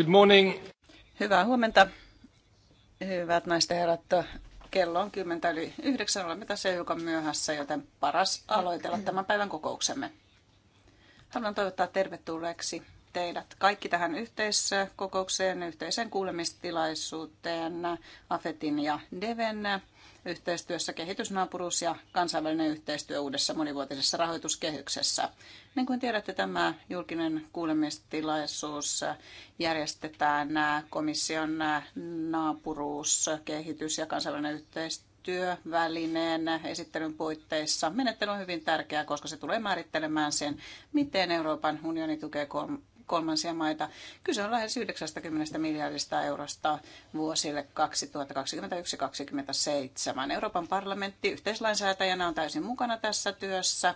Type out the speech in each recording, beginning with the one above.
Good morning. Hyvää huomenta. Hyvät naisten herrat, kello on kymmentä yli yhdeksän, olemme tässä hiukan myöhässä, joten paras aloitella tämän päivän kokouksemme. Haluan toivottaa tervetulleeksi teidät kaikki tähän yhteiskokoukseen, yhteiseen kuulemistilaisuuteen AFETin ja DEVEN yhteistyössä kehitysnaapuruus ja kansainvälinen yhteistyö uudessa monivuotisessa rahoituskehyksessä. Niin kuin tiedätte, tämä julkinen kuulemistilaisuus järjestetään komission naapuruus, kehitys ja kansainvälinen yhteistyö työvälineen esittelyn puitteissa. Menettely on hyvin tärkeää, koska se tulee määrittelemään sen, miten Euroopan unioni tukee kolmansia maita. Kyse on lähes 90 miljardista eurosta vuosille 2021-2027. Euroopan parlamentti yhteislainsäätäjänä on täysin mukana tässä työssä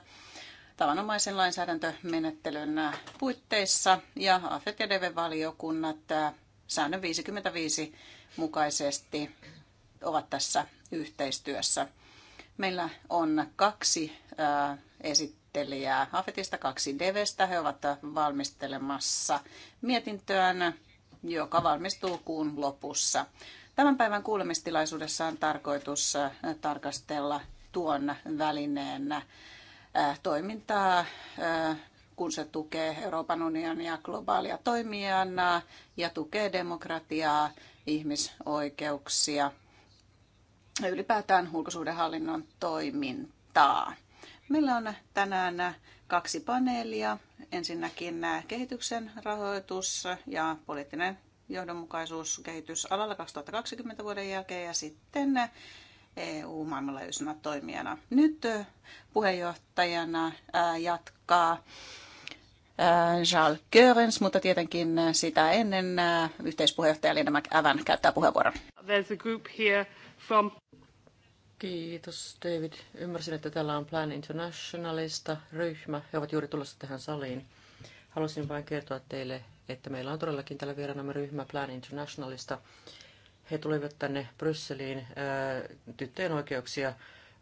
tavanomaisen lainsäädäntömenettelyn puitteissa ja AFET ja DV-valiokunnat äh, säännön 55 mukaisesti ovat tässä yhteistyössä. Meillä on kaksi äh, esittelijää. Afetista kaksi Devestä he ovat valmistelemassa Mietintöön joka valmistuu kuun lopussa. Tämän päivän kuulemistilaisuudessa on tarkoitus äh, tarkastella tuon välineen äh, toimintaa, äh, kun se tukee Euroopan unionia globaalia toimijana ja tukee demokratiaa, ihmisoikeuksia ja ylipäätään ulkosuhdehallinnon toimintaa. Meillä on tänään kaksi paneelia. Ensinnäkin kehityksen rahoitus ja poliittinen johdonmukaisuus kehitysalalla 2020 vuoden jälkeen ja sitten EU maailmanlaajuisena toimijana. Nyt puheenjohtajana jatkaa Charles Görens, mutta tietenkin sitä ennen yhteispuheenjohtaja Lina McAvan käyttää puheenvuoron. There's a group here from... Kiitos David. Ymmärsin, että täällä on Plan Internationalista ryhmä. He ovat juuri tulossa tähän saliin. Halusin vain kertoa teille, että meillä on todellakin täällä vieraanamme ryhmä Plan Internationalista. He tulivat tänne Brysseliin ää, äh, tyttöjen oikeuksia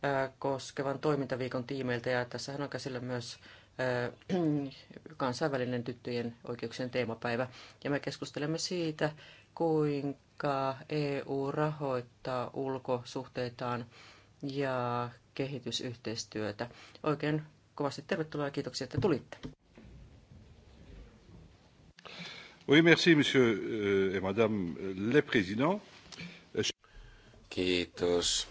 ää, äh, koskevan toimintaviikon tiimeiltä ja tässähän on käsillä myös ää, äh, kansainvälinen tyttöjen oikeuksien teemapäivä. Ja me keskustelemme siitä, kuinka EU rahoittaa ulkosuhteitaan ja kehitysyhteistyötä. Oikein kovasti tervetuloa ja kiitoksia, että tulitte. Oui, merci, monsieur euh, et madame euh, le président. Euh, Kiitos.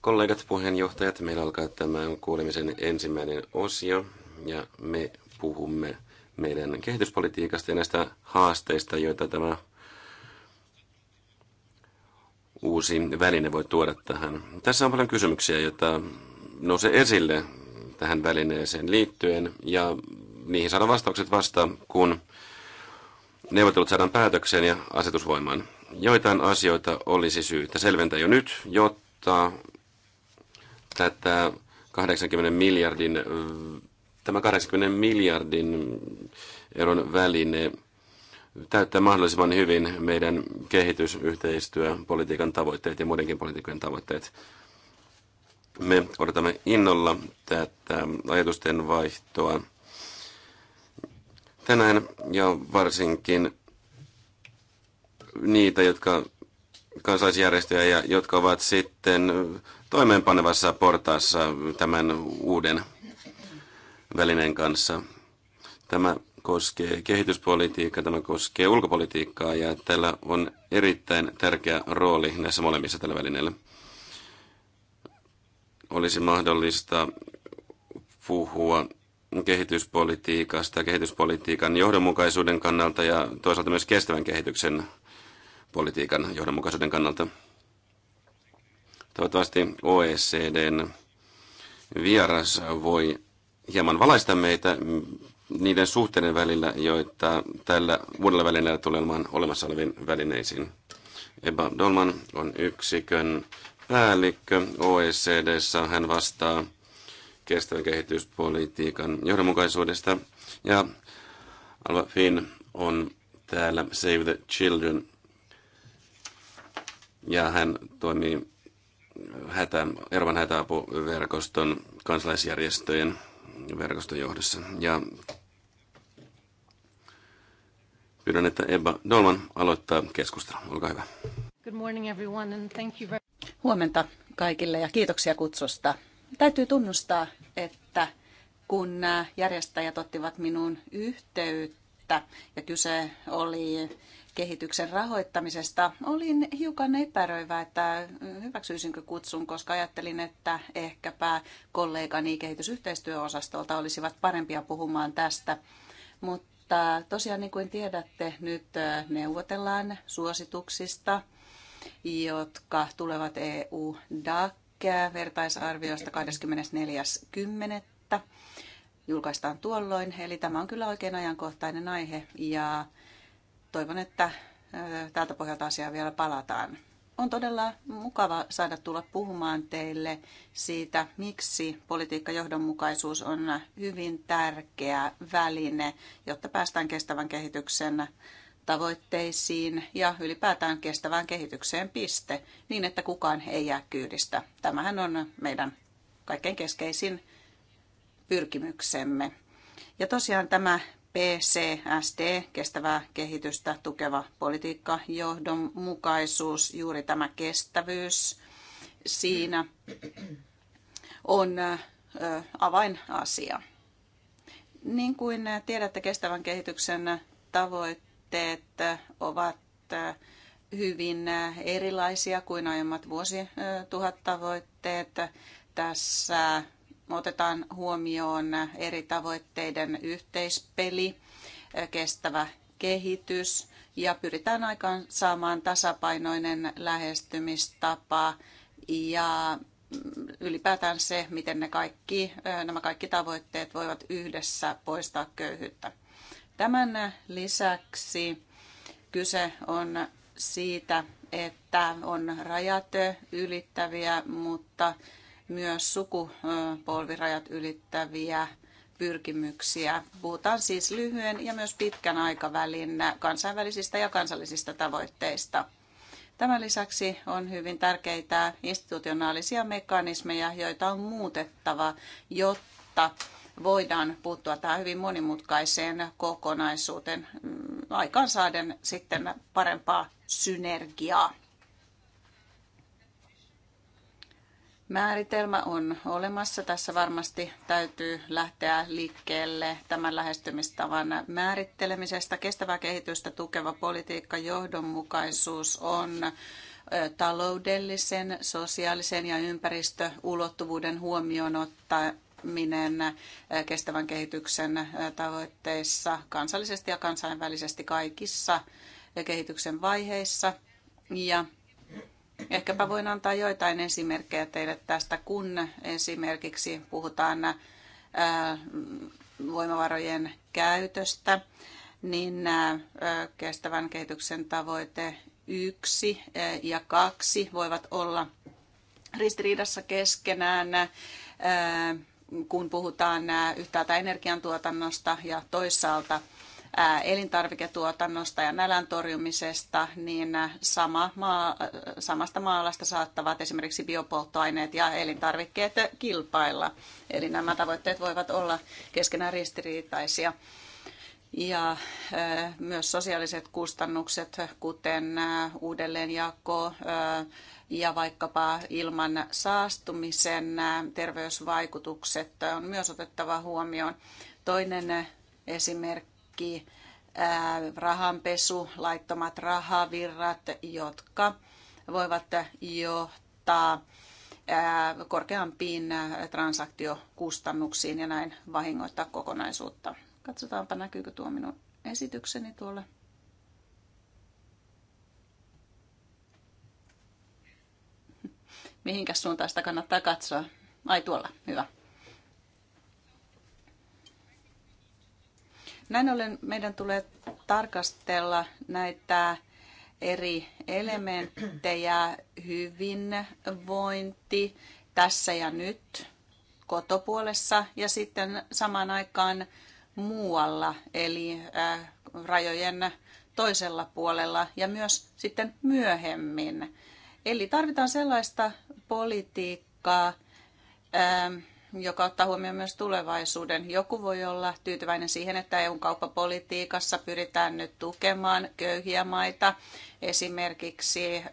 Kollegat, puheenjohtajat, meillä alkaa tämän kuulemisen ensimmäinen osio ja me puhumme meidän kehityspolitiikasta ja näistä haasteista, joita tämä uusi väline voi tuoda tähän. Tässä on paljon kysymyksiä, joita nousee esille tähän välineeseen liittyen, ja niihin saadaan vastaukset vasta, kun neuvottelut saadaan päätökseen ja asetusvoimaan. Joitain asioita olisi syytä selventää jo nyt, jotta tätä 80 miljardin, tämä 80 miljardin euron väline – täyttää mahdollisimman hyvin meidän kehitysyhteistyöpolitiikan tavoitteet ja muidenkin politiikan tavoitteet. Me odotamme innolla tätä ajatusten vaihtoa tänään ja varsinkin niitä, jotka kansalaisjärjestöjä ja jotka ovat sitten toimeenpanevassa portaassa tämän uuden välineen kanssa. Tämä koskee kehityspolitiikkaa, tämä koskee ulkopolitiikkaa ja tällä on erittäin tärkeä rooli näissä molemmissa tällä välineellä. Olisi mahdollista puhua kehityspolitiikasta, kehityspolitiikan johdonmukaisuuden kannalta ja toisaalta myös kestävän kehityksen politiikan johdonmukaisuuden kannalta. Toivottavasti OECDn vieras voi hieman valaista meitä niiden suhteiden välillä, joita tällä uudella välineellä tulee olemaan olemassa oleviin välineisiin. Eba Dolman on yksikön päällikkö OECDssä. Hän vastaa kestävän kehityspolitiikan johdonmukaisuudesta. Ja Alva Finn on täällä Save the Children. Ja hän toimii hätä, Ervan hätäapuverkoston kansalaisjärjestöjen verkoston johdossa. Ja Pyydän, että Ebba Dolman aloittaa keskustelun. Olkaa hyvä. Good morning everyone and thank you very... Huomenta kaikille ja kiitoksia kutsusta. Täytyy tunnustaa, että kun järjestäjät ottivat minuun yhteyttä ja kyse oli kehityksen rahoittamisesta, olin hiukan epäröivä, että hyväksyisinkö kutsun, koska ajattelin, että ehkäpä kollegani kehitysyhteistyöosastolta olisivat parempia puhumaan tästä. Mutta mutta tosiaan, niin kuin tiedätte, nyt neuvotellaan suosituksista, jotka tulevat EU-DAC vertaisarviosta 24.10. Julkaistaan tuolloin, eli tämä on kyllä oikein ajankohtainen aihe ja toivon, että tältä pohjalta asiaa vielä palataan. On todella mukava saada tulla puhumaan teille siitä, miksi politiikkajohdonmukaisuus on hyvin tärkeä väline, jotta päästään kestävän kehityksen tavoitteisiin ja ylipäätään kestävään kehitykseen piste, niin että kukaan ei jää kyydistä. Tämähän on meidän kaikkein keskeisin pyrkimyksemme. Ja tosiaan tämä PCSD, kestävää kehitystä tukeva politiikka, johdonmukaisuus, juuri tämä kestävyys siinä on avainasia. Niin kuin tiedätte, kestävän kehityksen tavoitteet ovat hyvin erilaisia kuin aiemmat tavoitteet, Tässä otetaan huomioon eri tavoitteiden yhteispeli, kestävä kehitys ja pyritään aikaan saamaan tasapainoinen lähestymistapa ja mm, ylipäätään se, miten ne kaikki, nämä kaikki tavoitteet voivat yhdessä poistaa köyhyyttä. Tämän lisäksi kyse on siitä, että on rajat ylittäviä, mutta myös sukupolvirajat ylittäviä pyrkimyksiä. Puhutaan siis lyhyen ja myös pitkän aikavälin kansainvälisistä ja kansallisista tavoitteista. Tämän lisäksi on hyvin tärkeitä institutionaalisia mekanismeja, joita on muutettava, jotta voidaan puuttua tähän hyvin monimutkaiseen kokonaisuuteen, mm, saaden sitten parempaa synergiaa. Määritelmä on olemassa. Tässä varmasti täytyy lähteä liikkeelle tämän lähestymistavan määrittelemisestä. Kestävää kehitystä tukeva politiikka johdonmukaisuus on taloudellisen, sosiaalisen ja ympäristöulottuvuuden huomioon ottaminen kestävän kehityksen tavoitteissa kansallisesti ja kansainvälisesti kaikissa kehityksen vaiheissa. Ja Ehkäpä voin antaa joitain esimerkkejä teille tästä, kun esimerkiksi puhutaan äh, voimavarojen käytöstä, niin äh, kestävän kehityksen tavoite yksi äh, ja kaksi voivat olla ristiriidassa keskenään, kun puhutaan yhtäältä energiantuotannosta ja toisaalta elintarviketuotannosta ja nälän torjumisesta, niin sama maa, samasta maalasta saattavat esimerkiksi biopolttoaineet ja elintarvikkeet kilpailla. Eli nämä tavoitteet voivat olla keskenään ristiriitaisia. Ja myös sosiaaliset kustannukset, kuten uudelleenjako ja vaikkapa ilman saastumisen terveysvaikutukset on myös otettava huomioon. Toinen esimerkki kaikki rahanpesu, laittomat rahavirrat, jotka voivat johtaa korkeampiin transaktiokustannuksiin ja näin vahingoittaa kokonaisuutta. Katsotaanpa näkyykö tuo minun esitykseni tuolla. Mihinkäs suuntaan sitä kannattaa katsoa? Ai tuolla, hyvä. Näin ollen meidän tulee tarkastella näitä eri elementtejä, hyvinvointi tässä ja nyt kotopuolessa ja sitten samaan aikaan muualla, eli äh, rajojen toisella puolella ja myös sitten myöhemmin. Eli tarvitaan sellaista politiikkaa, ähm, joka ottaa huomioon myös tulevaisuuden. Joku voi olla tyytyväinen siihen, että EUn kauppapolitiikassa pyritään nyt tukemaan köyhiä maita, esimerkiksi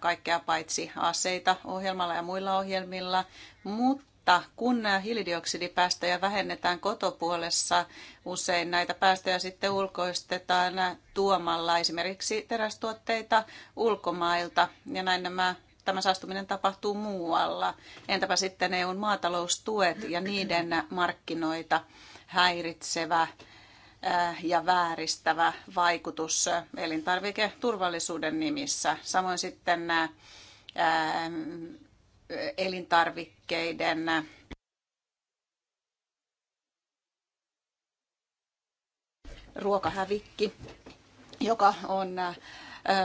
kaikkea paitsi aseita ohjelmalla ja muilla ohjelmilla, mutta kun hiilidioksidipäästöjä vähennetään kotopuolessa, usein näitä päästöjä sitten ulkoistetaan tuomalla esimerkiksi terästuotteita ulkomailta. Ja näin nämä tämä saastuminen tapahtuu muualla. Entäpä sitten EUn maataloustuet ja niiden markkinoita häiritsevä äh, ja vääristävä vaikutus elintarviketurvallisuuden nimissä. Samoin sitten nämä äh, elintarvikkeiden ruokahävikki, joka on äh,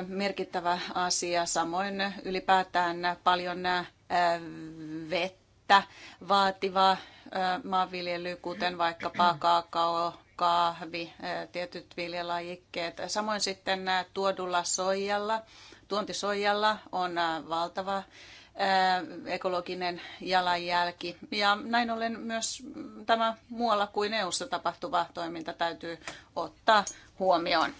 merkittävä asia. Samoin ylipäätään paljon vettä vaativa maanviljely, kuten vaikkapa kaakao, kahvi, tietyt viljelajikkeet. Samoin sitten tuodulla soijalla, tuontisoijalla on valtava ekologinen jalanjälki. Ja näin ollen myös tämä muualla kuin EU-ssa tapahtuva toiminta täytyy ottaa huomioon.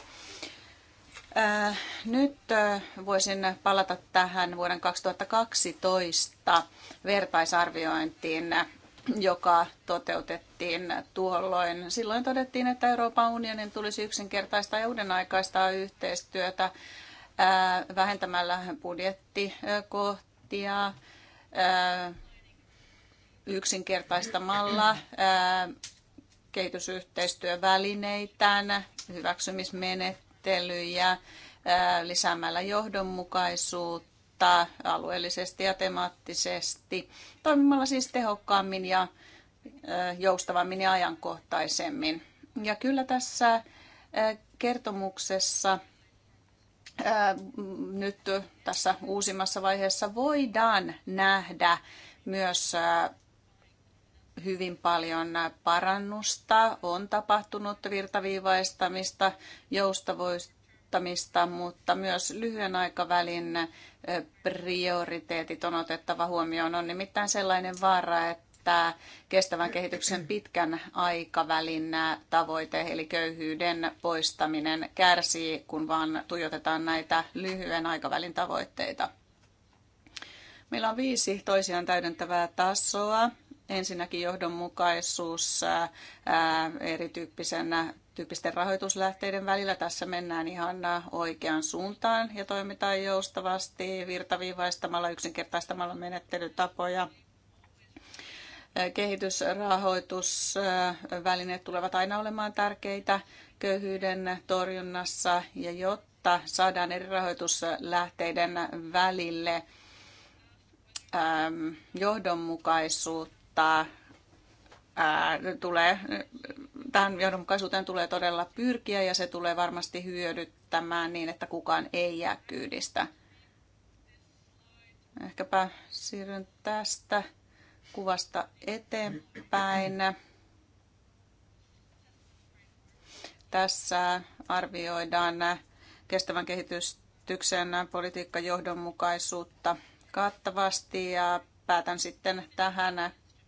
Äh, nyt äh, voisin palata tähän vuoden 2012 vertaisarviointiin, joka toteutettiin tuolloin. Silloin todettiin, että Euroopan unionin tulisi yksinkertaista ja uudenaikaistaa yhteistyötä äh, vähentämällä budjettikohtia, yksinkertaistamalla kehitysyhteistyövälineitään, hyväksymismenettelyä käsittelyjä, lisäämällä johdonmukaisuutta alueellisesti ja temaattisesti, toimimalla siis tehokkaammin ja joustavammin ja ajankohtaisemmin. Ja kyllä tässä kertomuksessa nyt tässä uusimmassa vaiheessa voidaan nähdä myös hyvin paljon parannusta, on tapahtunut virtaviivaistamista, joustavoistamista, mutta myös lyhyen aikavälin prioriteetit on otettava huomioon. On nimittäin sellainen vaara, että kestävän kehityksen pitkän aikavälin tavoite, eli köyhyyden poistaminen, kärsii, kun vaan tuijotetaan näitä lyhyen aikavälin tavoitteita. Meillä on viisi toisiaan täydentävää tasoa Ensinnäkin johdonmukaisuus erityyppisen tyyppisten rahoituslähteiden välillä. Tässä mennään ihan oikeaan suuntaan ja toimitaan joustavasti virtaviivaistamalla, yksinkertaistamalla menettelytapoja kehitysrahoitusvälineet tulevat aina olemaan tärkeitä köyhyyden torjunnassa ja jotta saadaan eri rahoituslähteiden välille johdonmukaisuutta, kannattaa, ää, tulee, tähän johdonmukaisuuteen tulee todella pyrkiä ja se tulee varmasti hyödyttämään niin, että kukaan ei jää kyydistä. Ehkäpä siirryn tästä kuvasta eteenpäin. Tässä arvioidaan kestävän kehitystyksen politiikkajohdonmukaisuutta kattavasti ja päätän sitten tähän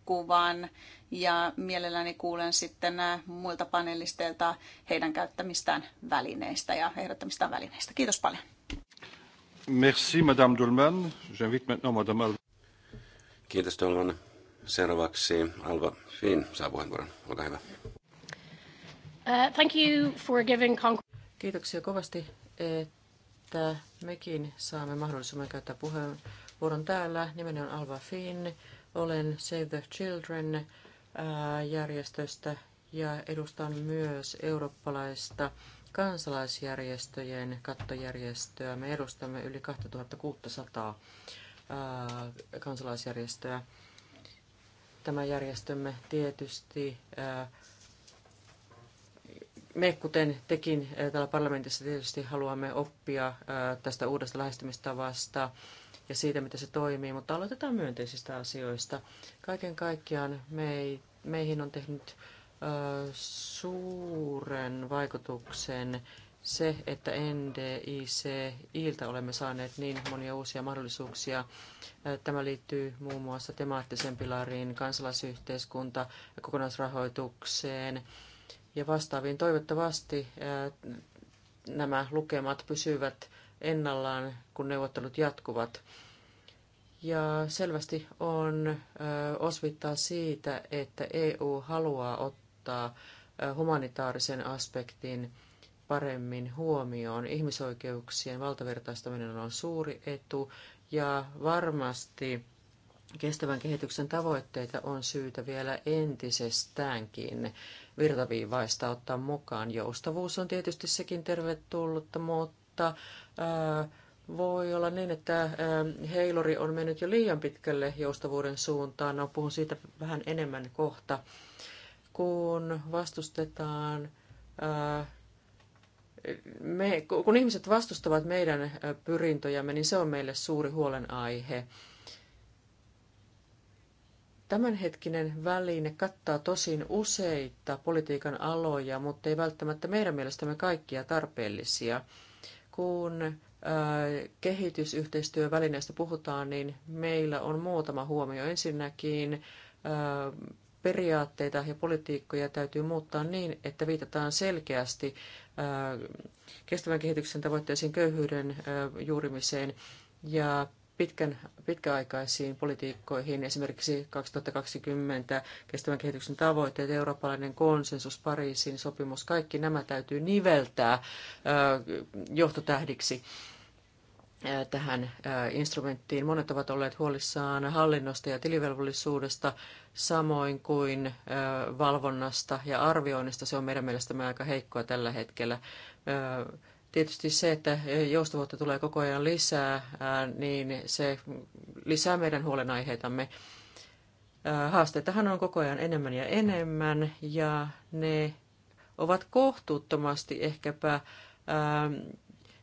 kuvan ja mielelläni kuulen sitten äh, muilta panelisteilta heidän käyttämistään välineistä ja ehdottamistaan välineistä. Kiitos paljon. Merci Madame Dolman. J'invite maintenant Madame Alva. Kiitos Dolman. Seuraavaksi Alva Finn saa puheenvuoron. Olkaa hyvä. Uh, thank you for giving Kiitoksia kovasti, että mekin saamme mahdollisuuden käyttää puheenvuoron täällä. Nimeni on Alva Finn. Olen Save the Children järjestöstä ja edustan myös eurooppalaista kansalaisjärjestöjen kattojärjestöä. Me edustamme yli 2600 kansalaisjärjestöä. Tämä järjestömme tietysti, me kuten tekin täällä parlamentissa tietysti haluamme oppia tästä uudesta lähestymistavasta ja siitä, miten se toimii, mutta aloitetaan myönteisistä asioista. Kaiken kaikkiaan mei, meihin on tehnyt ö, suuren vaikutuksen se, että NDIC-iltä olemme saaneet niin monia uusia mahdollisuuksia. Tämä liittyy muun muassa temaattisen pilariin, kansalaisyhteiskunta, kokonaisrahoitukseen ja vastaaviin. Toivottavasti nämä lukemat pysyvät ennallaan, kun neuvottelut jatkuvat. Ja selvästi on osvittaa siitä, että EU haluaa ottaa humanitaarisen aspektin paremmin huomioon. Ihmisoikeuksien valtavertaistaminen on suuri etu ja varmasti kestävän kehityksen tavoitteita on syytä vielä entisestäänkin virtaviivaista ottaa mukaan. Joustavuus on tietysti sekin tervetullutta, mutta voi olla niin, että heilori on mennyt jo liian pitkälle joustavuuden suuntaan. No, puhun siitä vähän enemmän kohta. Kun vastustetaan, me, kun ihmiset vastustavat meidän pyrintöjämme, niin se on meille suuri huolenaihe. Tämänhetkinen väline kattaa tosin useita politiikan aloja, mutta ei välttämättä meidän mielestämme kaikkia tarpeellisia – kun kehitysyhteistyövälineestä puhutaan, niin meillä on muutama huomio. Ensinnäkin periaatteita ja politiikkoja täytyy muuttaa niin, että viitataan selkeästi kestävän kehityksen tavoitteisiin, köyhyyden juurimiseen ja pitkän, pitkäaikaisiin politiikkoihin, esimerkiksi 2020 kestävän kehityksen tavoitteet, eurooppalainen konsensus, Pariisin sopimus, kaikki nämä täytyy niveltää johtotähdiksi tähän instrumenttiin. Monet ovat olleet huolissaan hallinnosta ja tilivelvollisuudesta, samoin kuin valvonnasta ja arvioinnista. Se on meidän mielestämme aika heikkoa tällä hetkellä. Tietysti se, että joustavuutta tulee koko ajan lisää, niin se lisää meidän huolenaiheitamme. Haasteitahan on koko ajan enemmän ja enemmän, ja ne ovat kohtuuttomasti ehkäpä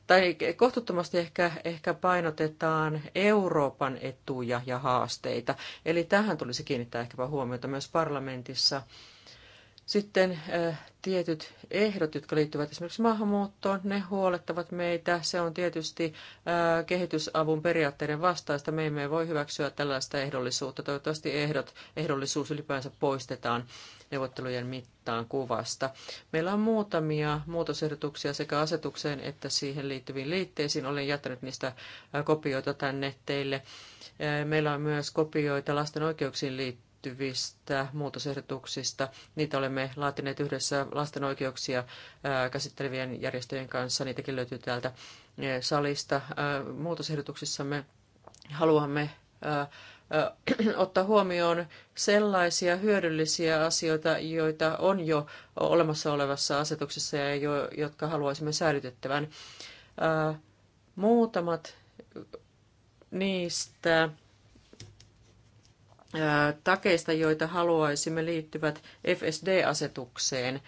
tai kohtuuttomasti ehkä, ehkä painotetaan Euroopan etuja ja haasteita. Eli tähän tulisi kiinnittää ehkäpä huomiota myös parlamentissa. Sitten tietyt ehdot, jotka liittyvät esimerkiksi maahanmuuttoon, ne huolettavat meitä. Se on tietysti kehitysavun periaatteiden vastaista. Me emme voi hyväksyä tällaista ehdollisuutta. Toivottavasti ehdot, ehdollisuus ylipäänsä poistetaan neuvottelujen mittaan kuvasta. Meillä on muutamia muutosehdotuksia sekä asetukseen että siihen liittyviin liitteisiin. Olen jättänyt niistä kopioita tänne teille. Meillä on myös kopioita lasten oikeuksiin liittyen liittyvistä muutosehdotuksista. Niitä olemme laatineet yhdessä lasten oikeuksia käsittelevien järjestöjen kanssa. Niitäkin löytyy täältä salista. Muutosehdotuksissamme haluamme ottaa huomioon sellaisia hyödyllisiä asioita, joita on jo olemassa olevassa asetuksessa ja jo, jotka haluaisimme säilytettävän. Muutamat niistä takeista, joita haluaisimme liittyvät FSD-asetukseen.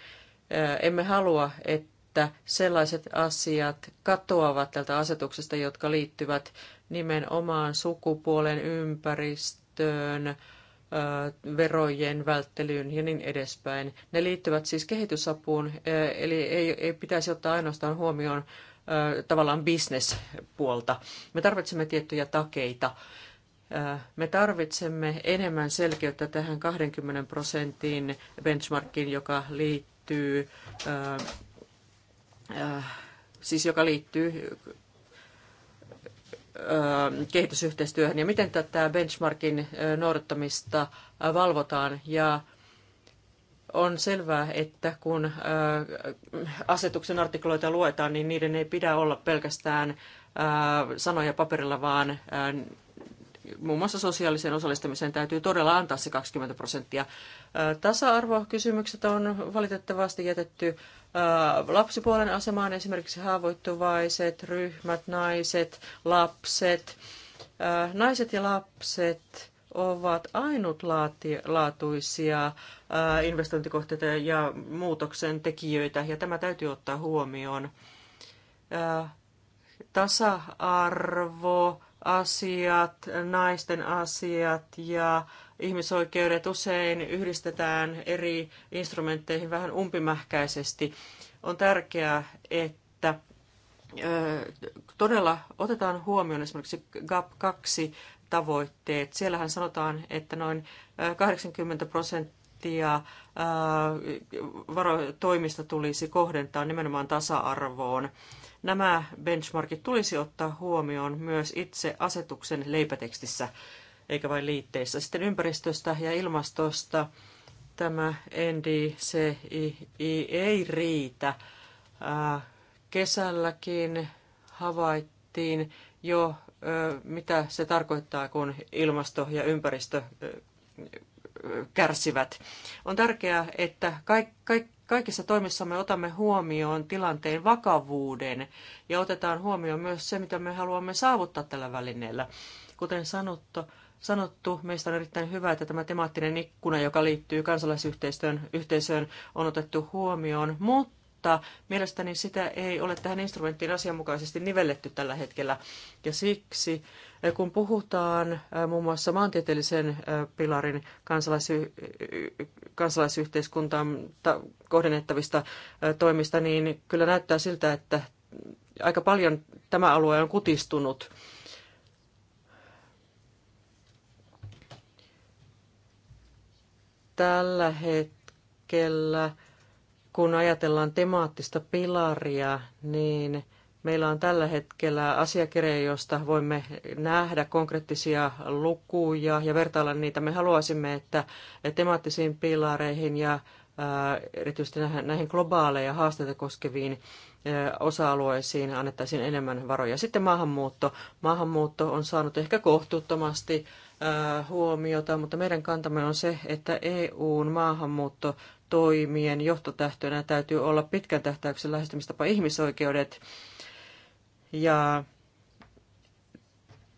Emme halua, että sellaiset asiat katoavat tältä asetuksesta, jotka liittyvät nimenomaan sukupuolen ympäristöön, verojen välttelyyn ja niin edespäin. Ne liittyvät siis kehitysapuun, eli ei, ei pitäisi ottaa ainoastaan huomioon tavallaan bisnespuolta. Me tarvitsemme tiettyjä takeita. Äh, me tarvitsemme enemmän selkeyttä tähän 20 prosentin benchmarkiin, joka liittyy, äh, äh, siis joka liittyy kehitysyhteistyöhön ja miten tätä benchmarkin noudattamista valvotaan. Ja on selvää, että kun asetuksen artikloita luetaan, niin niiden ei pidä olla pelkästään sanoja paperilla, vaan muun muassa sosiaaliseen osallistamiseen täytyy todella antaa se 20 prosenttia. Tasa-arvokysymykset on valitettavasti jätetty lapsipuolen asemaan, esimerkiksi haavoittuvaiset ryhmät, naiset, lapset. Naiset ja lapset ovat ainutlaatuisia investointikohteita ja muutoksen tekijöitä, ja tämä täytyy ottaa huomioon. Tasa-arvo, asiat, naisten asiat ja ihmisoikeudet usein yhdistetään eri instrumentteihin vähän umpimähkäisesti. On tärkeää, että todella otetaan huomioon esimerkiksi GAP2 tavoitteet. Siellähän sanotaan, että noin 80 prosenttia toimista tulisi kohdentaa nimenomaan tasa-arvoon Nämä benchmarkit tulisi ottaa huomioon myös itse asetuksen leipätekstissä, eikä vain liitteissä. Sitten ympäristöstä ja ilmastosta tämä NDCI ei riitä. Kesälläkin havaittiin jo, mitä se tarkoittaa, kun ilmasto ja ympäristö kärsivät. On tärkeää, että kaikki Kaikissa toimissa me otamme huomioon tilanteen vakavuuden ja otetaan huomioon myös se, mitä me haluamme saavuttaa tällä välineellä. Kuten sanottu, sanottu, meistä on erittäin hyvä, että tämä temaattinen ikkuna, joka liittyy kansalaisyhteisöön, yhteisöön, on otettu huomioon, mutta mutta mielestäni sitä ei ole tähän instrumenttiin asianmukaisesti nivelletty tällä hetkellä. Ja siksi, eh, kun puhutaan eh, muun mm. muassa maantieteellisen eh, pilarin kansalaisy- kansalaisyhteiskuntaan kohdennettavista toimista, niin kyllä näyttää siltä, että aika paljon tämä alue on kutistunut. Tällä hetkellä kun ajatellaan temaattista pilaria, niin meillä on tällä hetkellä asiakirja, josta voimme nähdä konkreettisia lukuja ja vertailla niitä. Me haluaisimme, että temaattisiin pilareihin ja äh, erityisesti näihin globaaleja haasteita koskeviin äh, osa-alueisiin annettaisiin enemmän varoja. Sitten maahanmuutto. Maahanmuutto on saanut ehkä kohtuuttomasti äh, huomiota, mutta meidän kantamme on se, että EUn maahanmuutto toimien johtotähtönä täytyy olla pitkän tähtäyksen lähestymistapa ihmisoikeudet ja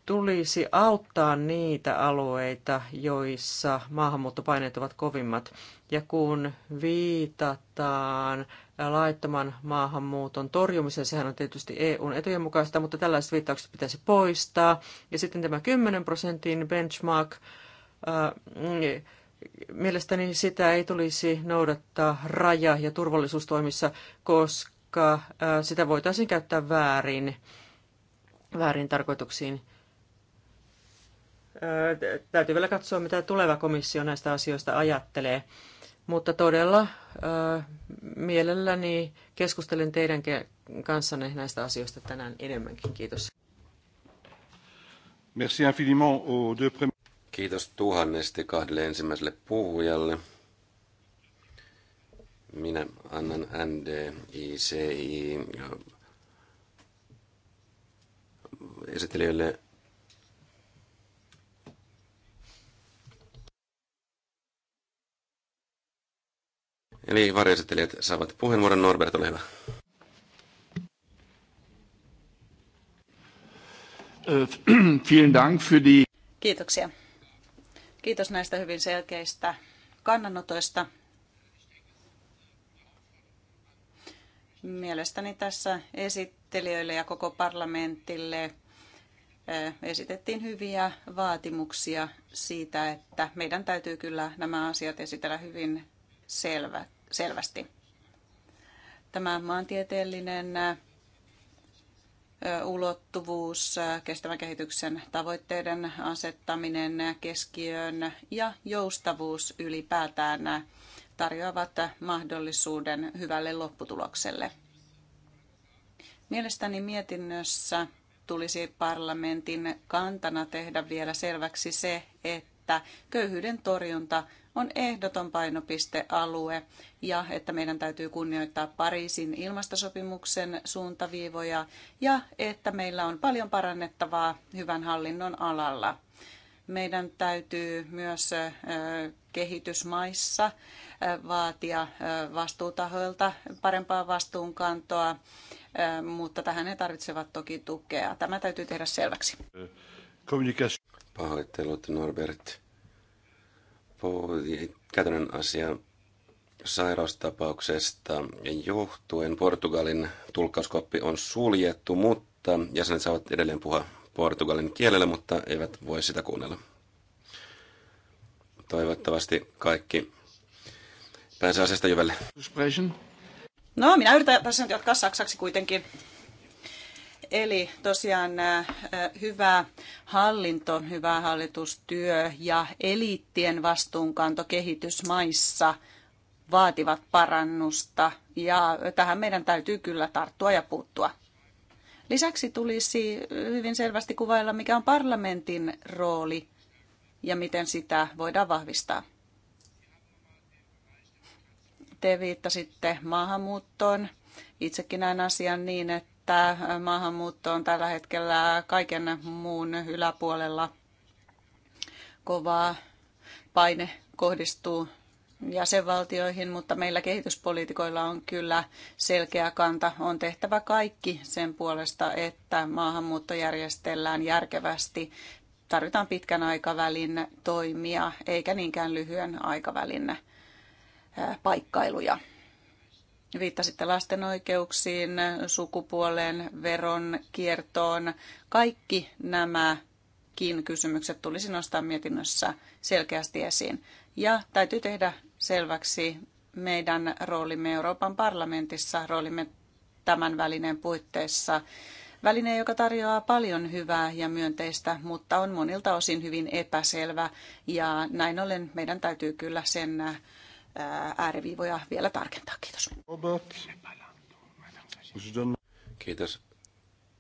tulisi auttaa niitä alueita, joissa maahanmuuttopaineet ovat kovimmat. Ja kun viitataan laittoman maahanmuuton torjumiseen, sehän on tietysti EUn etujen mukaista, mutta tällaiset viittaukset pitäisi poistaa. Ja sitten tämä 10 prosentin benchmark, äh, Mielestäni sitä ei tulisi noudattaa raja- ja turvallisuustoimissa, koska äh, sitä voitaisiin käyttää väärin, väärin tarkoituksiin. Äh, täytyy vielä katsoa, mitä tuleva komissio näistä asioista ajattelee. Mutta todella äh, mielelläni keskustelen teidän kanssanne näistä asioista tänään enemmänkin. Kiitos. Merci infiniment aux deux Kiitos tuhannesti kahdelle ensimmäiselle puhujalle. Minä annan NDICI esittelijöille Eli varjoesittelijät saavat puheenvuoron. Norbert, ole hyvä. Äh, vielen Dank für die... Kiitoksia Kiitos näistä hyvin selkeistä kannanotoista. Mielestäni tässä esittelijöille ja koko parlamentille eh, esitettiin hyviä vaatimuksia siitä, että meidän täytyy kyllä nämä asiat esitellä hyvin selvä, selvästi. Tämä maantieteellinen ulottuvuus, kestävän kehityksen tavoitteiden asettaminen keskiöön ja joustavuus ylipäätään tarjoavat mahdollisuuden hyvälle lopputulokselle. Mielestäni mietinnössä tulisi parlamentin kantana tehdä vielä selväksi se, että köyhyyden torjunta on ehdoton painopistealue ja että meidän täytyy kunnioittaa Pariisin ilmastosopimuksen suuntaviivoja ja että meillä on paljon parannettavaa hyvän hallinnon alalla. Meidän täytyy myös kehitysmaissa vaatia vastuutahoilta parempaa vastuunkantoa, mutta tähän ne tarvitsevat toki tukea. Tämä täytyy tehdä selväksi. Pahoittelut Norbert käytännön asia sairaustapauksesta johtuen Portugalin tulkkauskoppi on suljettu, mutta jäsenet saavat edelleen puhua portugalin kielellä, mutta eivät voi sitä kuunnella. Toivottavasti kaikki pääsee asiasta jyvälle. No, minä yritän tässä nyt jatkaa saksaksi kuitenkin. Eli tosiaan hyvä hallinto, hyvä hallitustyö ja eliittien vastuunkanto kehitysmaissa vaativat parannusta ja tähän meidän täytyy kyllä tarttua ja puuttua. Lisäksi tulisi hyvin selvästi kuvailla, mikä on parlamentin rooli ja miten sitä voidaan vahvistaa. Te viittasitte maahanmuuttoon. Itsekin näen asian niin, että että maahanmuutto on tällä hetkellä kaiken muun yläpuolella kovaa paine kohdistuu jäsenvaltioihin, mutta meillä kehityspoliitikoilla on kyllä selkeä kanta. On tehtävä kaikki sen puolesta, että maahanmuutto järjestellään järkevästi. Tarvitaan pitkän aikavälin toimia, eikä niinkään lyhyen aikavälin paikkailuja. Viittasitte lasten oikeuksiin, sukupuoleen, veron kiertoon. Kaikki nämäkin kysymykset tulisi nostaa mietinnössä selkeästi esiin. Ja täytyy tehdä selväksi meidän roolimme Euroopan parlamentissa, roolimme tämän välineen puitteissa. Väline, joka tarjoaa paljon hyvää ja myönteistä, mutta on monilta osin hyvin epäselvä ja näin ollen meidän täytyy kyllä sen ääriviivoja vielä tarkentaa. Kiitos. Kiitos.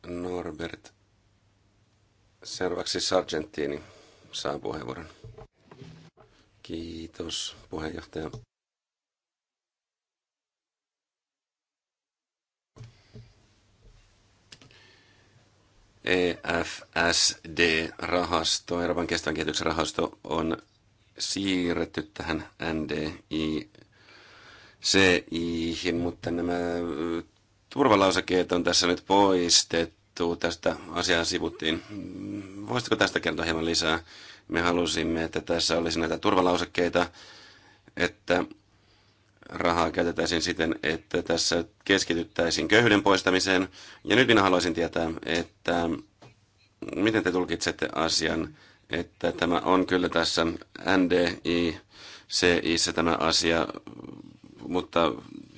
Norbert. Seuraavaksi Sargentini saa puheenvuoron. Kiitos puheenjohtaja. EFSD-rahasto, Euroopan kestävän kehityksen rahasto, on siirretty tähän NDI CIhin, mutta nämä äh, turvalausekeet on tässä nyt poistettu. Tästä asiaa sivuttiin. Mm, voisitko tästä kertoa hieman lisää? Me halusimme, että tässä olisi näitä turvalausekkeita, että rahaa käytettäisiin siten, että tässä keskityttäisiin köyhyyden poistamiseen. Ja nyt minä haluaisin tietää, että miten te tulkitsette asian että tämä on kyllä tässä NDI, CIssä tämä asia, mutta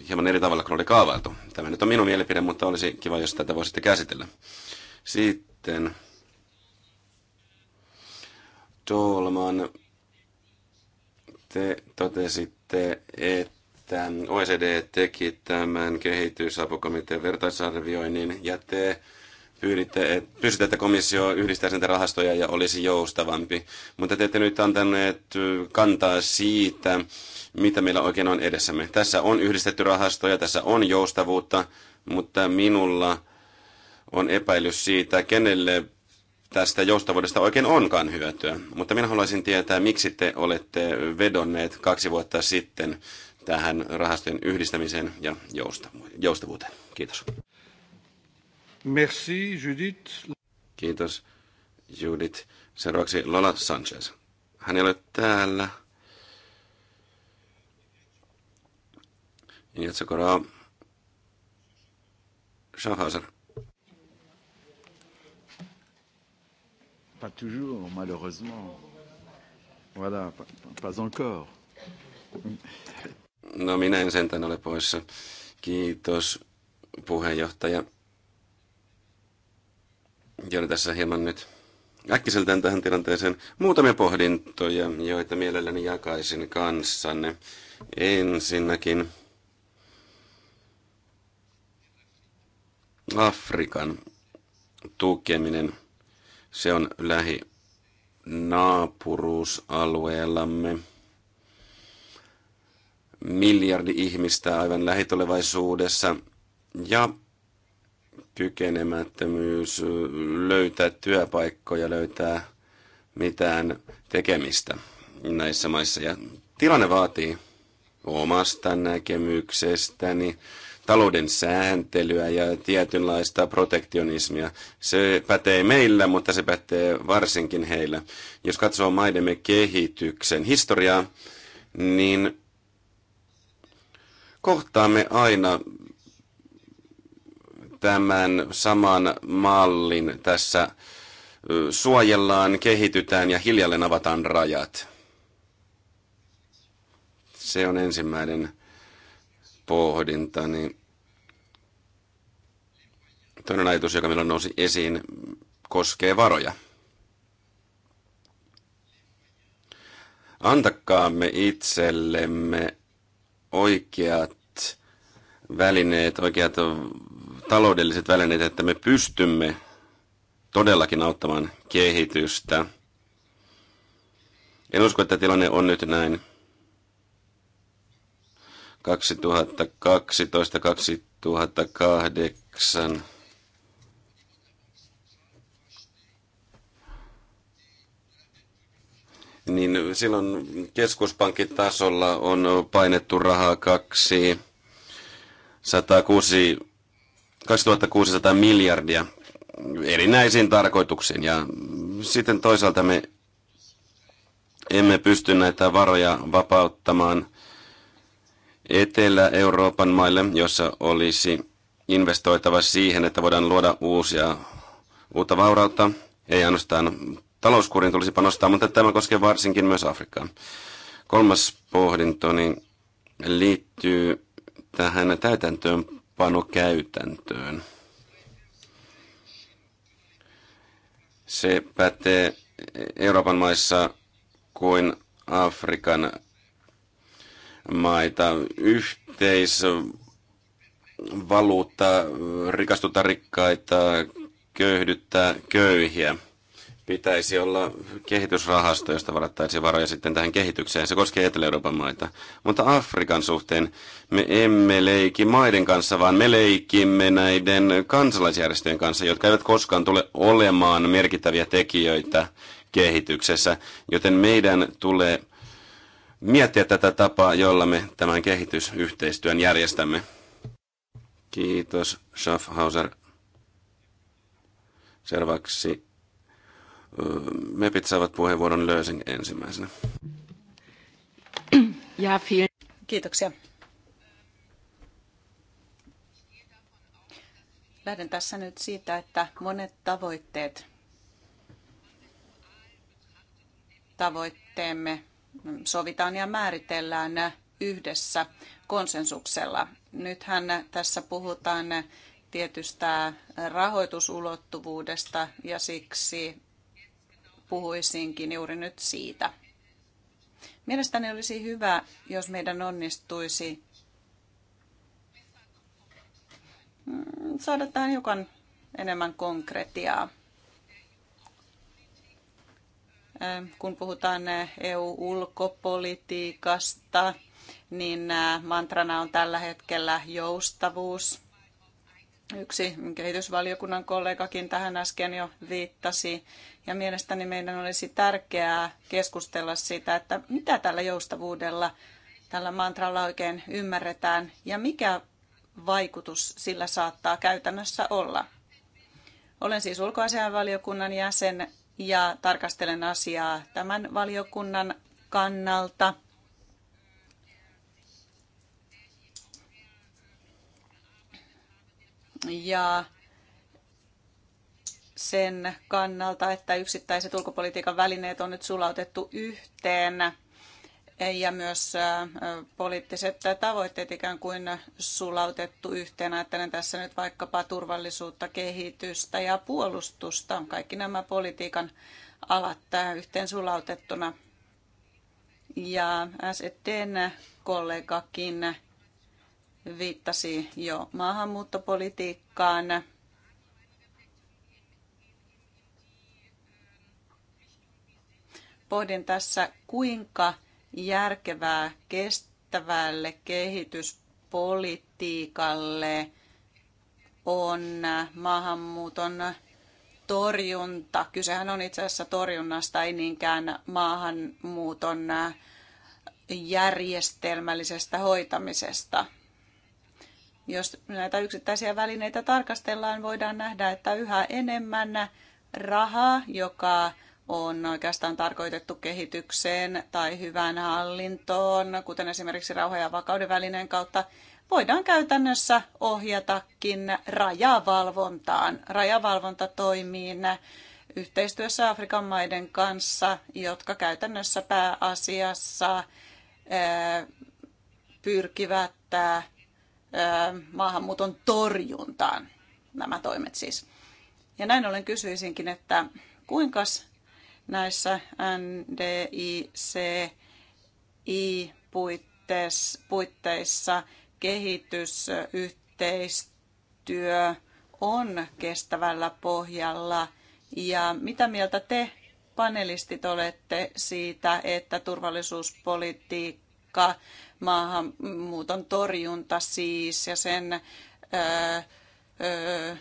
hieman eri tavalla kuin oli kaavailtu. Tämä nyt on minun mielipide, mutta olisi kiva, jos tätä voisitte käsitellä. Sitten Dolman, te totesitte, että OECD teki tämän kehitysapukomitean vertaisarvioinnin ja te pyyditte, pyysitte, että komissio yhdistäisi näitä rahastoja ja olisi joustavampi. Mutta te ette nyt antaneet kantaa siitä, mitä meillä oikein on edessämme. Tässä on yhdistetty rahastoja, tässä on joustavuutta, mutta minulla on epäilys siitä, kenelle tästä joustavuudesta oikein onkaan hyötyä. Mutta minä haluaisin tietää, miksi te olette vedonneet kaksi vuotta sitten tähän rahastojen yhdistämiseen ja joustavuuteen. Kiitos. Merci, Judith. Kiitos, Judith. Seuraavaksi Lola Sanchez. Hän ei ole täällä. Niin, koraa. Schaffhauser. Pas toujours, malheureusement. Voilà, pas, pas encore. No minä en sentään ole poissa. Kiitos puheenjohtaja joudun tässä hieman nyt äkkiseltään tähän tilanteeseen. Muutamia pohdintoja, joita mielelläni jakaisin kanssanne. Ensinnäkin Afrikan tukeminen. Se on lähi naapuruusalueellamme. Miljardi ihmistä aivan lähitulevaisuudessa. Ja kykenemättömyys löytää työpaikkoja, löytää mitään tekemistä näissä maissa. Ja tilanne vaatii omasta näkemyksestäni talouden sääntelyä ja tietynlaista protektionismia. Se pätee meillä, mutta se pätee varsinkin heillä. Jos katsoo maidemme kehityksen historiaa, niin kohtaamme aina tämän saman mallin tässä suojellaan, kehitytään ja hiljalleen avataan rajat. Se on ensimmäinen pohdintani. Toinen ajatus, joka meillä nousi esiin, koskee varoja. Antakaamme itsellemme oikeat välineet, oikeat taloudelliset välineet, että me pystymme todellakin auttamaan kehitystä. En usko, että tilanne on nyt näin 2012-2008. Niin silloin tasolla on painettu rahaa kaksi 106 2600 miljardia erinäisiin tarkoituksiin. Ja sitten toisaalta me emme pysty näitä varoja vapauttamaan Etelä-Euroopan maille, jossa olisi investoitava siihen, että voidaan luoda uusia, uutta vaurautta. Ei ainoastaan talouskurin tulisi panostaa, mutta tämä koskee varsinkin myös Afrikkaa. Kolmas pohdintoni liittyy tähän täytäntöön pano käytäntöön. Se pätee Euroopan maissa kuin Afrikan maita. Yhteisvaluutta rikastuttaa rikkaita, köyhdyttää köyhiä pitäisi olla kehitysrahasto, josta varattaisiin varoja sitten tähän kehitykseen. Se koskee Etelä-Euroopan maita. Mutta Afrikan suhteen me emme leiki maiden kanssa, vaan me leikimme näiden kansalaisjärjestöjen kanssa, jotka eivät koskaan tule olemaan merkittäviä tekijöitä kehityksessä. Joten meidän tulee miettiä tätä tapaa, jolla me tämän kehitysyhteistyön järjestämme. Kiitos, Schaffhauser. Seuraavaksi MEPit saavat puheenvuoron Lösing ensimmäisenä. Ja, Kiitoksia. Lähden tässä nyt siitä, että monet tavoitteet, tavoitteemme sovitaan ja määritellään yhdessä konsensuksella. Nythän tässä puhutaan tietystä rahoitusulottuvuudesta ja siksi puhuisinkin juuri nyt siitä. Mielestäni olisi hyvä, jos meidän onnistuisi mm, saada tähän hiukan enemmän konkretiaa. Äh, kun puhutaan äh, EU-ulkopolitiikasta, niin äh, mantrana on tällä hetkellä joustavuus. Yksi kehitysvaliokunnan kollegakin tähän äsken jo viittasi. Ja mielestäni meidän olisi tärkeää keskustella siitä, että mitä tällä joustavuudella, tällä mantralla oikein ymmärretään ja mikä vaikutus sillä saattaa käytännössä olla. Olen siis ulkoasianvaliokunnan jäsen ja tarkastelen asiaa tämän valiokunnan kannalta. Ja sen kannalta, että yksittäiset ulkopolitiikan välineet on nyt sulautettu yhteen ja myös poliittiset tavoitteet ikään kuin sulautettu yhteen. Ajattelen tässä nyt vaikkapa turvallisuutta, kehitystä ja puolustusta. Kaikki nämä politiikan alat yhteen sulautettuna. Ja SETn kollegakin viittasi jo maahanmuuttopolitiikkaan Pohdin tässä, kuinka järkevää kestävälle kehityspolitiikalle on maahanmuuton torjunta. Kysehän on itse asiassa torjunnasta, ei niinkään maahanmuuton järjestelmällisestä hoitamisesta. Jos näitä yksittäisiä välineitä tarkastellaan, voidaan nähdä, että yhä enemmän rahaa, joka on oikeastaan tarkoitettu kehitykseen tai hyvään hallintoon, kuten esimerkiksi rauha- ja vakauden välineen kautta, voidaan käytännössä ohjatakin rajavalvontaan, toimii yhteistyössä Afrikan maiden kanssa, jotka käytännössä pääasiassa pyrkivät maahanmuuton torjuntaan, nämä toimet siis. Ja näin ollen kysyisinkin, että kuinka näissä NDIC-puitteissa kehitysyhteistyö on kestävällä pohjalla. Ja mitä mieltä te panelistit olette siitä, että turvallisuuspolitiikka, maahanmuuton torjunta siis ja sen öö, öö,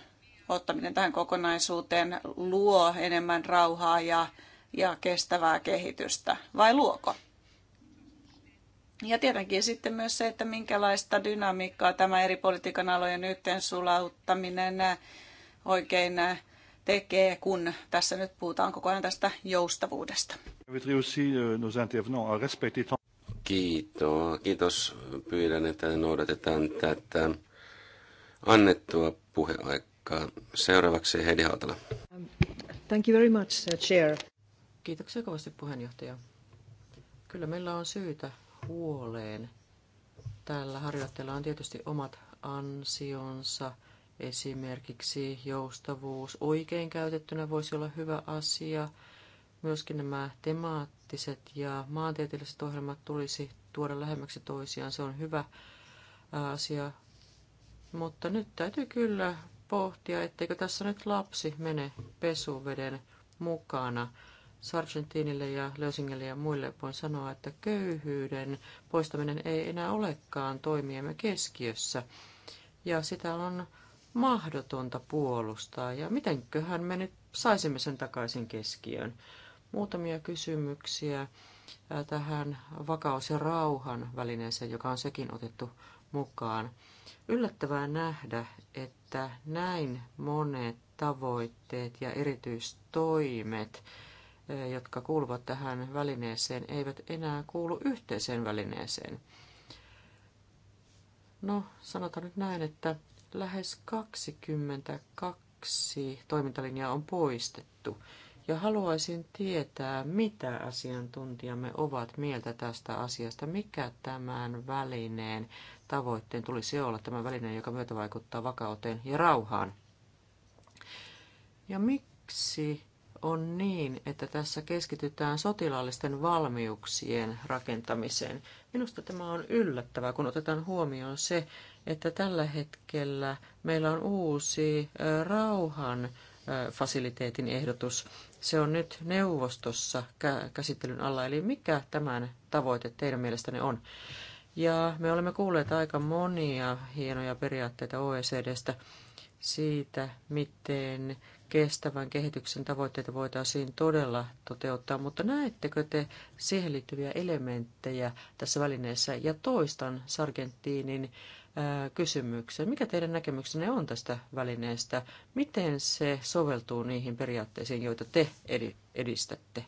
ottaminen tähän kokonaisuuteen luo enemmän rauhaa ja ja kestävää kehitystä vai luoko? Ja tietenkin sitten myös se, että minkälaista dynamiikkaa tämä eri politiikan alojen yhteen sulauttaminen oikein tekee, kun tässä nyt puhutaan koko ajan tästä joustavuudesta. Euh, kiitos. Kiitos. Pyydän, että noudatetaan tätä annettua puheaikaa. Seuraavaksi Heidi Hautala. Thank you very much, uh, Chair. Kiitoksia kovasti puheenjohtaja. Kyllä meillä on syytä huoleen. Tällä harjoittajalla on tietysti omat ansionsa. Esimerkiksi joustavuus oikein käytettynä voisi olla hyvä asia. Myöskin nämä temaattiset ja maantieteelliset ohjelmat tulisi tuoda lähemmäksi toisiaan. Se on hyvä asia. Mutta nyt täytyy kyllä pohtia, etteikö tässä nyt lapsi mene pesuveden mukana. Sargentinille ja Lösingelle ja muille voin sanoa, että köyhyyden poistaminen ei enää olekaan toimiemme keskiössä. Ja sitä on mahdotonta puolustaa. Ja mitenköhän me nyt saisimme sen takaisin keskiöön? Muutamia kysymyksiä tähän vakaus- ja rauhan välineeseen, joka on sekin otettu mukaan. Yllättävää nähdä, että näin monet tavoitteet ja erityistoimet jotka kuuluvat tähän välineeseen, eivät enää kuulu yhteiseen välineeseen. No, sanotaan nyt näin, että lähes 22 toimintalinjaa on poistettu. Ja haluaisin tietää, mitä asiantuntijamme ovat mieltä tästä asiasta, mikä tämän välineen tavoitteen tulisi olla, tämä väline, joka myötä vaikuttaa vakauteen ja rauhaan. Ja miksi on niin, että tässä keskitytään sotilaallisten valmiuksien rakentamiseen. Minusta tämä on yllättävää, kun otetaan huomioon se, että tällä hetkellä meillä on uusi rauhan fasiliteetin ehdotus. Se on nyt neuvostossa käsittelyn alla, eli mikä tämän tavoite teidän mielestänne on? Ja me olemme kuulleet aika monia hienoja periaatteita OECDstä siitä, miten kestävän kehityksen tavoitteita voitaisiin todella toteuttaa, mutta näettekö te siihen liittyviä elementtejä tässä välineessä? Ja toistan Sargentinin äh, kysymyksen. Mikä teidän näkemyksenne on tästä välineestä? Miten se soveltuu niihin periaatteisiin, joita te edistätte?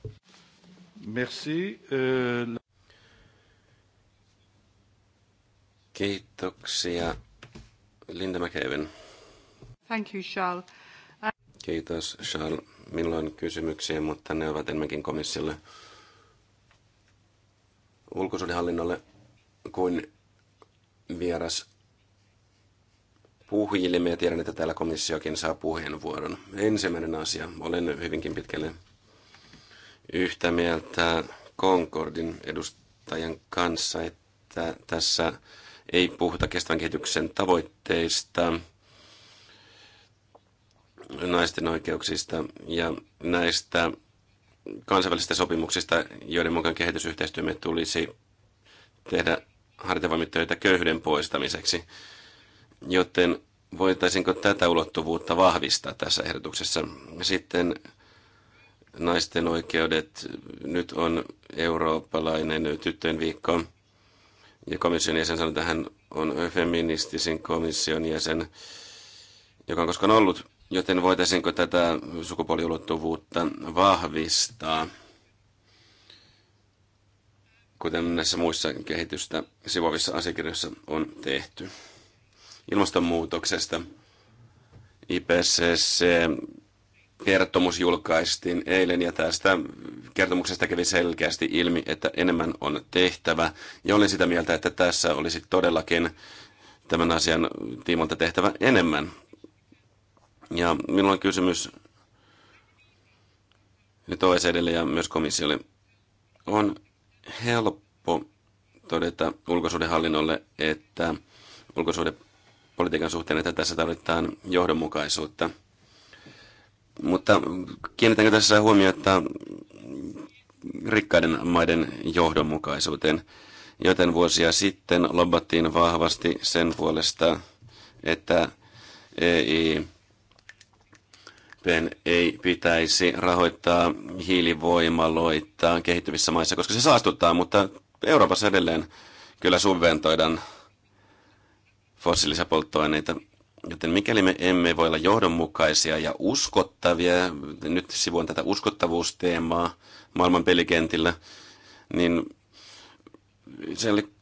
Merci. Äh, Kiitoksia. Linda McEwen. Thank you, Charles. Kiitos, Charles. Milloin kysymyksiä, mutta ne ovat enemmänkin komissiolle ulkosuudenhallinnolle kuin vieras puhujille. Me tiedän, että täällä komissiokin saa puheenvuoron. Ensimmäinen asia. Olen hyvinkin pitkälle yhtä mieltä Concordin edustajan kanssa, että tässä ei puhuta kestävän kehityksen tavoitteista – naisten oikeuksista ja näistä kansainvälisistä sopimuksista, joiden mukaan kehitysyhteistyömme tulisi tehdä hartavoimittöitä köyhyyden poistamiseksi. Joten voitaisinko tätä ulottuvuutta vahvistaa tässä ehdotuksessa? Sitten naisten oikeudet. Nyt on eurooppalainen tyttöjen viikko. Ja komission jäsen sanoi, että hän on feministisin komission jäsen, joka on koskaan ollut. Joten voitaisiinko tätä sukupuoliulottuvuutta vahvistaa, kuten näissä muissa kehitystä sivuavissa asiakirjoissa on tehty? Ilmastonmuutoksesta IPCC kertomus julkaistiin eilen ja tästä kertomuksesta kävi selkeästi ilmi, että enemmän on tehtävä. Ja olin sitä mieltä, että tässä olisi todellakin tämän asian tiimolta tehtävä enemmän. Ja minulla on kysymys nyt OECDlle ja myös komissiolle. On helppo todeta ulkosuhdehallinnolle, että ulkosuhdepolitiikan suhteen, että tässä tarvitaan johdonmukaisuutta. Mutta kiinnitänkö tässä huomiota rikkaiden maiden johdonmukaisuuteen? Joten vuosia sitten lobbattiin vahvasti sen puolesta, että ei turpeen ei pitäisi rahoittaa hiilivoimaloita kehittyvissä maissa, koska se saastuttaa, mutta Euroopassa edelleen kyllä subventoidaan fossiilisia polttoaineita. Joten mikäli me emme voi olla johdonmukaisia ja uskottavia, nyt sivuan tätä uskottavuusteemaa maailman pelikentillä, niin se oli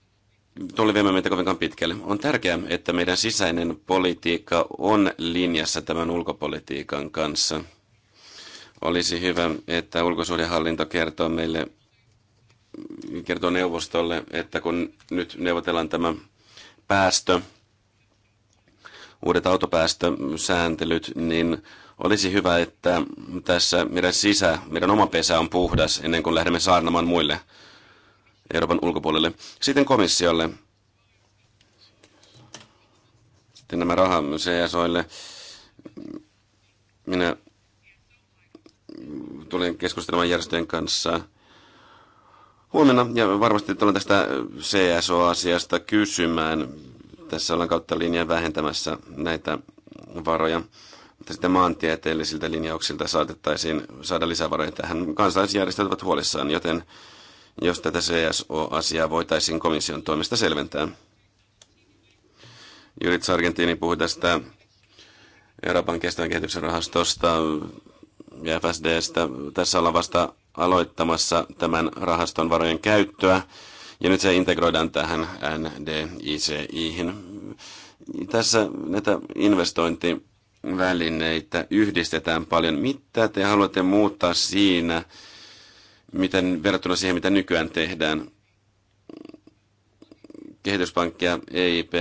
Tuli viemään meitä kovinkaan pitkälle. On tärkeää, että meidän sisäinen politiikka on linjassa tämän ulkopolitiikan kanssa. Olisi hyvä, että ulkosuhdehallinto kertoo meille, kertoo neuvostolle, että kun nyt neuvotellaan tämä päästö, uudet autopäästösääntelyt, niin olisi hyvä, että tässä meidän sisä, meidän oma pesä on puhdas ennen kuin lähdemme saarnamaan muille Euroopan ulkopuolelle. Sitten komissiolle. Sitten nämä rahat CSOille. Minä tulin keskustelemaan järjestöjen kanssa huomenna ja varmasti tulen tästä CSO-asiasta kysymään. Tässä ollaan kautta linjan vähentämässä näitä varoja. Mutta sitten maantieteellisiltä linjauksilta saatettaisiin saada lisävaroja tähän. Kansalaisjärjestöt ovat huolissaan, joten jos tätä CSO-asiaa e voitaisiin komission toimesta selventää. Jyrits Argentiini puhui tästä Euroopan kestävän kehityksen rahastosta ja FSDstä. Tässä ollaan vasta aloittamassa tämän rahaston varojen käyttöä, ja nyt se integroidaan tähän NDICIhin. Tässä näitä välineitä yhdistetään paljon. Mitä te haluatte muuttaa siinä, miten verrattuna siihen, mitä nykyään tehdään. Kehityspankki ja EIP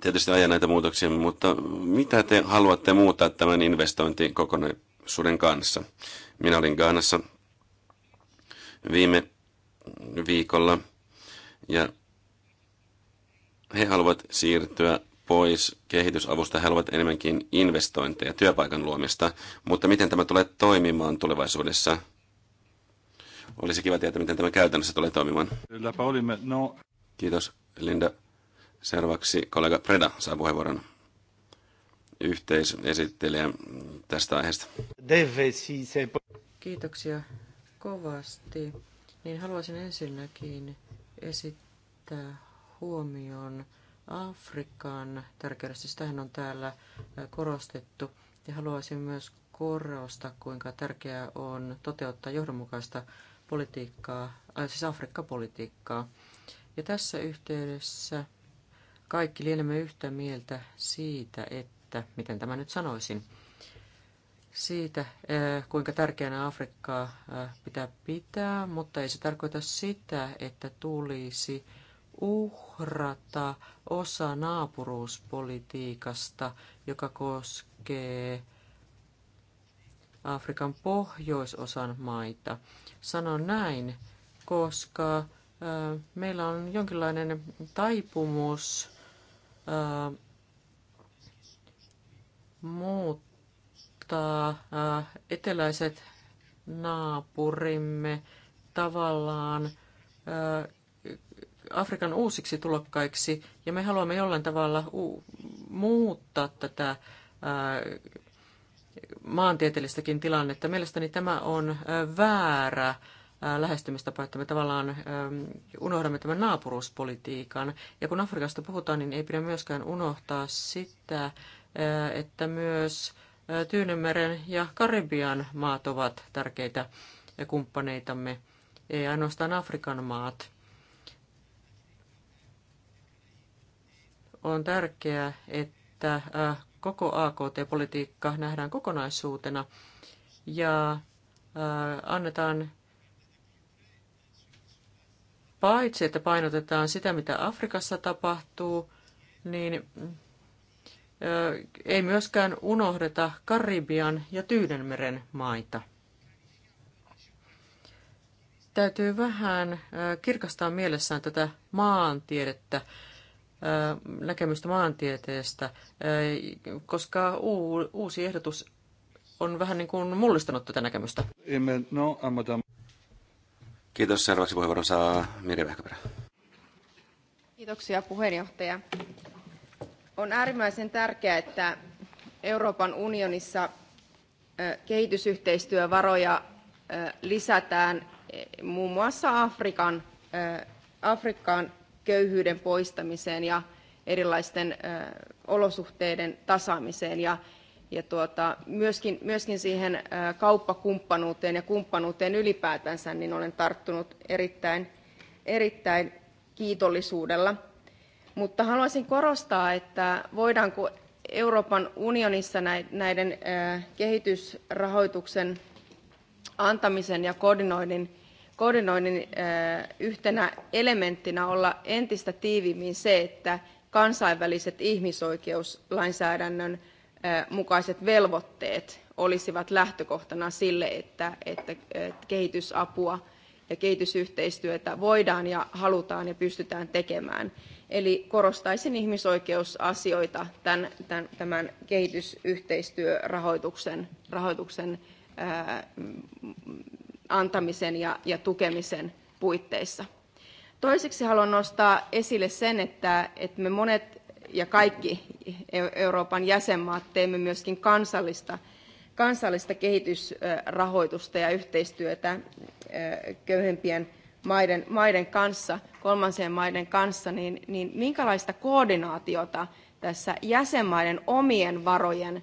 tietysti ajaa näitä muutoksia, mutta mitä te haluatte muuttaa tämän investointikokonaisuuden kanssa? Minä olin Gaanassa viime viikolla ja he haluavat siirtyä pois kehitysavusta, he haluavat enemmänkin investointeja, työpaikan luomista. Mutta miten tämä tulee toimimaan tulevaisuudessa? Olisi kiva tietää, miten tämä käytännössä tulee toimimaan. Kiitos, Linda. Seuraavaksi kollega Preda saa puheenvuoron yhteisesittelijä tästä aiheesta. Kiitoksia kovasti. Niin haluaisin ensinnäkin esittää huomion Afrikan tärkeydestä. Sitähän on täällä korostettu. Ja haluaisin myös korostaa, kuinka tärkeää on toteuttaa johdonmukaista politiikkaa, äh, siis Afrikka-politiikkaa. Ja tässä yhteydessä kaikki lienemme yhtä mieltä siitä, että, miten tämä nyt sanoisin, siitä, kuinka tärkeänä Afrikkaa pitää pitää, mutta ei se tarkoita sitä, että tulisi uhrata osa naapuruuspolitiikasta, joka koskee Afrikan pohjoisosan maita. Sanon näin, koska meillä on jonkinlainen taipumus muuttaa eteläiset naapurimme tavallaan Afrikan uusiksi tulokkaiksi, ja me haluamme jollain tavalla muuttaa tätä maantieteellistäkin tilannetta. Mielestäni tämä on väärä lähestymistapa, että me tavallaan unohdamme tämän naapuruuspolitiikan. Ja kun Afrikasta puhutaan, niin ei pidä myöskään unohtaa sitä, että myös Tyynemeren ja Karibian maat ovat tärkeitä kumppaneitamme, ei ainoastaan Afrikan maat. On tärkeää, että koko AKT-politiikka nähdään kokonaisuutena ja annetaan paitsi, että painotetaan sitä, mitä Afrikassa tapahtuu, niin ei myöskään unohdeta Karibian ja Tyynenmeren maita. Täytyy vähän kirkastaa mielessään tätä maantiedettä näkemystä maantieteestä, koska uusi ehdotus on vähän niin kuin mullistanut tätä näkemystä. Kiitos. Seuraavaksi puheenvuoron saa Mirja Vähköperä. Kiitoksia puheenjohtaja. On äärimmäisen tärkeää, että Euroopan unionissa kehitysyhteistyövaroja lisätään e, muun muassa Afrikan, Afrikkaan köyhyyden poistamiseen ja erilaisten olosuhteiden tasaamiseen ja, ja tuota, myöskin, myöskin siihen kauppakumppanuuteen ja kumppanuuteen ylipäätänsä, niin olen tarttunut erittäin, erittäin kiitollisuudella. Mutta haluaisin korostaa, että voidaanko Euroopan unionissa näiden kehitysrahoituksen antamisen ja koordinoinnin koordinoinnin äh, yhtenä elementtinä olla entistä tiiviimmin se, että kansainväliset ihmisoikeuslainsäädännön äh, mukaiset velvoitteet olisivat lähtökohtana sille, että, että kehitysapua ja kehitysyhteistyötä voidaan ja halutaan ja pystytään tekemään. Eli korostaisin ihmisoikeusasioita tämän, tämän, tämän kehitysyhteistyörahoituksen rahoituksen, ää, äh, antamisen ja, ja tukemisen puitteissa. Toiseksi haluan nostaa esille sen, että, että me monet ja kaikki Euroopan jäsenmaat teemme myöskin kansallista, kansallista kehitysrahoitusta ja yhteistyötä köyhempien maiden, maiden kanssa, kolmansien maiden kanssa, niin, niin minkälaista koordinaatiota tässä jäsenmaiden omien varojen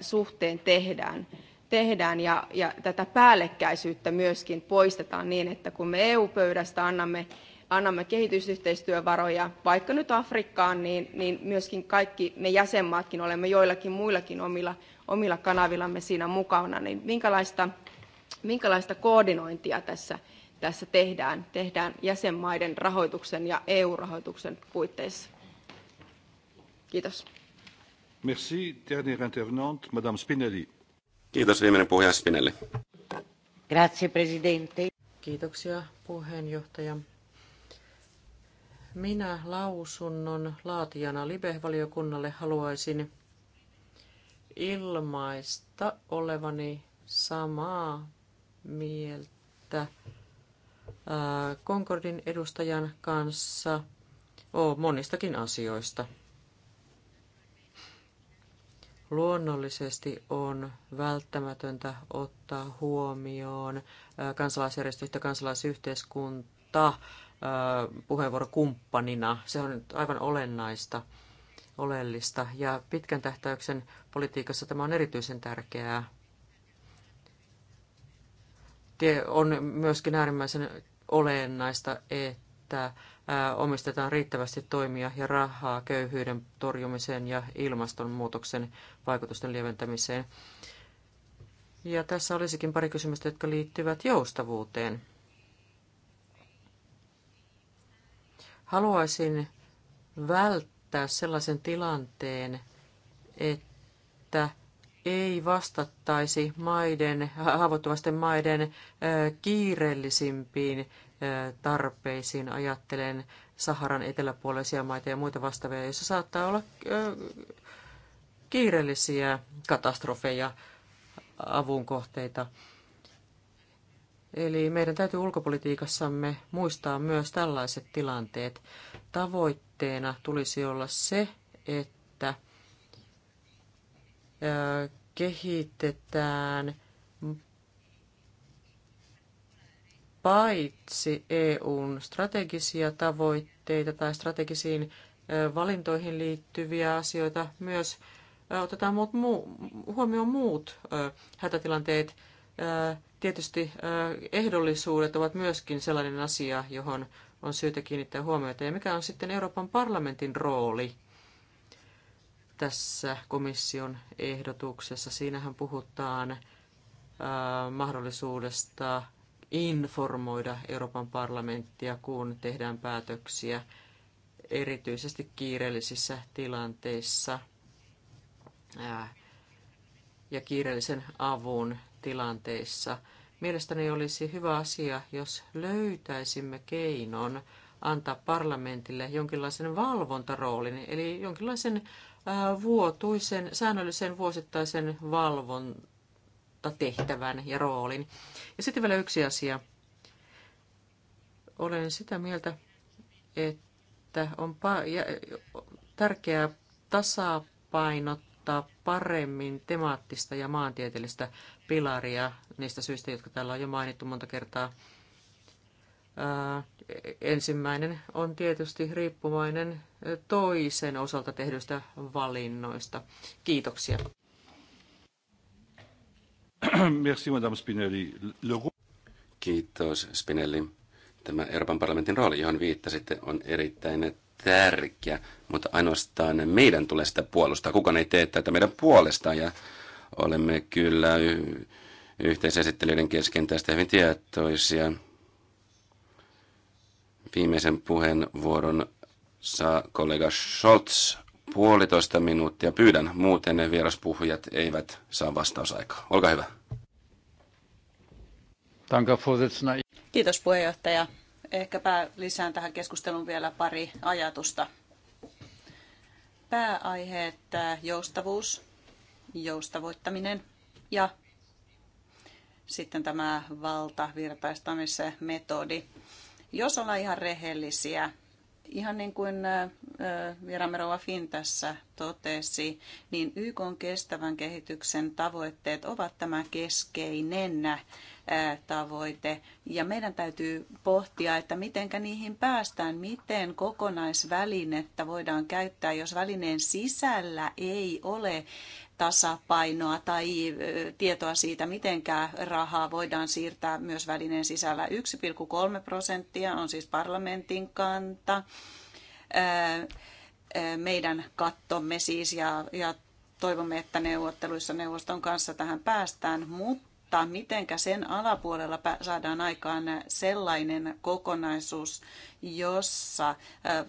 suhteen tehdään? tehdään ja, ja tätä päällekkäisyyttä myöskin poistetaan niin, että kun me EU-pöydästä annamme, annamme kehitysyhteistyövaroja vaikka nyt Afrikkaan, niin, niin myöskin kaikki me jäsenmaatkin olemme joillakin muillakin omilla, omilla kanavillamme siinä mukana, niin minkälaista, minkälaista koordinointia tässä, tässä tehdään, tehdään jäsenmaiden rahoituksen ja EU-rahoituksen puitteissa. Kiitos. Merci. Dernière intervenante, Madame Spinelli. Kiitos viimeinen puhuja Spinelli. Grazie, presidente. Kiitoksia puheenjohtaja. Minä lausunnon laatijana Libe-valiokunnalle haluaisin ilmaista olevani samaa mieltä äh, Concordin edustajan kanssa o, monistakin asioista. Luonnollisesti on välttämätöntä ottaa huomioon kansalaisjärjestöt ja kansalaisyhteiskunta puheenvuorokumppanina. Se on aivan olennaista, oleellista. Ja pitkän tähtäyksen politiikassa tämä on erityisen tärkeää. On myöskin äärimmäisen olennaista, että omistetaan riittävästi toimia ja rahaa köyhyyden torjumiseen ja ilmastonmuutoksen vaikutusten lieventämiseen. Ja tässä olisikin pari kysymystä, jotka liittyvät joustavuuteen. Haluaisin välttää sellaisen tilanteen, että ei vastattaisi maiden, haavoittuvasten maiden kiireellisimpiin tarpeisiin. Ajattelen Saharan eteläpuolisia maita ja muita vastaavia, joissa saattaa olla kiireellisiä katastrofeja, avunkohteita. Eli meidän täytyy ulkopolitiikassamme muistaa myös tällaiset tilanteet. Tavoitteena tulisi olla se, että kehitetään paitsi EUn strategisia tavoitteita tai strategisiin valintoihin liittyviä asioita, myös otetaan muut, muu, huomioon muut hätätilanteet. Tietysti ehdollisuudet ovat myöskin sellainen asia, johon on syytä kiinnittää huomiota. Ja mikä on sitten Euroopan parlamentin rooli tässä komission ehdotuksessa? Siinähän puhutaan mahdollisuudesta informoida Euroopan parlamenttia, kun tehdään päätöksiä erityisesti kiireellisissä tilanteissa ja kiireellisen avun tilanteissa. Mielestäni olisi hyvä asia, jos löytäisimme keinon antaa parlamentille jonkinlaisen valvontaroolin, eli jonkinlaisen vuotuisen, säännöllisen vuosittaisen valvon, kautta tehtävän ja roolin. Ja sitten vielä yksi asia. Olen sitä mieltä, että on tärkeää tasapainottaa paremmin temaattista ja maantieteellistä pilaria niistä syistä, jotka täällä on jo mainittu monta kertaa. Ensimmäinen on tietysti riippumainen toisen osalta tehdyistä valinnoista. Kiitoksia. Merci, Madame Spinelli. Le... Kiitos, Spinelli. Tämä Euroopan parlamentin rooli, johon viittasitte, on erittäin tärkeä, mutta ainoastaan meidän tulee sitä puolustaa. Kukaan ei tee tätä meidän puolestaan ja olemme kyllä y- yhteisesittelijöiden kesken tästä hyvin tietoisia. Viimeisen puheenvuoron saa kollega Scholz puolitoista minuuttia. Pyydän, muuten ne vieraspuhujat eivät saa vastausaikaa. Olkaa hyvä. Kiitos puheenjohtaja. Ehkäpä lisään tähän keskusteluun vielä pari ajatusta. Pääaiheet äh, joustavuus, joustavoittaminen ja sitten tämä valtavirtaistamisen metodi, Jos ollaan ihan rehellisiä, Ihan niin kuin Vieramerova Finn tässä totesi, niin YK on kestävän kehityksen tavoitteet ovat tämä keskeinen tavoite. Ja meidän täytyy pohtia, että miten niihin päästään, miten kokonaisvälinettä voidaan käyttää, jos välineen sisällä ei ole tasapainoa tai tietoa siitä, miten rahaa voidaan siirtää myös välineen sisällä. 1,3 prosenttia on siis parlamentin kanta. Meidän kattomme siis ja, ja toivomme, että neuvotteluissa neuvoston kanssa tähän päästään, mutta mutta mitenkä sen alapuolella saadaan aikaan sellainen kokonaisuus, jossa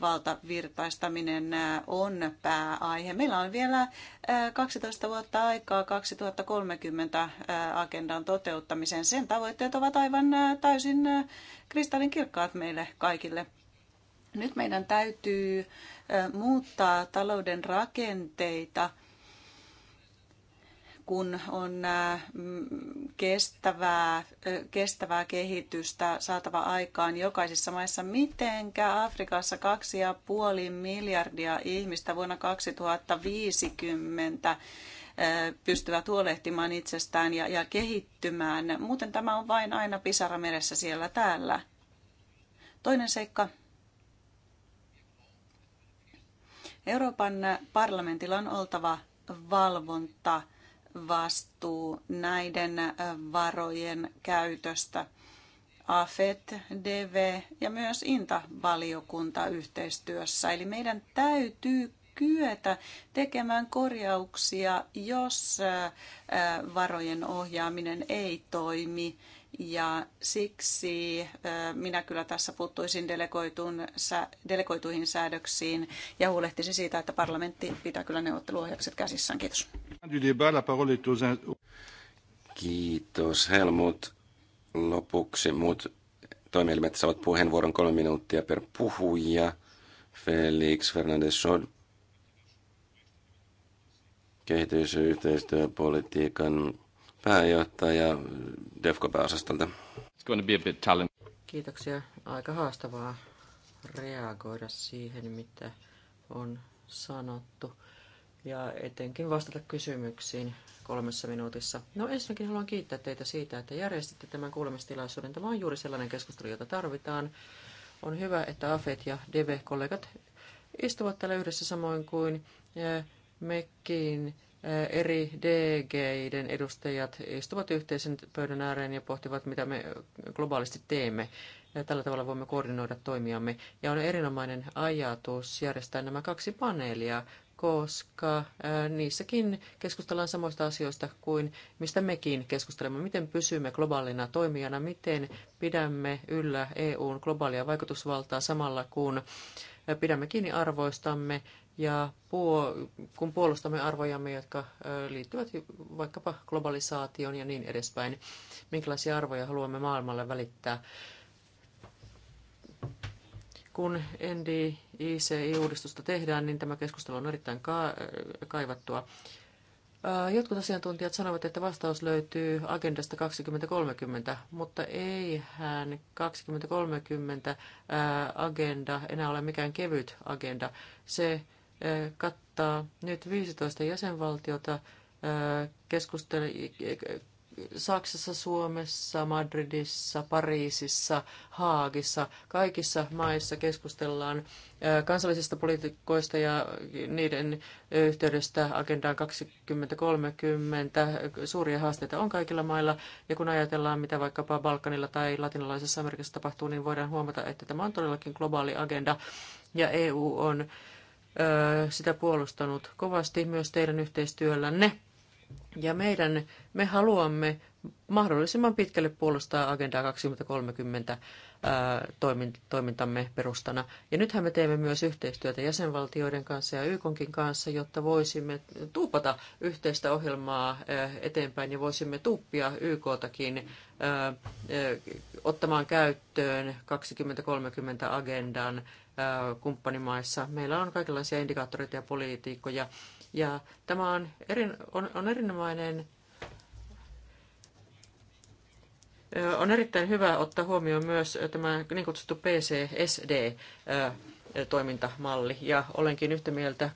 valtavirtaistaminen on pääaihe. Meillä on vielä 12 vuotta aikaa 2030 agendan toteuttamiseen. Sen tavoitteet ovat aivan täysin kirkkaat meille kaikille. Nyt meidän täytyy muuttaa talouden rakenteita – kun on äh, kestävää, kestävää kehitystä saatava aikaan jokaisessa maissa. Mitenkä Afrikassa 2,5 miljardia ihmistä vuonna 2050 pystyvät huolehtimaan itsestään ja, ja kehittymään. Muuten tämä on vain aina pisara meressä siellä täällä. Toinen seikka. Euroopan parlamentilla on oltava valvonta vastuu näiden äh, varojen käytöstä. AFET, DV ja myös INTA-valiokunta yhteistyössä. Eli meidän täytyy kyetä tekemään korjauksia, jos äh, äh, varojen ohjaaminen ei toimi ja siksi minä kyllä tässä puuttuisin delegoituihin säädöksiin ja huolehtisin siitä, että parlamentti pitää kyllä neuvotteluohjaukset käsissään. Kiitos. Kiitos Helmut. Lopuksi muut toimielimet saavat puheenvuoron kolme minuuttia per puhuja. Felix Fernandez Sol, kehitysyhteistyöpolitiikan pääjohtaja DEFCO-pääosastolta. Kiitoksia. Aika haastavaa reagoida siihen, mitä on sanottu ja etenkin vastata kysymyksiin kolmessa minuutissa. No ensinnäkin haluan kiittää teitä siitä, että järjestitte tämän kuulemistilaisuuden. Tämä on juuri sellainen keskustelu, jota tarvitaan. On hyvä, että AFET ja DV-kollegat istuvat täällä yhdessä samoin kuin eh, mekin eri DG-iden edustajat istuvat yhteisen pöydän ääreen ja pohtivat, mitä me globaalisti teemme. Tällä tavalla voimme koordinoida toimiamme. Ja on erinomainen ajatus järjestää nämä kaksi paneelia, koska niissäkin keskustellaan samoista asioista kuin mistä mekin keskustelemme. Miten pysymme globaalina toimijana, miten pidämme yllä EUn globaalia vaikutusvaltaa samalla kun pidämme kiinni arvoistamme ja kun puolustamme arvojamme, jotka liittyvät vaikkapa globalisaatioon ja niin edespäin, niin minkälaisia arvoja haluamme maailmalle välittää. Kun NDICI-uudistusta tehdään, niin tämä keskustelu on erittäin ka- kaivattua. Jotkut asiantuntijat sanovat, että vastaus löytyy agendasta 2030, mutta eihän 2030 agenda enää ole mikään kevyt agenda. Se kattaa nyt 15 jäsenvaltiota. keskustele Saksassa, Suomessa, Madridissa, Pariisissa, Haagissa. Kaikissa maissa keskustellaan kansallisista poliitikoista ja niiden yhteydestä agendaan 2030. Suuria haasteita on kaikilla mailla. Ja kun ajatellaan, mitä vaikkapa Balkanilla tai latinalaisessa Amerikassa tapahtuu, niin voidaan huomata, että tämä on todellakin globaali agenda. Ja EU on sitä puolustanut kovasti myös teidän yhteistyöllänne. Ja meidän, me haluamme mahdollisimman pitkälle puolustaa Agenda 2030 toimintamme perustana. Ja nythän me teemme myös yhteistyötä jäsenvaltioiden kanssa ja YKonkin kanssa, jotta voisimme tuupata yhteistä ohjelmaa eteenpäin ja voisimme tuuppia YKtakin ottamaan käyttöön 2030 agendan kumppanimaissa. Meillä on kaikenlaisia indikaattoreita ja politiikkoja. Ja tämä on, erin, on, on erinomainen on erittäin hyvä ottaa huomioon myös tämä niin kutsuttu PCSD-toimintamalli. Ja olenkin yhtä mieltä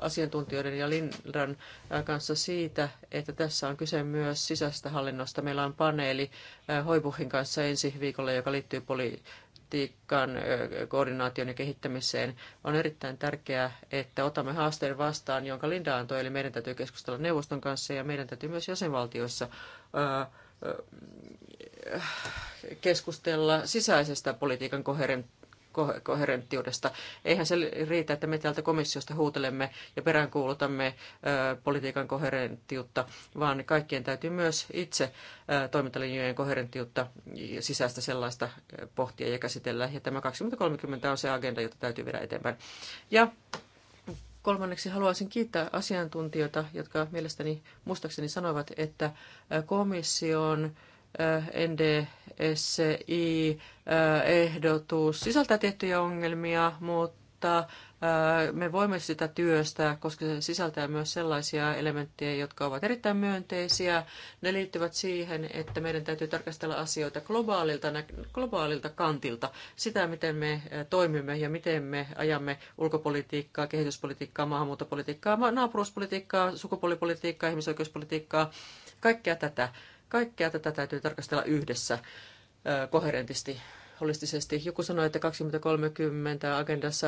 asiantuntijoiden ja Lindran kanssa siitä, että tässä on kyse myös sisäistä hallinnosta. Meillä on paneeli Hoibuhin kanssa ensi viikolla, joka liittyy poli- politiikan koordinaation ja kehittämiseen, on erittäin tärkeää, että otamme haasteen vastaan, jonka Linda antoi, eli meidän täytyy keskustella neuvoston kanssa ja meidän täytyy myös jäsenvaltioissa keskustella sisäisestä politiikan koherent koherenttiudesta. Eihän se riitä, että me täältä komissiosta huutelemme ja peräänkuulutamme politiikan koherenttiutta, vaan kaikkien täytyy myös itse toimintalinjojen koherenttiutta sisäistä sellaista pohtia ja käsitellä. Ja tämä 2030 on se agenda, jota täytyy viedä eteenpäin. Ja Kolmanneksi haluaisin kiittää asiantuntijoita, jotka mielestäni mustakseni sanoivat, että komission NDSI-ehdotus sisältää tiettyjä ongelmia, mutta me voimme sitä työstää, koska se sisältää myös sellaisia elementtejä, jotka ovat erittäin myönteisiä. Ne liittyvät siihen, että meidän täytyy tarkastella asioita globaalilta, globaalilta kantilta, sitä miten me toimimme ja miten me ajamme ulkopolitiikkaa, kehityspolitiikkaa, maahanmuuttopolitiikkaa, naapuruuspolitiikkaa, sukupuolipolitiikkaa, ihmisoikeuspolitiikkaa, kaikkea tätä. Kaikkea tätä täytyy tarkastella yhdessä koherentisti holistisesti. Joku sanoi, että 2030 agendassa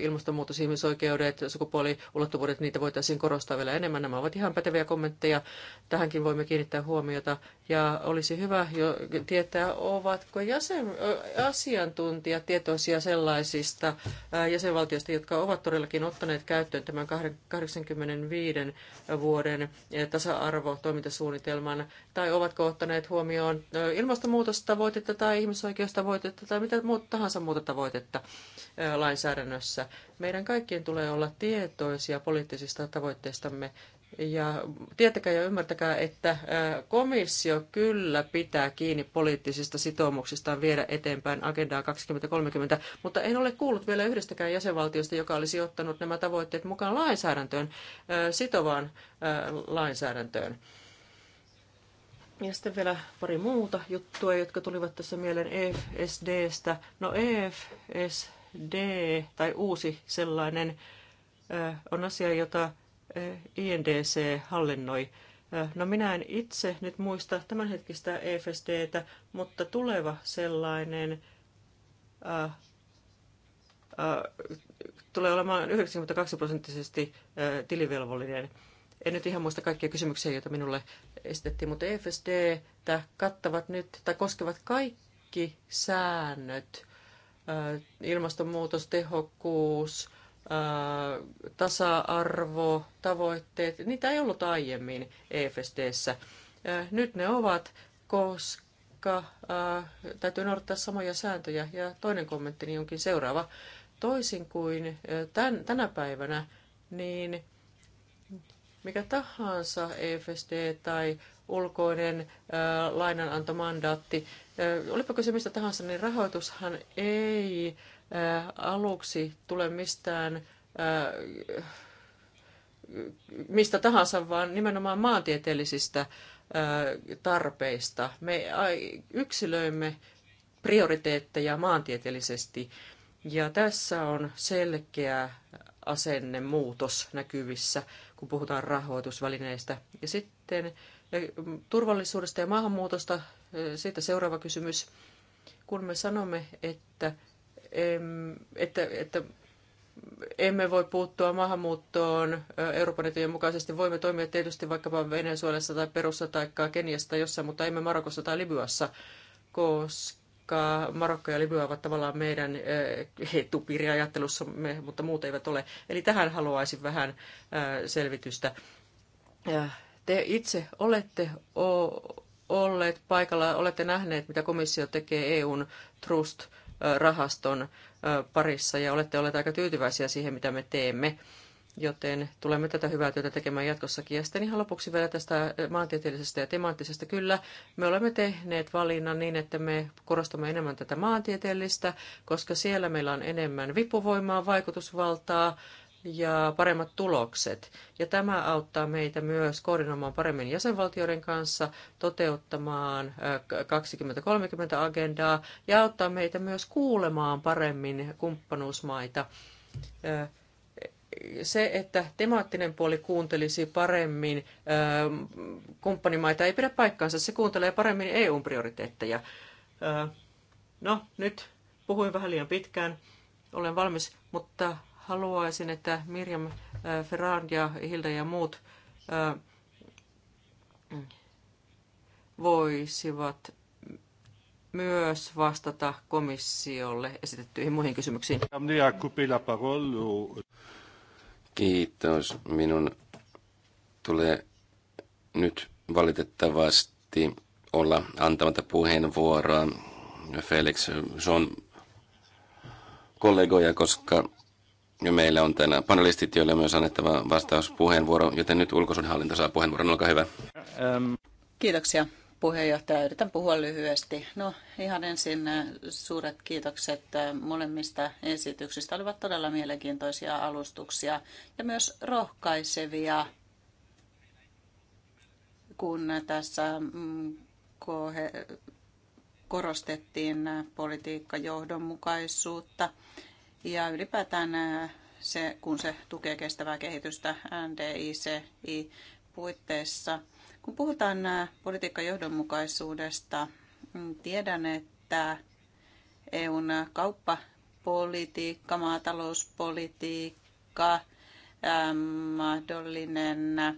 ilmastonmuutos, ihmisoikeudet, sukupuoliulottuvuudet, niitä voitaisiin korostaa vielä enemmän. Nämä ovat ihan päteviä kommentteja. Tähänkin voimme kiinnittää huomiota. Ja olisi hyvä jo tietää, ovatko jäsen, asiantuntijat tietoisia sellaisista jäsenvaltioista, jotka ovat todellakin ottaneet käyttöön tämän 85 vuoden e, tasa arvo toimintasuunnitelman tai ovatko ottaneet huomioon ilmastonmuutostavoitetta tai ihmisoikeustavoitetta, tavoitetta tai mitä tahansa muuta tavoitetta lainsäädännössä. Meidän kaikkien tulee olla tietoisia poliittisista tavoitteistamme ja tietäkää ja ymmärtäkää, että komissio kyllä pitää kiinni poliittisista sitoumuksistaan viedä eteenpäin agendaa 2030, mutta en ole kuullut vielä yhdestäkään jäsenvaltiosta, joka olisi ottanut nämä tavoitteet mukaan lainsäädäntöön, sitovaan lainsäädäntöön. Ja sitten vielä pari muuta juttua, jotka tulivat tässä mieleen EFSDstä. No EFSD, tai uusi sellainen, on asia, jota INDC hallinnoi. No minä en itse nyt muista tämänhetkistä EFSDtä, mutta tuleva sellainen äh, äh, tulee olemaan 92 prosenttisesti äh, tilivelvollinen. En nyt ihan muista kaikkia kysymyksiä, joita minulle esitettiin, mutta EFSD kattavat nyt tai koskevat kaikki säännöt. Ilmastonmuutos, tehokkuus, tasa-arvo, tavoitteet, niitä ei ollut aiemmin EFSDssä. Nyt ne ovat, koska täytyy noudattaa samoja sääntöjä. Ja toinen kommentti onkin seuraava. Toisin kuin tän, tänä päivänä, niin mikä tahansa EFSD tai ulkoinen äh, lainanantomandaatti, äh, olipa se mistä tahansa, niin rahoitushan ei äh, aluksi tule mistään äh, mistä tahansa, vaan nimenomaan maantieteellisistä äh, tarpeista. Me yksilöimme prioriteetteja maantieteellisesti, ja tässä on selkeä asennemuutos näkyvissä, kun puhutaan rahoitusvälineistä. Ja sitten mm, turvallisuudesta ja maahanmuutosta, siitä seuraava kysymys. Kun me sanomme, että, että, että emme voi puuttua maahanmuuttoon Euroopan etujen mukaisesti. Voimme toimia tietysti vaikkapa Venezuelassa tai Perussa tai Keniassa tai jossain, mutta emme Marokossa tai Libyassa, koska vaikka Marokko ja Libya ovat tavallaan meidän etupiiriajattelussamme, eh, mutta muut eivät ole. Eli tähän haluaisin vähän eh, selvitystä. Eh, te itse olette olleet paikalla, olette nähneet, mitä komissio tekee EUn Trust-rahaston parissa ja olette olleet aika tyytyväisiä siihen, mitä me teemme joten tulemme tätä hyvää työtä tekemään jatkossakin. Ja sitten ihan lopuksi vielä tästä maantieteellisestä ja temaattisesta. Kyllä, me olemme tehneet valinnan niin, että me korostamme enemmän tätä maantieteellistä, koska siellä meillä on enemmän vipuvoimaa, vaikutusvaltaa ja paremmat tulokset. Ja tämä auttaa meitä myös koordinoimaan paremmin jäsenvaltioiden kanssa, toteuttamaan 2030-agendaa ja auttaa meitä myös kuulemaan paremmin kumppanuusmaita se, että temaattinen puoli kuuntelisi paremmin kumppanimaita, ei pidä paikkaansa. Se kuuntelee paremmin EUn prioriteetteja. No, nyt puhuin vähän liian pitkään. Olen valmis, mutta haluaisin, että Mirjam Ferrand ja Hilda ja muut voisivat myös vastata komissiolle esitettyihin muihin kysymyksiin. Kiitos. Minun tulee nyt valitettavasti olla antamatta puheenvuoroa Felix Son kollegoja, koska meillä on tänään panelistit, joille on myös annettava vastauspuheenvuoro, joten nyt ulkosuudenhallinto saa puheenvuoron. Olkaa hyvä. Kiitoksia puheenjohtaja, yritän puhua lyhyesti. No ihan ensin äh, suuret kiitokset äh, molemmista esityksistä. Olivat todella mielenkiintoisia alustuksia ja myös rohkaisevia, kun tässä mm, korostettiin äh, politiikkajohdonmukaisuutta ja ylipäätään se, kun se tukee kestävää kehitystä NDICI-puitteissa – kun puhutaan äh, politiikan johdonmukaisuudesta, mm, tiedän, että EUn äh, kauppapolitiikka, maatalouspolitiikka, ää, ähm, mahdollinen ää,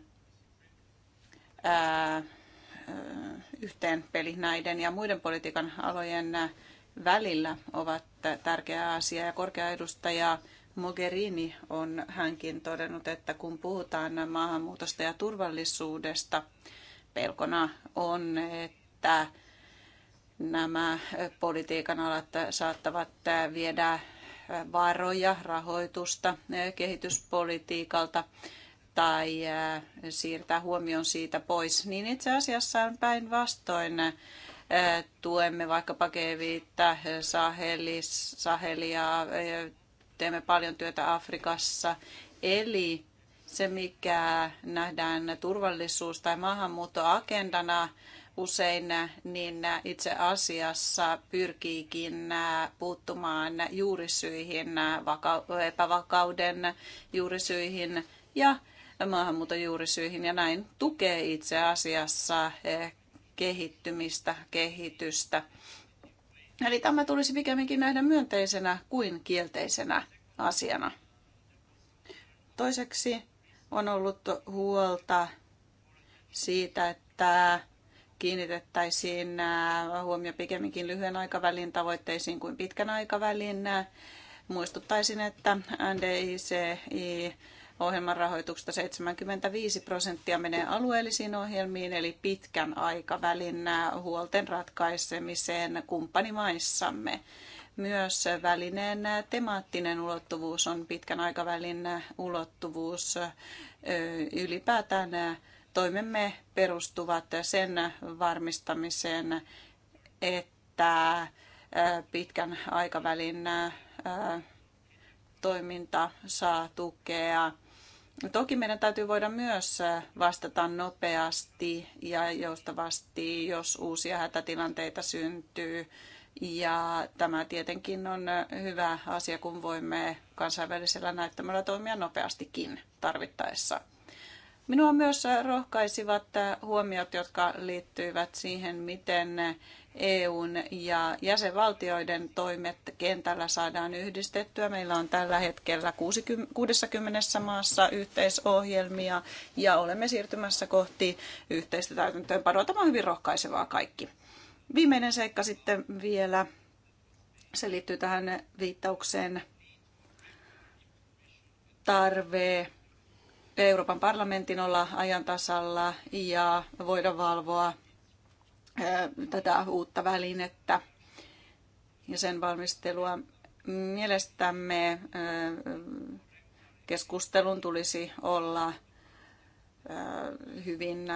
äh, yhteenpeli näiden ja muiden politiikan alojen välillä ovat tärkeä asia ja korkea edustaja Mogherini on hänkin todennut, että kun puhutaan maahanmuutosta ja turvallisuudesta, pelkona on, että nämä politiikan alat saattavat viedä varoja, rahoitusta kehityspolitiikalta tai siirtää huomion siitä pois, niin itse asiassa on päinvastoin tuemme vaikkapa Keviittä, Sahelis, Sahelia, teemme paljon työtä Afrikassa. Eli se, mikä nähdään turvallisuus- tai maahanmuuttoagendana usein, niin itse asiassa pyrkiikin puuttumaan juurisyihin, epävakauden juurisyihin ja maahanmuuton juurisyihin ja näin tukee itse asiassa eh, kehittymistä, kehitystä. Eli tämä tulisi pikemminkin nähdä myönteisenä kuin kielteisenä asiana. Toiseksi on ollut huolta siitä, että kiinnitettäisiin äh, huomio pikemminkin lyhyen aikavälin tavoitteisiin kuin pitkän aikavälin. Muistuttaisin, että NDICI ohjelman rahoituksesta 75 prosenttia menee alueellisiin ohjelmiin, eli pitkän aikavälin huolten ratkaisemiseen kumppanimaissamme. Myös välineen temaattinen ulottuvuus on pitkän aikavälin ulottuvuus. Ylipäätään toimemme perustuvat sen varmistamiseen, että pitkän aikavälin toiminta saa tukea Toki meidän täytyy voida myös vastata nopeasti ja joustavasti, jos uusia hätätilanteita syntyy. Ja tämä tietenkin on hyvä asia, kun voimme kansainvälisellä näyttämällä toimia nopeastikin tarvittaessa. Minua myös rohkaisivat huomiot, jotka liittyivät siihen, miten EUn ja jäsenvaltioiden toimet kentällä saadaan yhdistettyä. Meillä on tällä hetkellä 60 maassa yhteisohjelmia ja olemme siirtymässä kohti yhteistä täytäntöönpanoa. Tämä on hyvin rohkaisevaa kaikki. Viimeinen seikka sitten vielä, se liittyy tähän viittaukseen tarve Euroopan parlamentin olla ajan tasalla ja voida valvoa tätä uutta välinettä ja sen valmistelua. Mielestämme keskustelun tulisi olla hyvin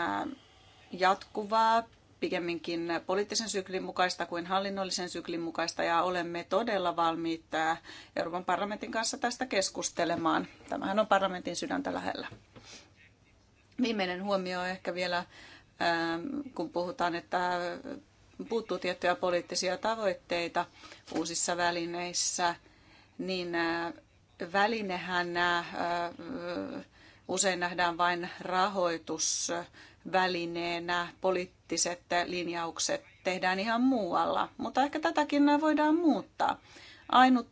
jatkuvaa, pikemminkin poliittisen syklin mukaista kuin hallinnollisen syklin mukaista ja olemme todella valmiit Euroopan parlamentin kanssa tästä keskustelemaan. Tämähän on parlamentin sydäntä lähellä. Viimeinen huomio ehkä vielä Ähm, kun puhutaan, että puuttuu tiettyjä poliittisia tavoitteita uusissa välineissä, niin äh, välinehän äh, äh, usein nähdään vain rahoitusvälineenä, poliittiset linjaukset tehdään ihan muualla, mutta ehkä tätäkin voidaan muuttaa. Ainut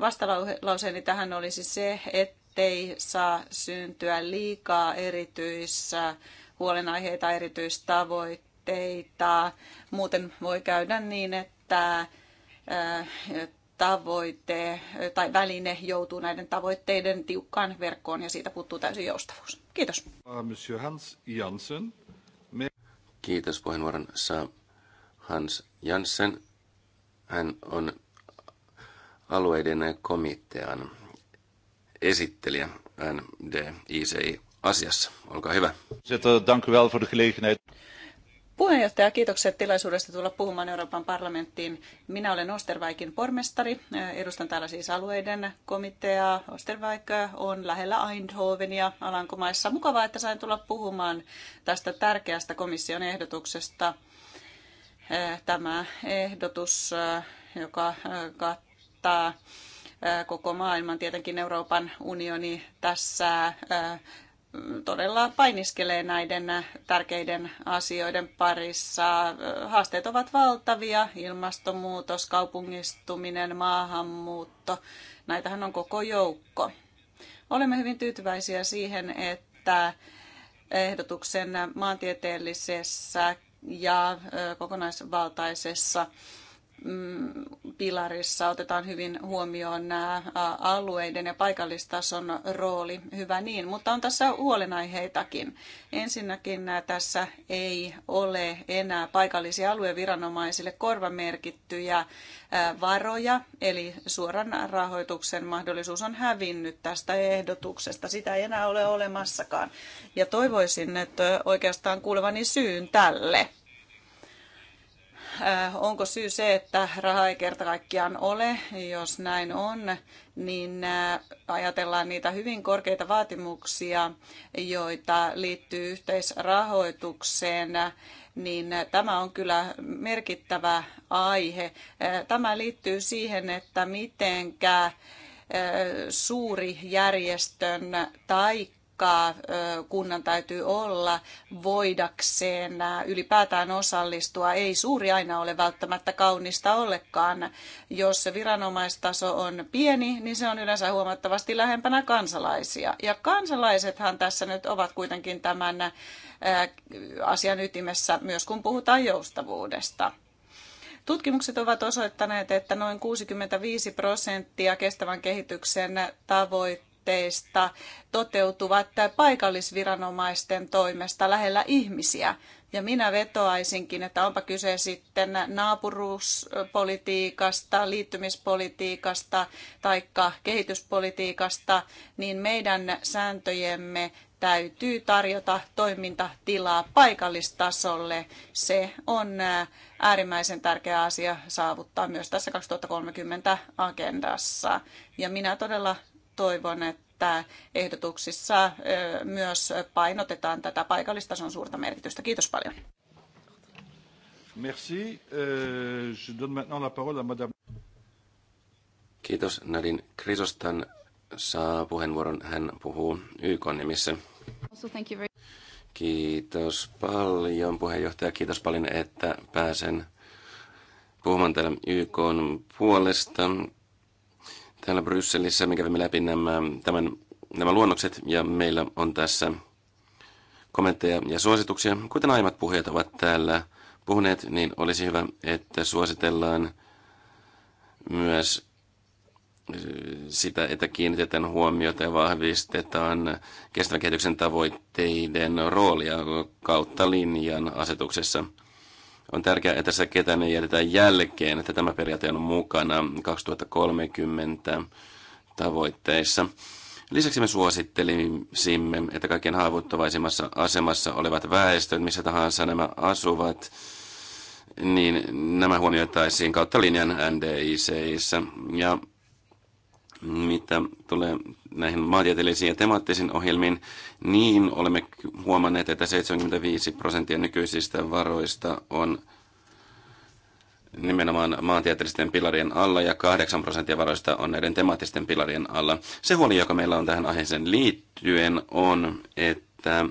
vastalauseeni tähän olisi se, ettei saa syntyä liikaa erityissä huolenaiheita, erityistavoitteita. Muuten voi käydä niin, että tavoite tai väline joutuu näiden tavoitteiden tiukkaan verkkoon ja siitä puuttuu täysin joustavuus. Kiitos. Ah, monsieur Hans Janssen. Kiitos puheenvuoron saa Hans Janssen. Hän on alueiden komitean esittelijä NDICI asiassa. Olkaa hyvä. Dank u wel voor de gelegenheid. Puheenjohtaja, kiitokset tilaisuudesta tulla puhumaan Euroopan parlamenttiin. Minä olen Ostervaikin pormestari, edustan täällä siis alueiden komiteaa. Ostervaik on lähellä Eindhovenia Alankomaissa. Mukavaa, että sain tulla puhumaan tästä tärkeästä komission ehdotuksesta. Eh, tämä ehdotus, eh, joka eh, kattaa koko maailman, tietenkin Euroopan unioni tässä todella painiskelee näiden tärkeiden asioiden parissa. Haasteet ovat valtavia, ilmastonmuutos, kaupungistuminen, maahanmuutto, näitähän on koko joukko. Olemme hyvin tyytyväisiä siihen, että ehdotuksen maantieteellisessä ja kokonaisvaltaisessa Mm, pilarissa otetaan hyvin huomioon nämä alueiden ja paikallistason rooli. Hyvä niin, mutta on tässä huolenaiheitakin. Ensinnäkin tässä ei ole enää paikallisia alueviranomaisille korvamerkittyjä varoja, eli suoran rahoituksen mahdollisuus on hävinnyt tästä ehdotuksesta. Sitä ei enää ole olemassakaan. Ja toivoisin, että oikeastaan kuulevani syyn tälle Äh, onko syy se, että raha ei kerta kaikkiaan ole? Jos näin on, niin äh, ajatellaan niitä hyvin korkeita vaatimuksia, joita liittyy yhteisrahoitukseen, niin tämä on kyllä merkittävä aihe. Äh, tämä liittyy siihen, että mitenkä suuri järjestön tai luokkaa kunnan täytyy olla voidakseen ylipäätään osallistua. Ei suuri aina ole välttämättä kaunista ollekaan. Jos se viranomaistaso on pieni, niin se on yleensä huomattavasti lähempänä kansalaisia. Ja kansalaisethan tässä nyt ovat kuitenkin tämän asian ytimessä myös kun puhutaan joustavuudesta. Tutkimukset ovat osoittaneet, että noin 65 prosenttia kestävän kehityksen tavoitteista aloitteista toteutuvat paikallisviranomaisten toimesta lähellä ihmisiä. Ja minä vetoaisinkin, että onpa kyse sitten naapuruuspolitiikasta, liittymispolitiikasta tai kehityspolitiikasta, niin meidän sääntöjemme täytyy tarjota toimintatilaa paikallistasolle. Se on äh, äärimmäisen tärkeä asia saavuttaa myös tässä 2030 agendassa. Ja minä todella toivon, että ehdotuksissa myös painotetaan tätä paikallistason suurta merkitystä. Kiitos paljon. Merci. Je donne maintenant la parole à madame. Kiitos. Nadin Krisostan saa puheenvuoron. Hän puhuu YK nimissä. very... Kiitos paljon puheenjohtaja. Kiitos paljon, että pääsen puhumaan täällä YK puolesta täällä Brysselissä. Me kävimme läpi nämä, tämän, nämä luonnokset ja meillä on tässä kommentteja ja suosituksia. Kuten aiemmat puheet ovat täällä puhuneet, niin olisi hyvä, että suositellaan myös äh, sitä, että kiinnitetään huomiota ja vahvistetaan kestävän kehityksen tavoitteiden roolia kautta linjan asetuksessa – on tärkeää, että tässä ketään ei jätetä jälkeen, että tämä periaate on mukana 2030 tavoitteissa. Lisäksi me suosittelisimme, että kaikkien haavoittuvaisimmassa asemassa olevat väestöt, missä tahansa nämä asuvat, niin nämä huomioitaisiin kautta linjan NDICissä. Ja mitä tulee näihin maantieteellisiin ja temaattisiin ohjelmiin, niin olemme huomanneet, että 75 prosenttia nykyisistä varoista on nimenomaan maantieteellisten pilarien alla ja 8 prosenttia varoista on näiden temaattisten pilarien alla. Se huoli, joka meillä on tähän aiheeseen liittyen, on, että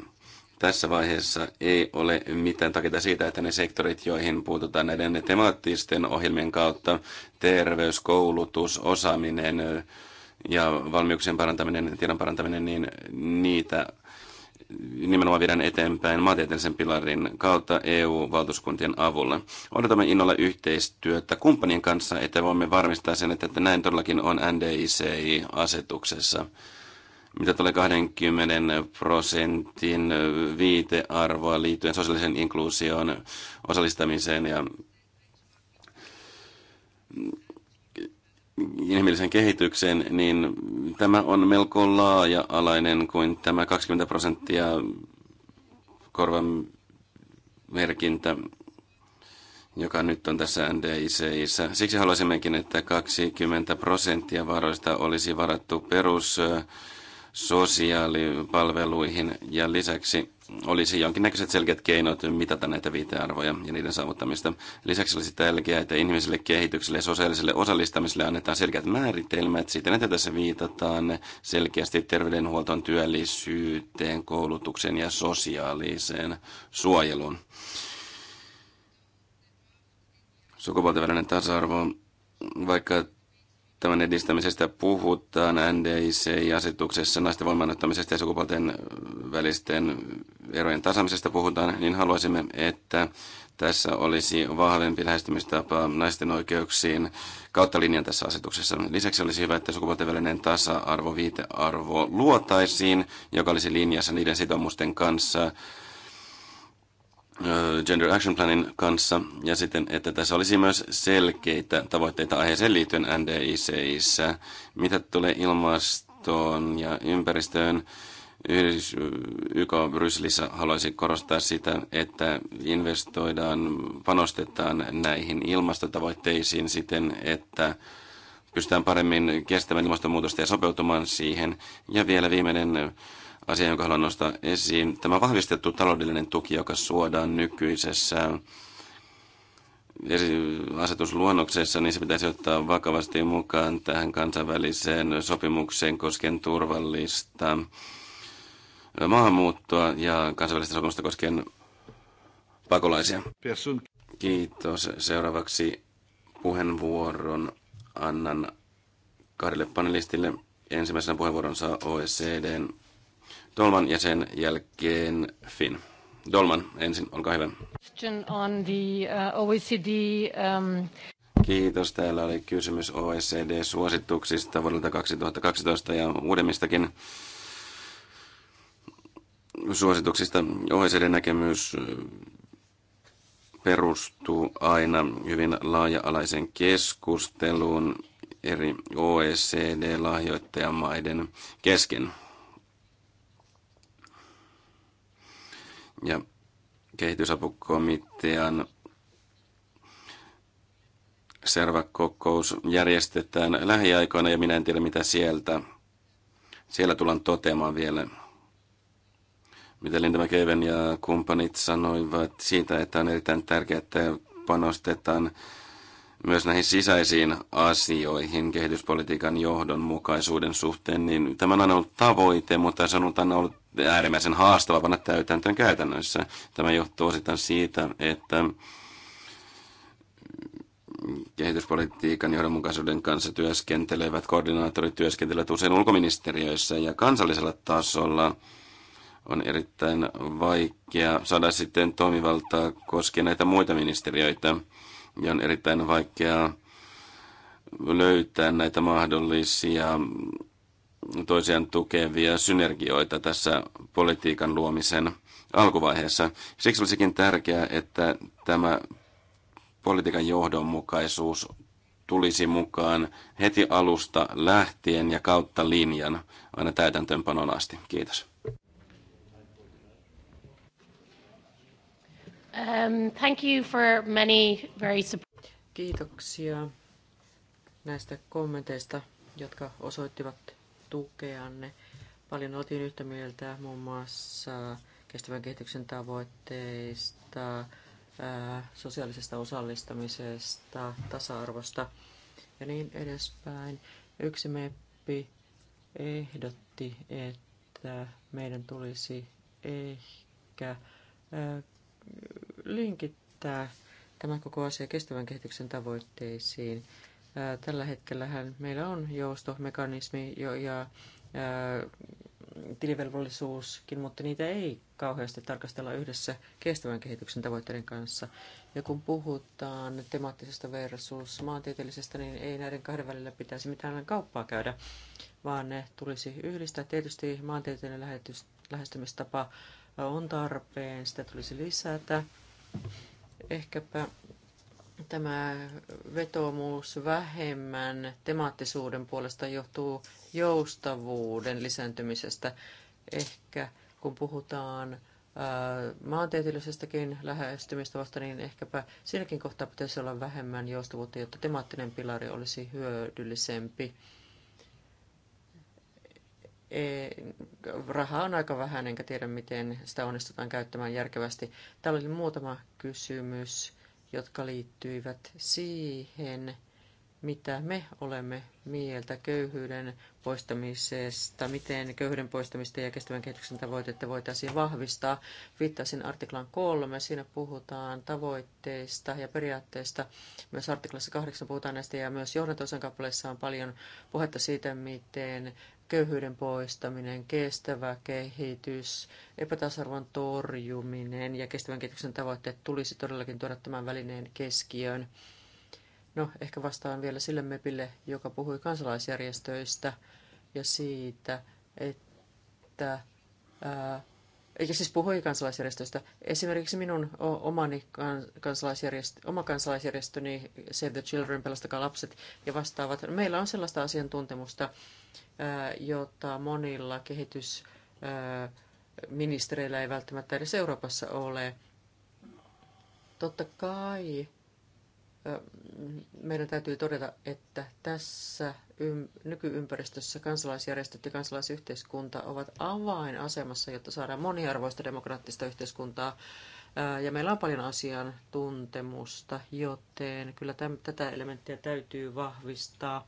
tässä vaiheessa ei ole mitään takia siitä, että ne sektorit, joihin puututaan näiden temaattisten ohjelmien kautta, terveys, koulutus, osaaminen ja valmiuksien parantaminen, tiedon parantaminen, niin niitä nimenomaan viedään eteenpäin maantieteellisen pilarin kautta EU-valtuuskuntien avulla. Odotamme innolla yhteistyötä kumppanien kanssa, että voimme varmistaa sen, että näin todellakin on NDICI-asetuksessa mitä tulee 20 prosentin viitearvoa liittyen sosiaalisen inkluusioon, osallistamiseen ja inhimillisen kehitykseen, niin tämä on melko laaja-alainen kuin tämä 20 prosenttia korvan merkintä, joka nyt on tässä NDICissä. Siksi haluaisimmekin, että 20 prosenttia varoista olisi varattu perus sosiaalipalveluihin ja lisäksi olisi jonkinnäköiset selkeät keinot mitata näitä viitearvoja ja niiden saavuttamista. Lisäksi olisi tärkeää, että ihmiselle kehitykselle ja sosiaaliselle osallistamiselle annetaan selkeät määritelmät siten, että tässä viitataan selkeästi terveydenhuoltoon, työllisyyteen, koulutukseen ja sosiaaliseen suojeluun. Sukupuolten välinen tasa-arvo, vaikka Tämän edistämisestä puhutaan NDIC-asetuksessa, naisten voimaanottamisesta ja sukupuolten välisten erojen tasaamisesta puhutaan, niin haluaisimme, että tässä olisi vahvempi lähestymistapa naisten oikeuksiin kautta linjan tässä asetuksessa. Lisäksi olisi hyvä, että sukupuolten välinen tasa-arvo, viitearvo luotaisiin, joka olisi linjassa niiden sitoumusten kanssa, Gender Action Planin kanssa ja sitten, että tässä olisi myös selkeitä tavoitteita aiheeseen liittyen NDICissä. Mitä tulee ilmastoon ja ympäristöön, YK Brysselissä haluaisi korostaa sitä, että investoidaan, panostetaan näihin ilmastotavoitteisiin siten, että pystytään paremmin kestämään ilmastonmuutosta ja sopeutumaan siihen. Ja vielä viimeinen asia, jonka haluan nostaa esiin. Tämä vahvistettu taloudellinen tuki, joka suodaan nykyisessä asetusluonnoksessa, niin se pitäisi ottaa vakavasti mukaan tähän kansainväliseen sopimukseen koskien turvallista maahanmuuttoa ja kansainvälistä sopimusta koskien pakolaisia. Kiitos. Seuraavaksi puheenvuoron annan kahdelle panelistille. Ensimmäisenä puheenvuoron saa OECDn Dolman ja sen jälkeen Finn. Dolman ensin, olkaa hyvä. On the uh, OECD, um... Kiitos. Täällä oli kysymys OECD-suosituksista vuodelta 2012 ja uudemmistakin suosituksista. OECD-näkemys perustuu aina hyvin laaja-alaisen keskusteluun eri OECD-lahjoittajamaiden kesken. ja kehitysapukomitean servakokous järjestetään lähiaikoina ja minä en tiedä mitä sieltä. Siellä tullaan toteamaan vielä, mitä Linda McEwen ja kumppanit sanoivat siitä, että on erittäin tärkeää, että panostetaan myös näihin sisäisiin asioihin kehityspolitiikan johdonmukaisuuden suhteen, niin tämä on aina ollut tavoite, mutta se on aina ollut äärimmäisen haastava panna täytäntöön käytännössä. Tämä johtuu osittain siitä, että kehityspolitiikan johdonmukaisuuden kanssa työskentelevät koordinaattorit työskentelevät usein ulkoministeriöissä ja kansallisella tasolla on erittäin vaikea saada sitten toimivaltaa koskien näitä muita ministeriöitä ja on erittäin vaikea löytää näitä mahdollisia toisiaan tukevia synergioita tässä politiikan luomisen alkuvaiheessa. Siksi olisikin tärkeää, että tämä politiikan johdonmukaisuus tulisi mukaan heti alusta lähtien ja kautta linjan aina täytäntöönpanon asti. Kiitos. Um, thank you for many very... Kiitoksia näistä kommenteista, jotka osoittivat tukeanne. Paljon oltiin yhtä mieltä muun muassa kestävän kehityksen tavoitteista, sosiaalisesta osallistamisesta, tasa-arvosta ja niin edespäin. Yksi meppi ehdotti, että meidän tulisi ehkä linkittää tämä koko asia kestävän kehityksen tavoitteisiin. Tällä hetkellähän meillä on joustomekanismi jo, ja ää, tilivelvollisuuskin, mutta niitä ei kauheasti tarkastella yhdessä kestävän kehityksen tavoitteiden kanssa. Ja kun puhutaan temaattisesta versus maantieteellisestä, niin ei näiden kahden välillä pitäisi mitään kauppaa käydä, vaan ne tulisi yhdistää. Tietysti maantieteellinen lähestymistapa on tarpeen, sitä tulisi lisätä. Ehkäpä Tämä vetomuus vähemmän temaattisuuden puolesta johtuu joustavuuden lisääntymisestä. Ehkä kun puhutaan äh, maantieteellisestäkin lähestymistavasta niin ehkäpä siinäkin kohtaa pitäisi olla vähemmän joustavuutta, jotta temaattinen pilari olisi hyödyllisempi. E, raha on aika vähän, enkä tiedä miten sitä onnistutaan käyttämään järkevästi. Täällä oli muutama kysymys jotka liittyivät siihen, mitä me olemme mieltä köyhyyden poistamisesta, miten köyhyyden poistamista ja kestävän kehityksen tavoitetta voitaisiin vahvistaa. Viittasin artiklan kolme, siinä puhutaan tavoitteista ja periaatteista. Myös artiklassa kahdeksan puhutaan näistä ja myös johdantosan kappaleissa on paljon puhetta siitä, miten köyhyyden poistaminen, kestävä kehitys, epätasarvon torjuminen ja kestävän kehityksen tavoitteet tulisi todellakin tuoda tämän välineen keskiöön. No, ehkä vastaan vielä sille MEPille, joka puhui kansalaisjärjestöistä ja siitä, että ää, ja siis puhui kansalaisjärjestöistä. Esimerkiksi minun omani kansalaisjärjestö, oma kansalaisjärjestöni Save the Children, Pelastakaa lapset ja vastaavat. Meillä on sellaista asiantuntemusta, jota monilla kehitysministereillä ei välttämättä edes Euroopassa ole. Totta kai meidän täytyy todeta, että tässä nykyympäristössä kansalaisjärjestöt ja kansalaisyhteiskunta ovat avainasemassa, jotta saadaan moniarvoista demokraattista yhteiskuntaa. Ja meillä on paljon asian tuntemusta, joten kyllä täm, tätä elementtiä täytyy vahvistaa.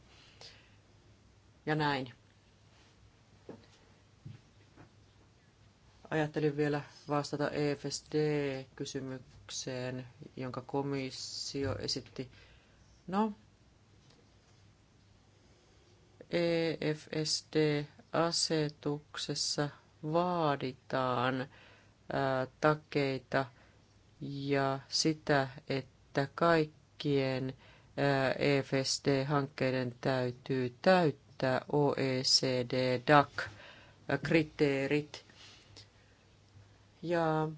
Ja näin. Ajattelin vielä vastata EFSD-kysymykseen, jonka komissio esitti. No, EFSD-asetuksessa vaaditaan ää, takeita ja sitä, että kaikkien EFSD-hankkeiden täytyy täyttää OECD-DAC-kriteerit. Ja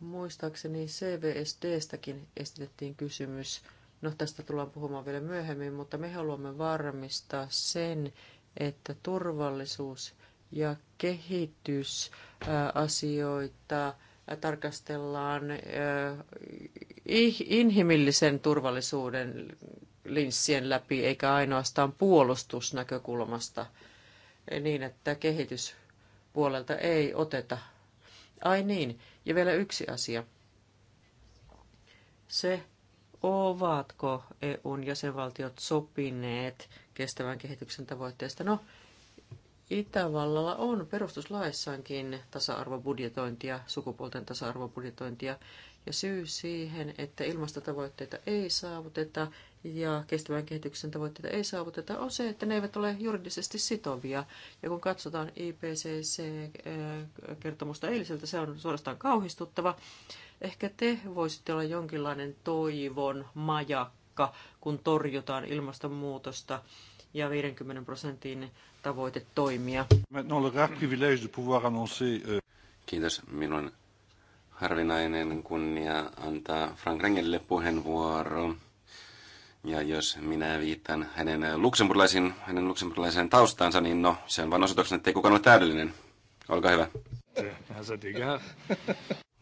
muistaakseni CVSDstäkin esitettiin kysymys. No tästä tullaan puhumaan vielä myöhemmin, mutta me haluamme varmistaa sen, että turvallisuus ja kehitysasioita tarkastellaan inhimillisen turvallisuuden linssien läpi, eikä ainoastaan puolustusnäkökulmasta, niin että kehityspuolelta ei oteta Ai niin, ja vielä yksi asia. Se, ovatko EUn jäsenvaltiot sopineet kestävän kehityksen tavoitteesta. No, Itävallalla on perustuslaissaankin tasa-arvobudjetointia, sukupuolten tasa-arvobudjetointia, ja syy siihen, että ilmastotavoitteita ei saavuteta, ja kestävän kehityksen tavoitteita ei saavuteta, on se, että ne eivät ole juridisesti sitovia. Ja kun katsotaan IPCC-kertomusta eh, eiliseltä, se on suorastaan kauhistuttava. Ehkä te voisitte olla jonkinlainen toivon majakka, kun torjutaan ilmastonmuutosta ja 50 prosentin tavoite toimia. Euh, Kiitos. Minun harvinainen kunnia antaa Frank Rengelle puheenvuoro. Ja jos minä viittaan hänen, luksemburilaisiin, hänen luksemburilaiseen taustansa, niin no, se on vain osoituksena, että ei kukaan ole täydellinen. Olkaa hyvä.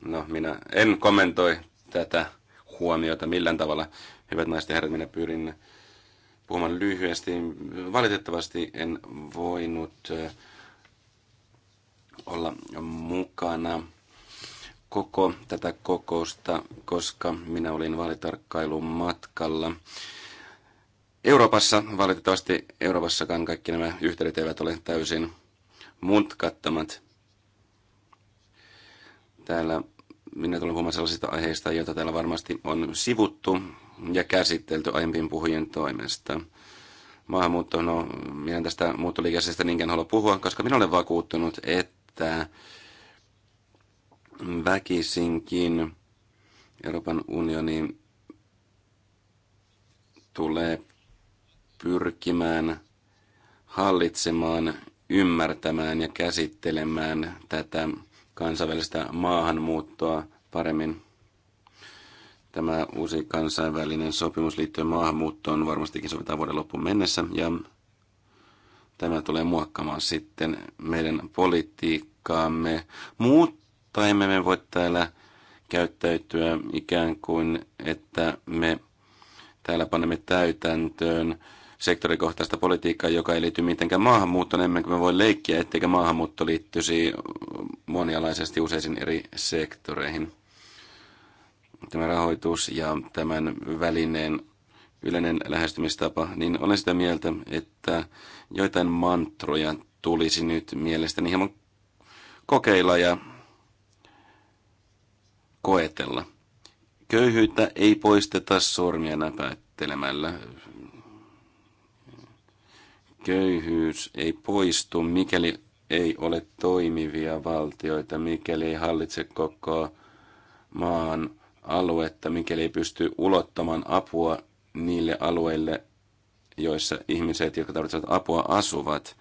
No, minä en kommentoi tätä huomiota millään tavalla. Hyvät naiset ja herrat, minä pyrin puhumaan lyhyesti. Valitettavasti en voinut olla mukana koko tätä kokousta, koska minä olin vaalitarkkailun matkalla. Euroopassa, valitettavasti Euroopassakaan kaikki nämä yhteydet eivät ole täysin mutkattomat. Täällä minä tulen huomaan sellaisista aiheista, joita täällä varmasti on sivuttu ja käsitelty aiempien puhujien toimesta. Maahanmuutto, no minä en tästä muuttoliikeisestä niinkään halua puhua, koska minä olen vakuuttunut, että väkisinkin Euroopan unioni tulee pyrkimään hallitsemaan, ymmärtämään ja käsittelemään tätä kansainvälistä maahanmuuttoa paremmin. Tämä uusi kansainvälinen sopimus liittyen maahanmuuttoon varmastikin sovitaan vuoden loppuun mennessä ja tämä tulee muokkaamaan sitten meidän politiikkaamme. Mutta tai emme me voi täällä käyttäytyä ikään kuin, että me täällä panemme täytäntöön sektorikohtaista politiikkaa, joka ei liity mitenkään maahanmuuttoon, emmekä me voi leikkiä, etteikö maahanmuutto liittyisi monialaisesti useisiin eri sektoreihin. Tämä rahoitus ja tämän välineen yleinen lähestymistapa, niin olen sitä mieltä, että joitain mantroja tulisi nyt mielestäni hieman kokeilla ja koetella. Köyhyyttä ei poisteta sormia näpäyttelemällä. Köyhyys ei poistu, mikäli ei ole toimivia valtioita, mikäli ei hallitse koko maan aluetta, mikäli ei pysty ulottamaan apua niille alueille, joissa ihmiset, jotka tarvitsevat apua, asuvat.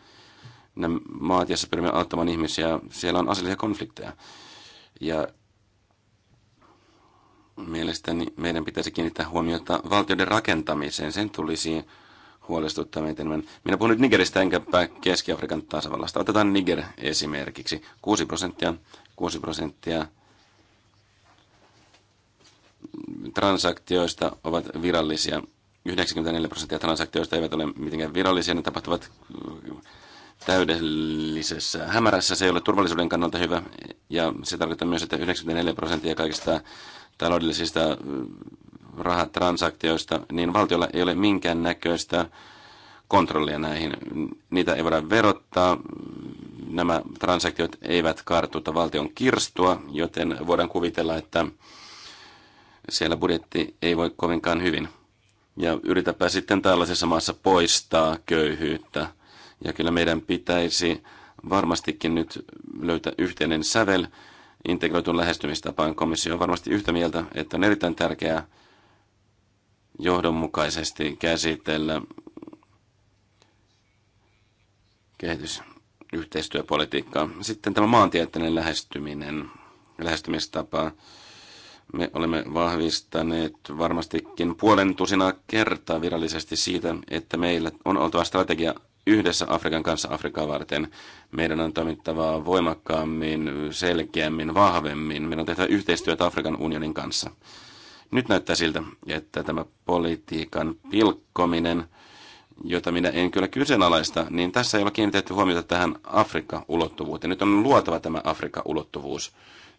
Nämä maat, joissa pyrimme auttamaan ihmisiä, siellä on aseellisia konflikteja. Ja Mielestäni meidän pitäisi kiinnittää huomiota valtioiden rakentamiseen. Sen tulisi huolestuttaa meitä enemmän. Minä puhun nyt Nigeristä enkä Keski-Afrikan tasavallasta. Otetaan Niger esimerkiksi. 6 prosenttia, 6 prosenttia transaktioista ovat virallisia. 94 prosenttia transaktioista eivät ole mitenkään virallisia. Ne tapahtuvat täydellisessä hämärässä. Se ei ole turvallisuuden kannalta hyvä. Ja se tarkoittaa myös, että 94 prosenttia kaikista taloudellisista äh, rahatransaktioista, niin valtiolla ei ole minkään näköistä kontrollia näihin. Niitä ei voida verottaa, nämä transaktiot eivät kartuta valtion kirstua, joten voidaan kuvitella, että siellä budjetti ei voi kovinkaan hyvin. Ja yritäpä sitten tällaisessa maassa poistaa köyhyyttä. Ja kyllä meidän pitäisi varmastikin nyt löytää yhteinen sävel, integroitun lähestymistapaan. Komissio on varmasti yhtä mieltä, että on erittäin tärkeää johdonmukaisesti käsitellä kehitysyhteistyöpolitiikkaa. Sitten tämä maantieteellinen lähestyminen, lähestymistapa. Me olemme vahvistaneet varmastikin puolen tusinaa kertaa virallisesti siitä, että meillä on oltava strategia yhdessä Afrikan kanssa Afrikaa varten. Meidän on toimittava voimakkaammin, selkeämmin, vahvemmin. Meidän on tehtävä yhteistyötä Afrikan unionin kanssa. Nyt näyttää siltä, että tämä politiikan pilkkominen, jota minä en kyllä kyseenalaista, niin tässä ei ole kiinnitetty huomiota tähän Afrikka-ulottuvuuteen. Nyt on luotava tämä Afrikka-ulottuvuus.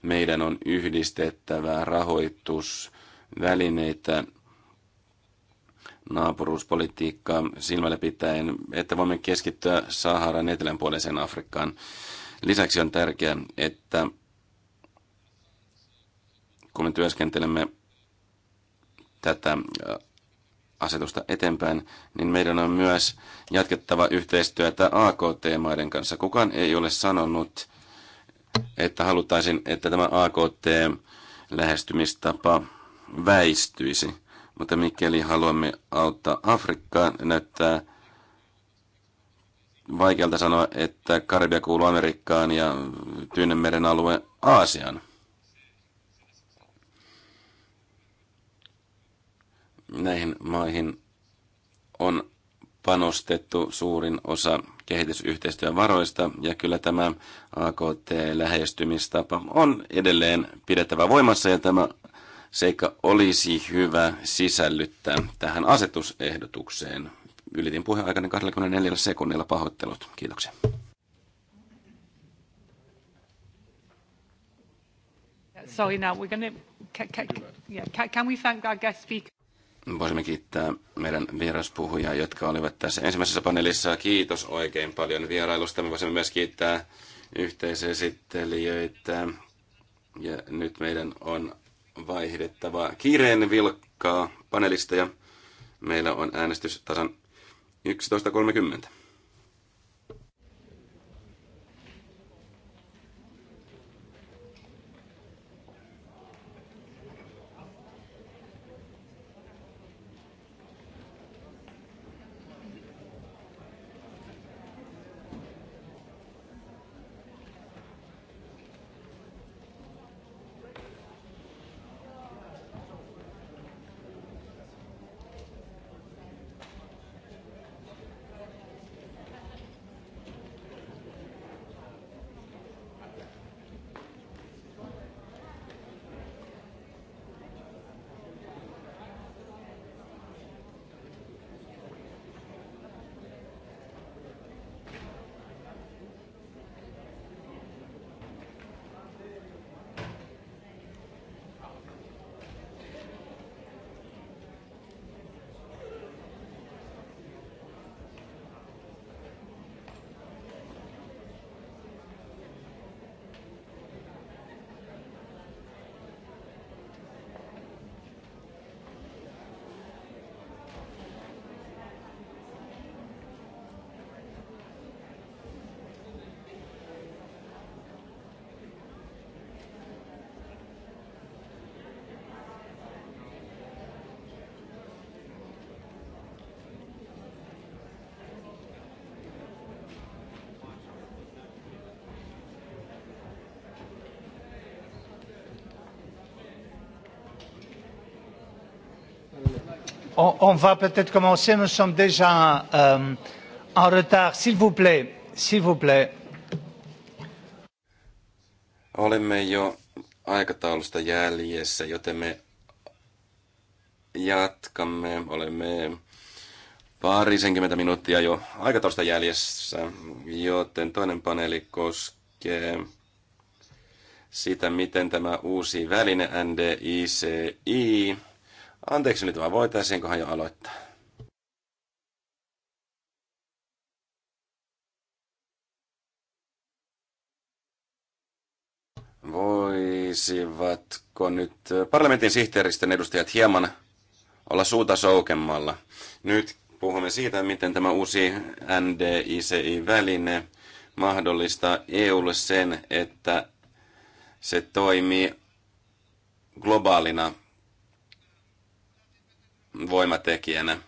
Meidän on yhdistettävä rahoitusvälineitä naapuruuspolitiikkaa silmällä pitäen, että voimme keskittyä Saharan etelänpuoleiseen Afrikkaan. Lisäksi on tärkeää, että kun me työskentelemme tätä asetusta eteenpäin, niin meidän on myös jatkettava yhteistyötä AKT-maiden kanssa. Kukaan ei ole sanonut, että haluttaisin, että tämä AKT-lähestymistapa väistyisi. Mutta mikäli haluamme auttaa Afrikkaa, näyttää vaikealta sanoa, että Karibia kuuluu Amerikkaan ja Tyynenmeren alue Aasiaan. Näihin maihin on panostettu suurin osa kehitysyhteistyön varoista, ja kyllä tämä AKT-lähestymistapa on edelleen pidettävä voimassa, ja tämä seikka olisi hyvä sisällyttää tähän asetusehdotukseen. Ylitin puheen aikana 24 sekunnilla pahoittelut. Kiitoksia. Sorry now, we're gonna... Can, we thank our guest speaker? Voisimme kiittää meidän vieraspuhujia, jotka olivat tässä ensimmäisessä paneelissa. Kiitos oikein paljon vierailusta. Me voisimme myös kiittää yhteisesittelijöitä. Ja nyt meidän on vaihdettavaa kiireen vilkkaa panelisteja. Meillä on äänestys tasan 11.30. on, on va peut-être commencer, nous sommes déjà euh, en retard. S'il vous plaît, s'il vous plaît. Olemme jo aikataulusta jäljessä, joten me jatkamme. Olemme parisenkymmentä minuuttia jo aikataulusta jäljessä, joten toinen paneeli koskee sitä, miten tämä uusi väline NDICI Anteeksi nyt vaan, voitaisiinkohan jo aloittaa? Voisivatko nyt parlamentin sihteeristön edustajat hieman olla suuta soukemmalla? Nyt puhumme siitä, miten tämä uusi NDICI-väline mahdollistaa EUlle sen, että se toimii globaalina voimatekijänä.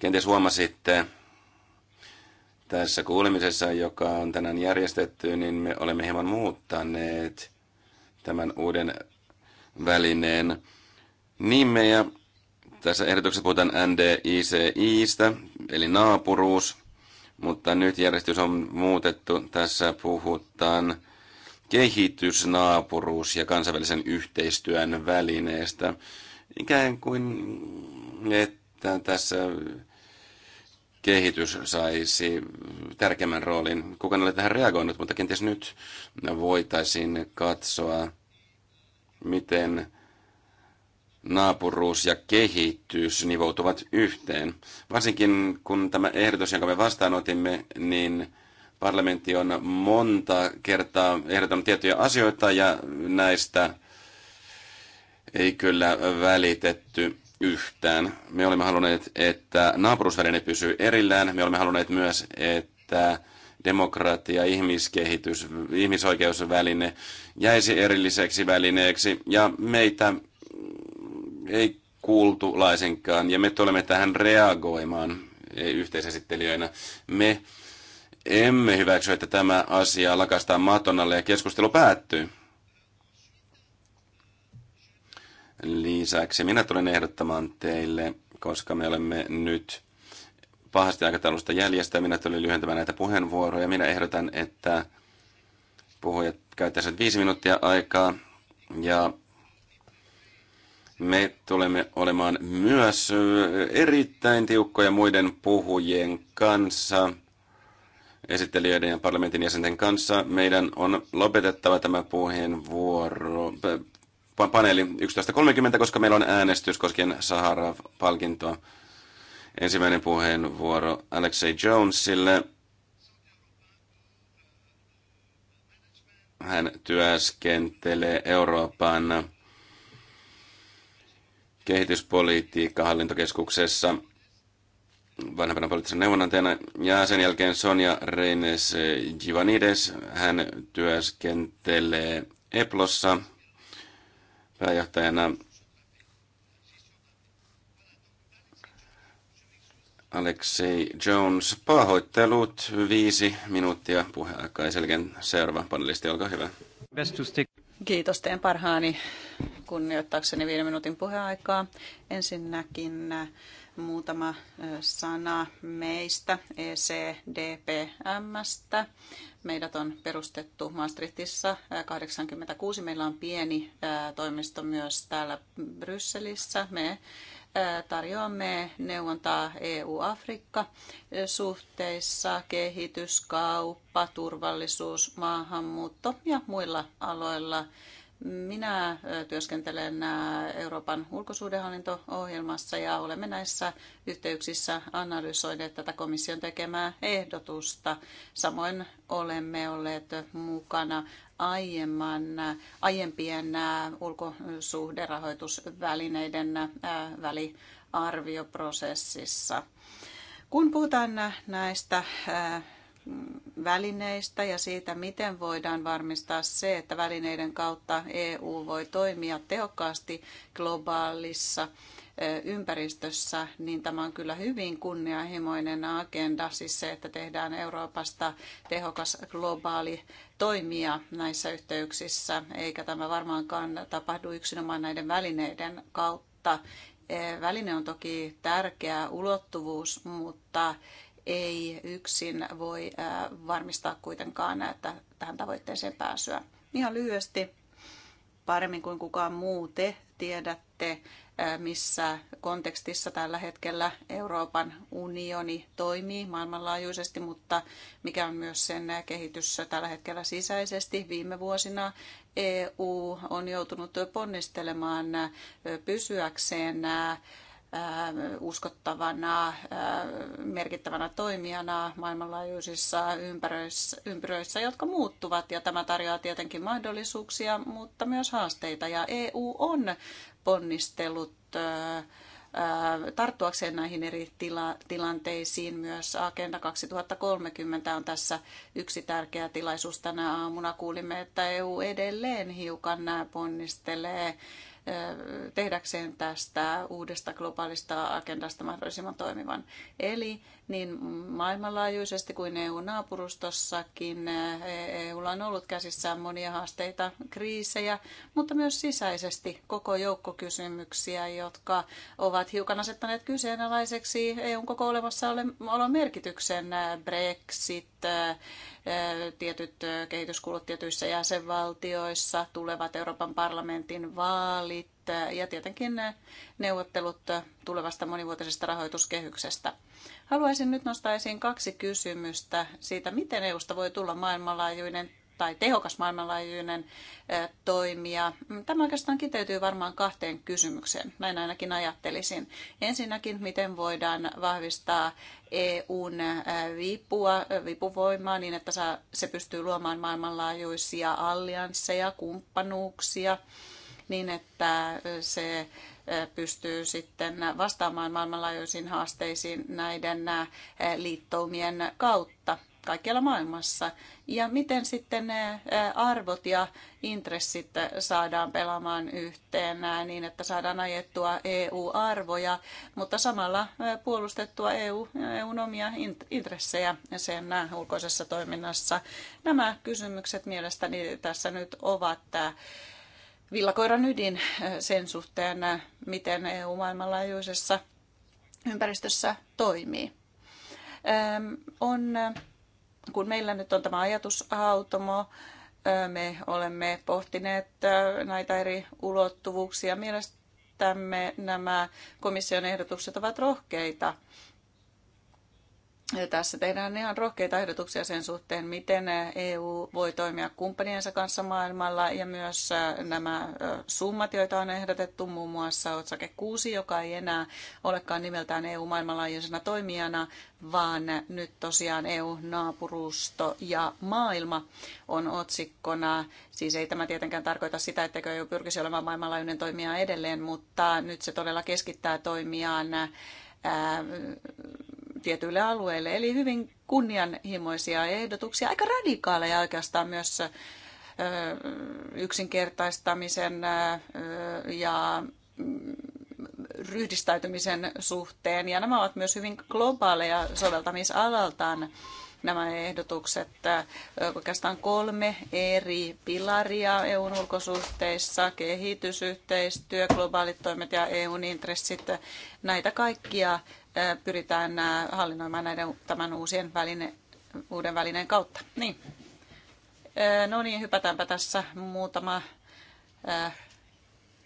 Kenties huomasitte tässä kuulemisessa, joka on tänään järjestetty, niin me olemme hieman muuttaneet tämän uuden välineen nimeä. Tässä ehdotuksessa puhutaan NDICIstä, eli naapuruus, mutta nyt järjestys on muutettu. Tässä puhutaan kehitysnaapuruus ja kansainvälisen yhteistyön välineestä. Ikään kuin että tässä kehitys saisi tärkeimmän roolin. Kukaan ei ole tähän reagoinut, mutta kenties nyt voitaisiin katsoa, miten naapuruus ja kehitys nivoutuvat yhteen. Varsinkin kun tämä ehdotus, jonka me vastaanotimme, niin parlamentti on monta kertaa ehdottanut tiettyjä asioita ja näistä ei kyllä välitetty yhtään. Me olemme halunneet, että naapurusväline pysyy erillään. Me olemme halunneet myös, että demokratia, ihmiskehitys, ihmisoikeusväline jäisi erilliseksi välineeksi. Ja meitä ei kuultu laisinkaan. Ja me tulemme tähän reagoimaan yhteisesittelijöinä. Me emme hyväksy, että tämä asia lakastaa maton alle ja keskustelu päättyy. lisäksi minä tulen ehdottamaan teille, koska me olemme nyt pahasti aikataulusta jäljestä, minä tulin lyhentämään näitä puheenvuoroja. Minä ehdotan, että puhujat käyttäisivät viisi minuuttia aikaa ja me tulemme olemaan myös erittäin tiukkoja muiden puhujien kanssa, esittelijöiden ja parlamentin jäsenten kanssa. Meidän on lopetettava tämä puheenvuoro, paneeli 11.30, koska meillä on äänestys koskien Sahara-palkintoa. Ensimmäinen puheenvuoro Alexei Jonesille. Hän työskentelee Euroopan kehityspolitiikka hallintokeskuksessa vanhempana poliittisen neuvonantajana. Ja sen jälkeen Sonja Reines Givanides, hän työskentelee Eplossa pääjohtajana Alexei Jones. Pahoittelut, viisi minuuttia puheaikaa selkeän seuraava panelisti, olkaa hyvä. Kiitos, teen parhaani kunnioittaakseni viiden minuutin puheaikaa. Ensinnäkin Muutama sana meistä ECDPMstä. Meidät on perustettu Maastrichtissa 86. Meillä on pieni toimisto myös täällä Brysselissä. Me tarjoamme neuvontaa EU-Afrikka-suhteissa, kehitys, kauppa, turvallisuus, maahanmuutto ja muilla aloilla minä työskentelen Euroopan ulkosuhdehallinto-ohjelmassa ja olemme näissä yhteyksissä analysoineet tätä komission tekemää ehdotusta. Samoin olemme olleet mukana aiemman, aiempien ulkosuhderahoitusvälineiden väliarvioprosessissa. Kun puhutaan näistä välineistä ja siitä, miten voidaan varmistaa se, että välineiden kautta EU voi toimia tehokkaasti globaalissa ympäristössä, niin tämä on kyllä hyvin kunnianhimoinen agenda, siis se, että tehdään Euroopasta tehokas globaali toimija näissä yhteyksissä, eikä tämä varmaankaan tapahdu yksinomaan näiden välineiden kautta. E, väline on toki tärkeä ulottuvuus, mutta ei yksin voi varmistaa kuitenkaan että tähän tavoitteeseen pääsyä. Ihan lyhyesti, paremmin kuin kukaan muu te tiedätte, missä kontekstissa tällä hetkellä Euroopan unioni toimii maailmanlaajuisesti, mutta mikä on myös sen kehitys tällä hetkellä sisäisesti. Viime vuosina EU on joutunut ponnistelemaan pysyäkseen Äh, uskottavana, äh, merkittävänä toimijana maailmanlaajuisissa ympyröissä, jotka muuttuvat. Ja tämä tarjoaa tietenkin mahdollisuuksia, mutta myös haasteita. Ja EU on ponnistellut äh, tarttuakseen näihin eri tila- tilanteisiin. Myös Agenda 2030 on tässä yksi tärkeä tilaisuus tänä aamuna. Kuulimme, että EU edelleen hiukan ponnistelee tehdäkseen tästä uudesta globaalista agendasta mahdollisimman toimivan. Eli niin maailmanlaajuisesti kuin EU-naapurustossakin. EUlla on ollut käsissään monia haasteita, kriisejä, mutta myös sisäisesti koko joukko kysymyksiä, jotka ovat hiukan asettaneet kyseenalaiseksi EUn koko olemassaolon merkityksen Brexit, e, tietyt kehityskulut tietyissä jäsenvaltioissa, tulevat Euroopan parlamentin vaalit e, ja tietenkin neuvottelut tulevasta monivuotisesta rahoituskehyksestä. Haluaisin nyt nostaa esiin kaksi kysymystä siitä, miten EUsta voi tulla maailmanlaajuinen tai tehokas maailmanlaajuinen toimija. Tämä oikeastaan kiteytyy varmaan kahteen kysymykseen, näin ainakin ajattelisin. Ensinnäkin, miten voidaan vahvistaa EUn vipua, vipuvoimaa niin, että se pystyy luomaan maailmanlaajuisia alliansseja, kumppanuuksia, niin että se pystyy sitten vastaamaan maailmanlaajuisiin haasteisiin näiden liittoumien kautta kaikkialla maailmassa. Ja miten sitten ne arvot ja intressit saadaan pelaamaan yhteen niin, että saadaan ajettua EU-arvoja, mutta samalla puolustettua EU, EUn omia intressejä sen ulkoisessa toiminnassa. Nämä kysymykset mielestäni tässä nyt ovat villakoiran ydin sen suhteen, miten EU maailmanlaajuisessa ympäristössä toimii. On, kun meillä nyt on tämä ajatushautomo, me olemme pohtineet näitä eri ulottuvuuksia. Mielestämme nämä komission ehdotukset ovat rohkeita tässä tehdään ihan rohkeita ehdotuksia sen suhteen, miten EU voi toimia kumppaniensa kanssa maailmalla ja myös äh, nämä äh, summat, joita on ehdotettu, muun muassa otsake 6, joka ei enää olekaan nimeltään EU maailmanlaajuisena toimijana, vaan nyt tosiaan EU-naapurusto ja maailma on otsikkona. Siis ei tämä tietenkään tarkoita sitä, etteikö EU pyrkisi olemaan maailmanlaajuinen toimija edelleen, mutta nyt se todella keskittää toimiaan äh, tietyille alueille. Eli hyvin kunnianhimoisia ehdotuksia, aika radikaaleja oikeastaan myös yksinkertaistamisen ja mm, ryhdistäytymisen suhteen. Ja nämä ovat myös hyvin globaaleja soveltamisalaltaan nämä ehdotukset. Oikeastaan kolme eri pilaria EUn ulkosuhteissa, kehitysyhteistyö, globaalit toimet ja EUn intressit. Näitä kaikkia pyritään hallinnoimaan näiden, tämän uusien väline, uuden välineen kautta. Niin. No niin, hypätäänpä tässä muutama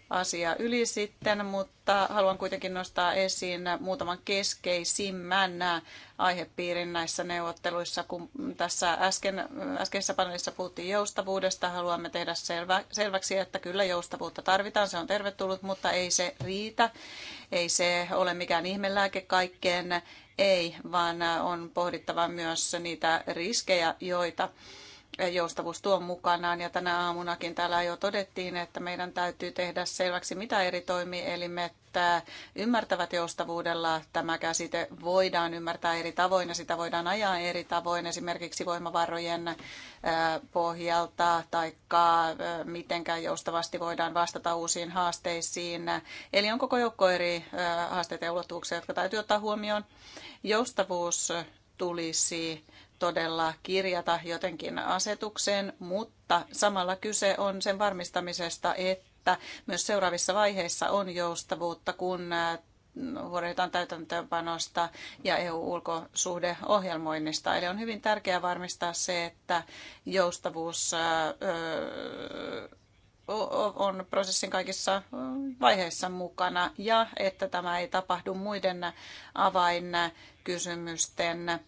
Asia yli sitten, mutta haluan kuitenkin nostaa esiin muutaman keskeisimmän aihepiirin näissä neuvotteluissa. Kun tässä äsken, äskeisessä paneelissa puhuttiin joustavuudesta, haluamme tehdä selvä, selväksi, että kyllä joustavuutta tarvitaan, se on tervetullut, mutta ei se riitä. Ei se ole mikään ihmelääke kaikkeen, ei, vaan on pohdittava myös niitä riskejä, joita joustavuus tuo mukanaan. Ja tänä aamunakin täällä jo todettiin, että meidän täytyy tehdä selväksi, mitä eri toimielimet äh, ymmärtävät joustavuudella. Tämä käsite voidaan ymmärtää eri tavoin ja sitä voidaan ajaa eri tavoin, esimerkiksi voimavarojen äh, pohjalta tai äh, mitenkään joustavasti voidaan vastata uusiin haasteisiin. Eli on koko joukko eri haasteita ja ulottuvuuksia, jotka täytyy ottaa huomioon. Joustavuus tulisi todella kirjata jotenkin asetukseen, mutta samalla kyse on sen varmistamisesta, että myös seuraavissa vaiheissa on joustavuutta, kun äh, huolehditaan täytäntöönpanosta ja EU-ulkosuhdeohjelmoinnista. Eli on hyvin tärkeää varmistaa se, että joustavuus äh, on prosessin kaikissa äh, vaiheissa mukana ja että tämä ei tapahdu muiden avainkysymysten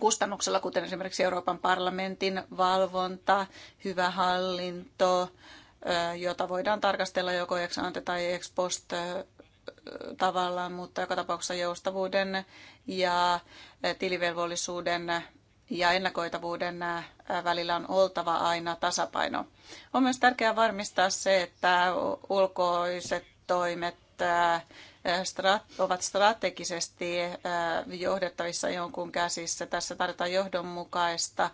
kustannuksella, kuten esimerkiksi Euroopan parlamentin valvonta, hyvä hallinto, jota voidaan tarkastella joko ex ante tai ex post tavallaan, mutta joka tapauksessa joustavuuden ja tilivelvollisuuden ja ennakoitavuuden välillä on oltava aina tasapaino. On myös tärkeää varmistaa se, että ulkoiset toimet ovat strategisesti äh, johdettavissa jonkun käsissä. Tässä tarvitaan johdonmukaista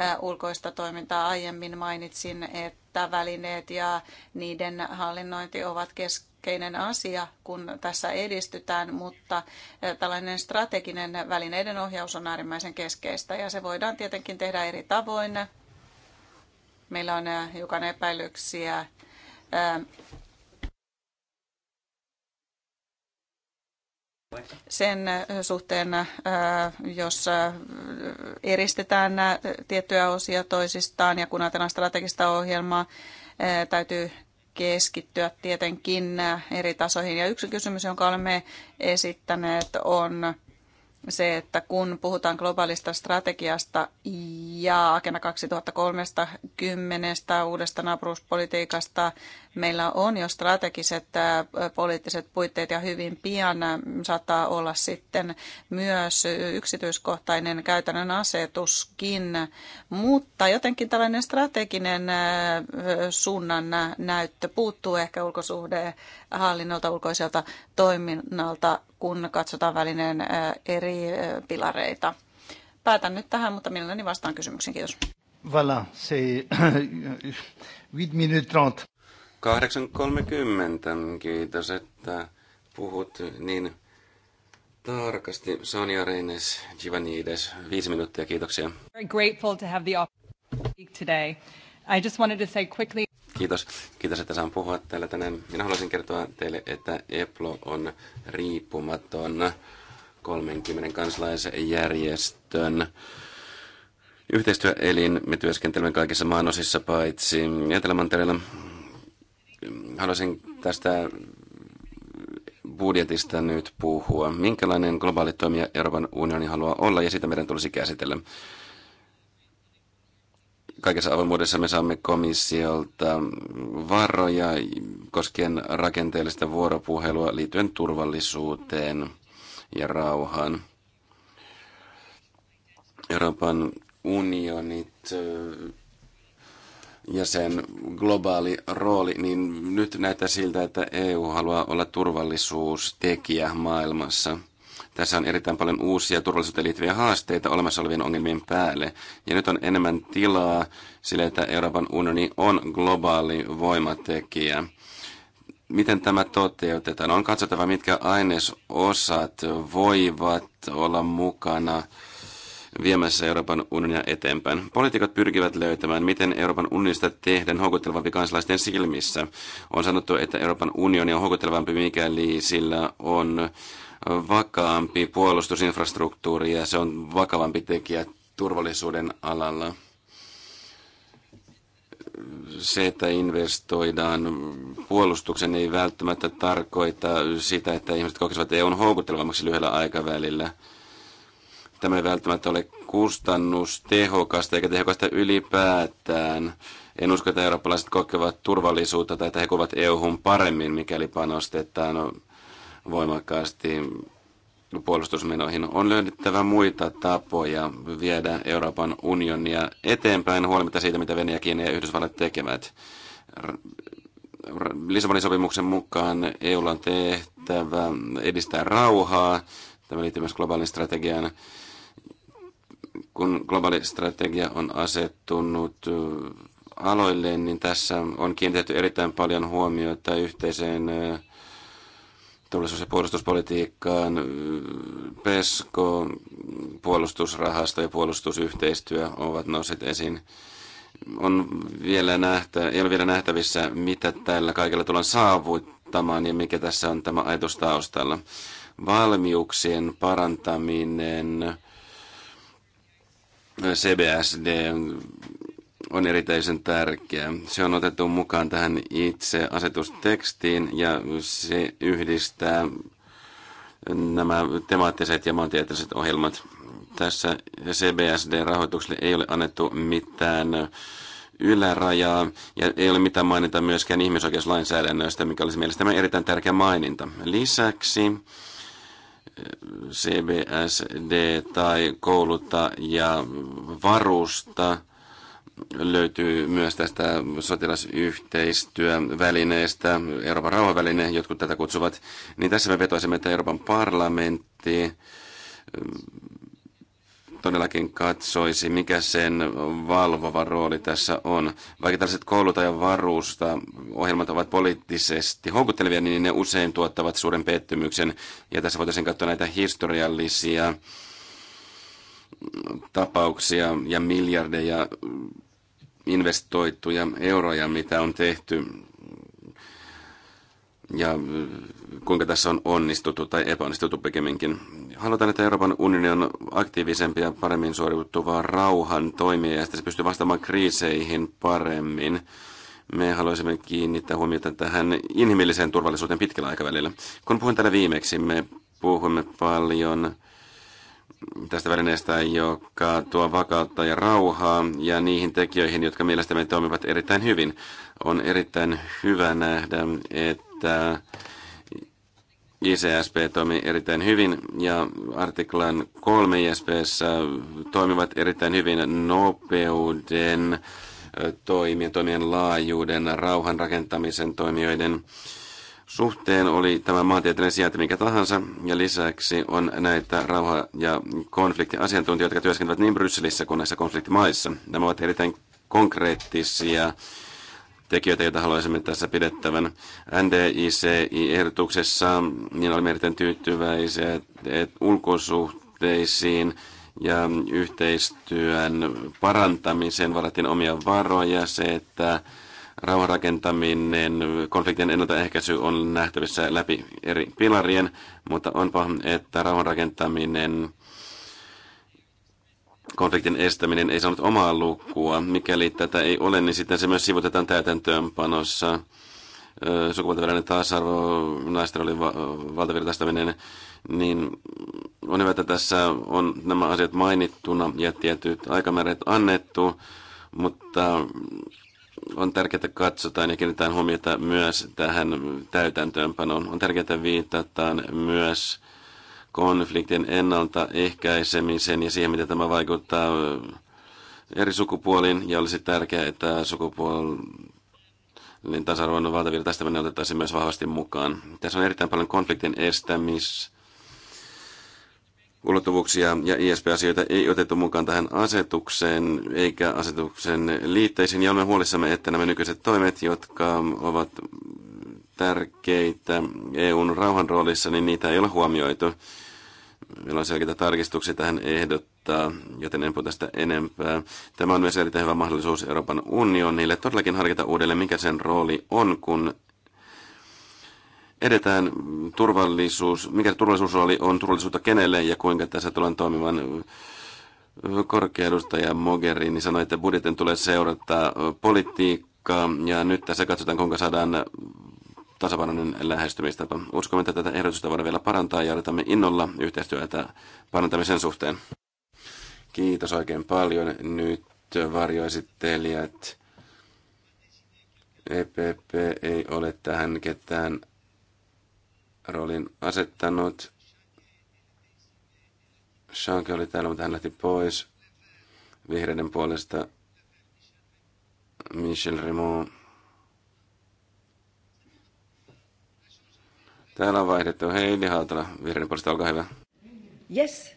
äh, ulkoista toimintaa. Aiemmin mainitsin, että välineet ja niiden hallinnointi ovat keskeinen asia, kun tässä edistytään, mutta äh, tällainen strateginen välineiden ohjaus on äärimmäisen keskeistä ja se voidaan tietenkin tehdä eri tavoin. Meillä on hiukan epäilyksiä sen äh, suhteen, äh, jos äh, eristetään tiettyjä osia toisistaan ja kun ajatellaan strategista ohjelmaa, täytyy keskittyä tietenkin eri tasoihin. Ja yksi kysymys, jonka olemme esittäneet, on se, että kun puhutaan globaalista strategiasta ja Agenda 2030 uudesta naapuruuspolitiikasta meillä on jo strategiset poliittiset puitteet ja hyvin pian saattaa olla sitten myös yksityiskohtainen käytännön asetuskin, mutta jotenkin tällainen strateginen suunnan näyttö puuttuu ehkä ulkosuhdehallinnolta, ulkoiselta toiminnalta, kun katsotaan välineen eri pilareita. Päätän nyt tähän, mutta mielelläni vastaan kysymyksiin. Kiitos. Voilà, c'est 8 minutes 30. 8.30. Kiitos, että puhut niin tarkasti. Sonia Reines, Givanides, viisi minuuttia, kiitoksia. Very grateful to have the opportunity today. I just wanted to say quickly... Kiitos. Kiitos, että saan puhua täällä tänään. Minä haluaisin kertoa teille, että EPLO on riippumaton 30 kansalaisjärjestön yhteistyöelin. Me työskentelemme kaikissa maanosissa paitsi Etelämantereella haluaisin tästä budjetista nyt puhua. Minkälainen globaali toimija Euroopan unioni haluaa olla ja sitä meidän tulisi käsitellä. Kaikessa avoimuudessa me saamme komissiolta varoja koskien rakenteellista vuoropuhelua liittyen turvallisuuteen ja rauhaan. Euroopan unionit ja sen globaali rooli, niin nyt näyttää siltä, että EU haluaa olla turvallisuustekijä maailmassa. Tässä on erittäin paljon uusia turvallisuuteen liittyviä haasteita olemassa olevien ongelmien päälle. Ja nyt on enemmän tilaa sille, että Euroopan unioni on globaali voimatekijä. Miten tämä toteutetaan? On katsottava, mitkä ainesosat voivat olla mukana – viemässä Euroopan unionia eteenpäin. Poliitikot pyrkivät löytämään, miten Euroopan unionista tehdään houkuttelevampi kansalaisten silmissä. On sanottu, että Euroopan unioni on houkuttelevampi, mikäli sillä on vakaampi puolustusinfrastruktuuri ja se on vakavampi tekijä turvallisuuden alalla. Se, että investoidaan puolustuksen, ei välttämättä tarkoita sitä, että ihmiset kokisivat EUn houkuttelevammaksi lyhyellä aikavälillä – Tämä ei välttämättä ole kustannustehokasta eikä tehokasta ylipäätään. En usko, että eurooppalaiset kokevat turvallisuutta tai että he kuvat EU-hun paremmin, mikäli panostetaan voimakkaasti puolustusmenoihin. On löydettävä muita tapoja viedä Euroopan unionia eteenpäin huolimatta siitä, mitä Venäjä, Kiina ja Yhdysvallat tekevät. Lissabonin sopimuksen mukaan EUlla on tehtävä edistää rauhaa. Tämä liittyy myös globaalin strategian kun globaali strategia on asettunut aloilleen, niin tässä on kiinnitetty erittäin paljon huomiota yhteiseen turvallisuus- ja puolustuspolitiikkaan, PESCO, puolustusrahasto ja puolustusyhteistyö ovat nousseet esiin. On vielä nähtä, ei ole vielä nähtävissä, mitä tällä kaikella tullaan saavuttamaan ja mikä tässä on tämä ajatus taustalla. Valmiuksien parantaminen, CBSD on erityisen tärkeä. Se on otettu mukaan tähän itse asetustekstiin ja se yhdistää nämä temaattiset ja maantieteelliset ohjelmat. Tässä CBSD-rahoitukselle ei ole annettu mitään ylärajaa ja ei ole mitään mainita myöskään ihmisoikeuslainsäädännöstä, mikä olisi mielestäni erittäin tärkeä maininta. Lisäksi CBSD tai kouluttaa ja varusta löytyy myös tästä sotilasyhteistyövälineestä, Euroopan rauhaväline, jotkut tätä kutsuvat, niin tässä me vetoisimme, että Euroopan parlamentti todellakin katsoisi, mikä sen valvova rooli tässä on. Vaikka tällaiset koulut ja varusta ohjelmat ovat poliittisesti houkuttelevia, niin ne usein tuottavat suuren pettymyksen. Ja tässä voitaisiin katsoa näitä historiallisia tapauksia ja miljardeja investoituja euroja, mitä on tehty ja kuinka tässä on onnistuttu tai epäonnistuttu pikemminkin. Halutaan, että Euroopan unioni on aktiivisempi ja paremmin suoriuttuvaa rauhan toimija, ja se pystyy vastaamaan kriiseihin paremmin. Me haluaisimme kiinnittää huomiota tähän inhimilliseen turvallisuuteen pitkällä aikavälillä. Kun puhuin täällä viimeksi, me puhumme paljon tästä välineestä, joka tuo vakautta ja rauhaa, ja niihin tekijöihin, jotka mielestämme toimivat erittäin hyvin. On erittäin hyvä nähdä, että ICSP toimii erittäin hyvin ja artiklan 3 ISPssä toimivat erittäin hyvin nopeuden toimien, toimien laajuuden, rauhan rakentamisen toimijoiden suhteen oli tämä maantieteellinen sijainti mikä tahansa, ja lisäksi on näitä rauha- ja konfliktiasiantuntijoita, jotka työskentelevät niin Brysselissä kuin näissä konfliktimaissa. Nämä ovat erittäin konkreettisia tekijöitä, joita haluaisimme tässä pidettävän. NDICI-ehdotuksessa niin olemme erittäin tyytyväisiä ulkosuhteisiin ja yhteistyön parantamiseen varattiin omia varoja. Se, että rauhanrakentaminen, konfliktien ennaltaehkäisy on nähtävissä läpi eri pilarien, mutta onpa, että rauhanrakentaminen konfliktin estäminen ei saanut omaa lukua. Mikäli tätä ei ole, niin sitten se myös sivutetaan täytäntöönpanossa. Sukupuolten välinen tasa-arvo, naisten oli va- valtavirtaistaminen, niin on hyvä, että tässä on nämä asiat mainittuna ja tietyt aikamäärät annettu, mutta on tärkeää, että katsotaan ja kiinnitetään huomiota myös tähän täytäntöönpanoon. On tärkeää, että viitataan myös konfliktien ennaltaehkäisemisen ja siihen, mitä tämä vaikuttaa eri sukupuoliin, ja olisi tärkeää, että sukupuolin tasa-arvon valtavirta tästä otettaisiin myös vahvasti mukaan. Tässä on erittäin paljon konfliktin estämis, ulottuvuuksia ja ISP-asioita ei otettu mukaan tähän asetukseen eikä asetuksen liitteisiin, ja olemme huolissamme, että nämä nykyiset toimet, jotka ovat tärkeitä EUn rauhan roolissa, niin niitä ei ole huomioitu. Meillä on selkeitä tarkistuksia tähän ehdottaa, joten en puhu tästä enempää. Tämä on myös erittäin hyvä mahdollisuus Euroopan unionille todellakin harkita uudelleen, mikä sen rooli on, kun edetään turvallisuus, mikä turvallisuusrooli on turvallisuutta kenelle ja kuinka tässä tullaan toimimaan. mogeriin, niin sanoi, että budjetin tulee seurata politiikkaa ja nyt tässä katsotaan, kuinka saadaan tasapainoinen lähestymistapa. Uskomme, että tätä ehdotusta voidaan vielä parantaa ja odotamme innolla yhteistyötä parantamisen suhteen. Kiitos oikein paljon. Nyt varjoesittelijät. EPP ei ole tähän ketään roolin asettanut. Shanke oli täällä, mutta hän lähti pois. Vihreiden puolesta Michel Raymond. Täällä on vaihdettu Heidi Hautala, vihreän puolesta, olkaa hyvä. Yes.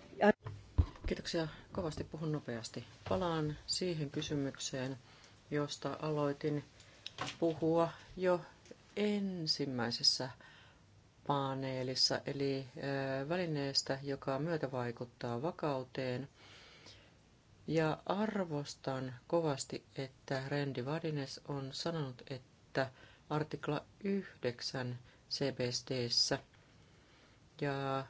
Kiitoksia. Kovasti puhun nopeasti. Palaan siihen kysymykseen, josta aloitin puhua jo ensimmäisessä paneelissa, eli välineestä, joka vaikuttaa vakauteen. Ja arvostan kovasti, että Randy Vadines on sanonut, että artikla 9 CBSDssä ja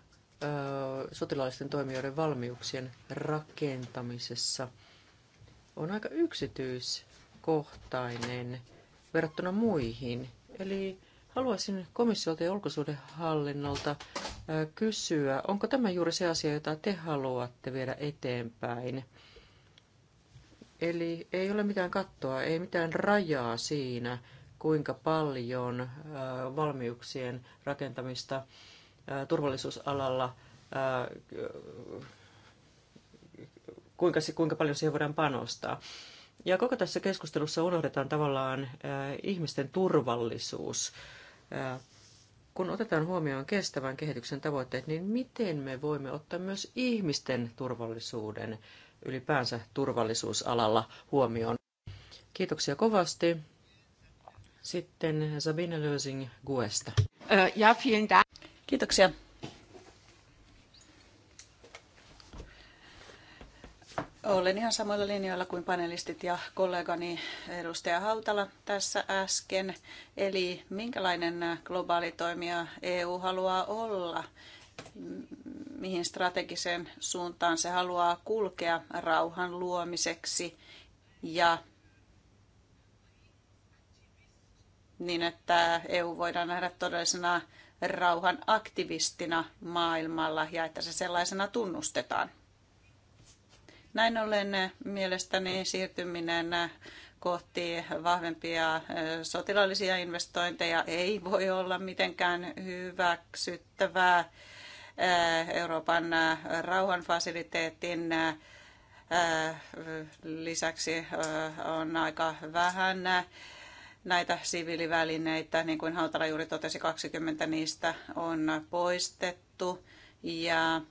sotilaallisten toimijoiden valmiuksien rakentamisessa on aika yksityiskohtainen verrattuna muihin. Eli haluaisin komissiolta ja ulkosuhdehallinnolta kysyä, onko tämä juuri se asia, jota te haluatte viedä eteenpäin? Eli ei ole mitään kattoa, ei mitään rajaa siinä, kuinka paljon äh, valmiuksien rakentamista äh, turvallisuusalalla, äh, kuinka, kuinka paljon siihen voidaan panostaa. Ja koko tässä keskustelussa unohdetaan tavallaan ihmisten turvallisuus. Kun otetaan huomioon kestävän kehityksen tavoitteet, niin miten me voimme ottaa myös ihmisten turvallisuuden ylipäänsä turvallisuusalalla huomioon? Kiitoksia kovasti. Sitten Sabine Lösing Guesta. Ja, vielen Dank. Kiitoksia. Olen ihan samoilla linjoilla kuin panelistit ja kollegani edustaja Hautala tässä äsken. Eli minkälainen globaali toimija EU haluaa olla? Mihin strategiseen suuntaan se haluaa kulkea rauhan luomiseksi ja niin että EU voidaan nähdä todellisena rauhan aktivistina maailmalla ja että se sellaisena tunnustetaan. Näin ollen mielestäni siirtyminen kohti vahvempia sotilaallisia investointeja ei voi olla mitenkään hyväksyttävää. Euroopan rauhanfasiliteetin lisäksi on aika vähän näitä siviilivälineitä. Niin kuin Hautala juuri totesi, 20 niistä on poistettu. Ja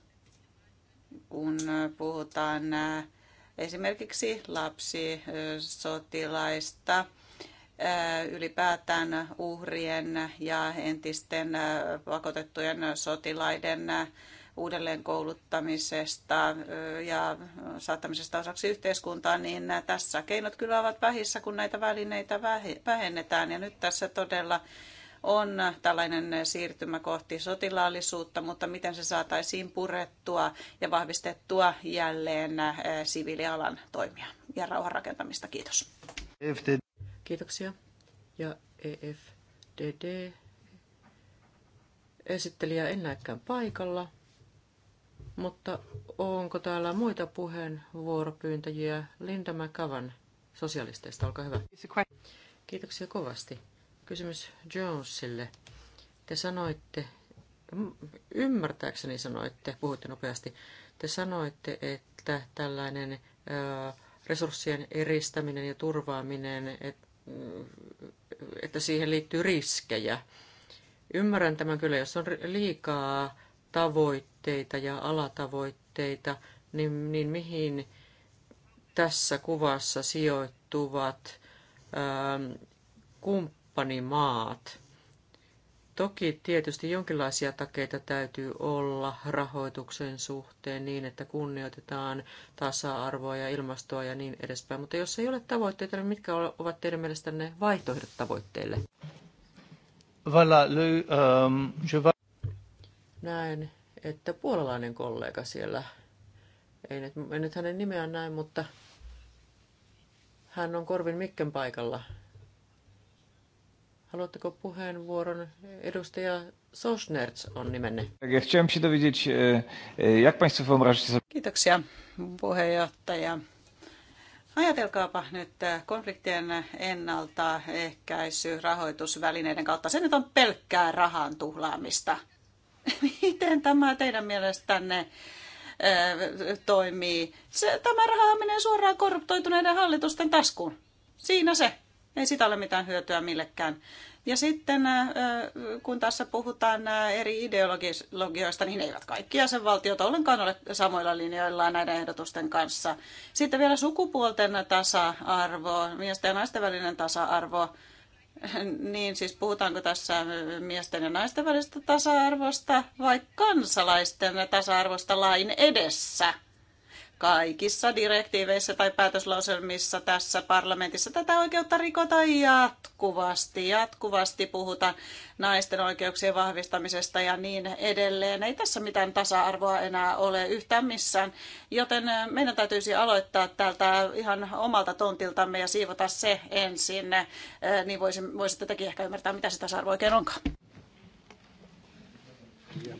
kun puhutaan äh, esimerkiksi lapsisotilaista, äh, äh, ylipäätään uhrien ja entisten pakotettujen sotilaiden uudelleen kouluttamisesta ja saattamisesta osaksi yhteiskuntaa, niin tässä keinot kyllä ovat vähissä, kun näitä välineitä vähennetään. Ja nyt tässä todella on tällainen siirtymä kohti sotilaallisuutta, mutta miten se saataisiin purettua ja vahvistettua jälleen siviilialan toimia ja rauhanrakentamista. Kiitos. E Kiitoksia. Ja EFDD. Esittelijä en näekään paikalla. Mutta onko täällä muita puheenvuoropyyntäjiä? Linda McCavan sosialisteista, olkaa hyvä. Kiitoksia kovasti. Kysymys Jonesille. Te sanoitte, mm, ymmärtääkseni sanoitte, puhutte nopeasti, te sanoitte, että tällainen resurssien eristäminen ja turvaaminen, mm, että siihen liittyy riskejä. Ymmärrän tämän kyllä, jos on liikaa tavoitteita ja alatavoitteita, niin, niin mihin tässä kuvassa sijoittuvat ää, ähm, kumppanimaat? Toki tietysti jonkinlaisia takeita täytyy olla rahoituksen suhteen niin, että kunnioitetaan tasa-arvoa ja ilmastoa ja niin edespäin. Mutta jos ei ole tavoitteita, niin mitkä ovat teidän mielestänne vaihtoehdot tavoitteille? Voilà, le, um, je va näen, että puolalainen kollega siellä, ei nyt, en nyt hänen nimeään näin, mutta hän on Korvin Mikken paikalla. Haluatteko puheenvuoron? Edustaja Sosnerts on nimenne. E, e, Kiitoksia puheenjohtaja. Ajatelkaapa nyt e, konfliktien ennaltaehkäisy rahoitusvälineiden kautta. Se nyt on pelkkää rahan tuhlaamista. Miten tämä teidän mielestänne toimii? Se, tämä raha menee suoraan korruptoituneiden hallitusten taskuun. Siinä se. Ei sitä ole mitään hyötyä millekään. Ja sitten kun tässä puhutaan eri ideologioista, niin eivät kaikki jäsenvaltiot ollenkaan ole samoilla linjoilla näiden ehdotusten kanssa. Sitten vielä sukupuolten tasa-arvo, miesten ja naisten välinen tasa-arvo. Niin siis puhutaanko tässä miesten ja naisten välisestä tasa-arvosta vai kansalaisten tasa-arvosta lain edessä? kaikissa direktiiveissä tai päätöslauselmissa tässä parlamentissa tätä oikeutta rikotaan jatkuvasti. Jatkuvasti puhutaan naisten oikeuksien vahvistamisesta ja niin edelleen. Ei tässä mitään tasa-arvoa enää ole yhtään missään, joten meidän täytyisi aloittaa täältä ihan omalta tontiltamme ja siivota se ensin, niin voisi, voisitte tekin ehkä ymmärtää, mitä se tasa-arvo oikein onkaan.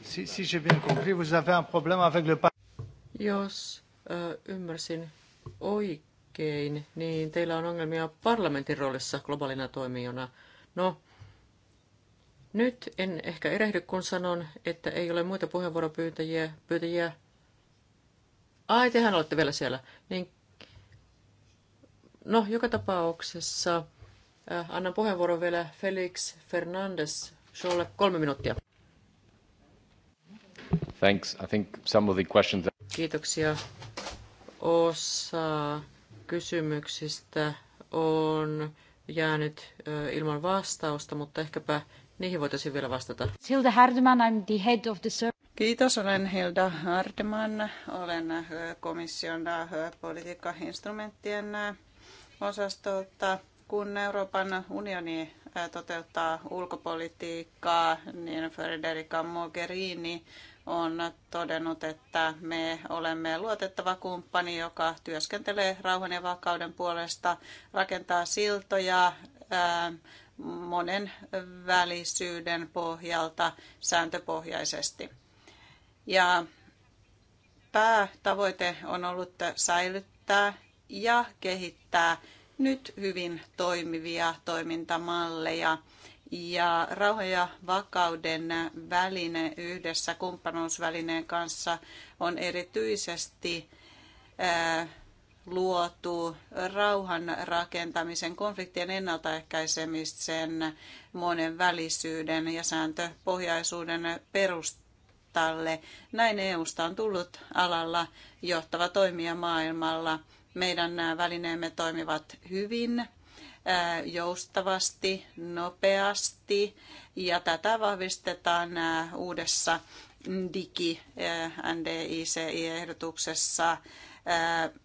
Si, si j'ai bien compris, vous avez un problème avec le... Jos ymmärsin oikein, niin teillä on ongelmia parlamentin roolissa globaalina toimijana. No, nyt en ehkä erehdy, kun sanon, että ei ole muita puheenvuoropyytäjiä. Pyytäjiä. Ai, tehän olette vielä siellä. Niin, no, joka tapauksessa äh, annan puheenvuoron vielä Felix Fernandes Scholle. Kolme minuuttia. Thanks. I think some of the questions... Kiitoksia osa kysymyksistä on jäänyt ilman vastausta, mutta ehkäpä niihin voitaisiin vielä vastata. Hilda Hardeman, I'm the head of the service. Kiitos, olen Hilda Hardeman. Olen komission politiikkainstrumenttien osastolta. Kun Euroopan unioni toteuttaa ulkopolitiikkaa, niin Federica Mogherini on todennut, että me olemme luotettava kumppani, joka työskentelee rauhan ja vakauden puolesta, rakentaa siltoja monen välisyyden pohjalta sääntöpohjaisesti. Ja päätavoite on ollut säilyttää ja kehittää nyt hyvin toimivia toimintamalleja ja rauhan ja vakauden väline yhdessä kumppanuusvälineen kanssa on erityisesti luotu rauhan rakentamisen, konfliktien ennaltaehkäisemisen, monen välisyyden ja sääntöpohjaisuuden perustalle. Näin EUsta on tullut alalla johtava toimija maailmalla. Meidän nämä välineemme toimivat hyvin joustavasti, nopeasti ja tätä vahvistetaan uudessa digi NDICI-ehdotuksessa.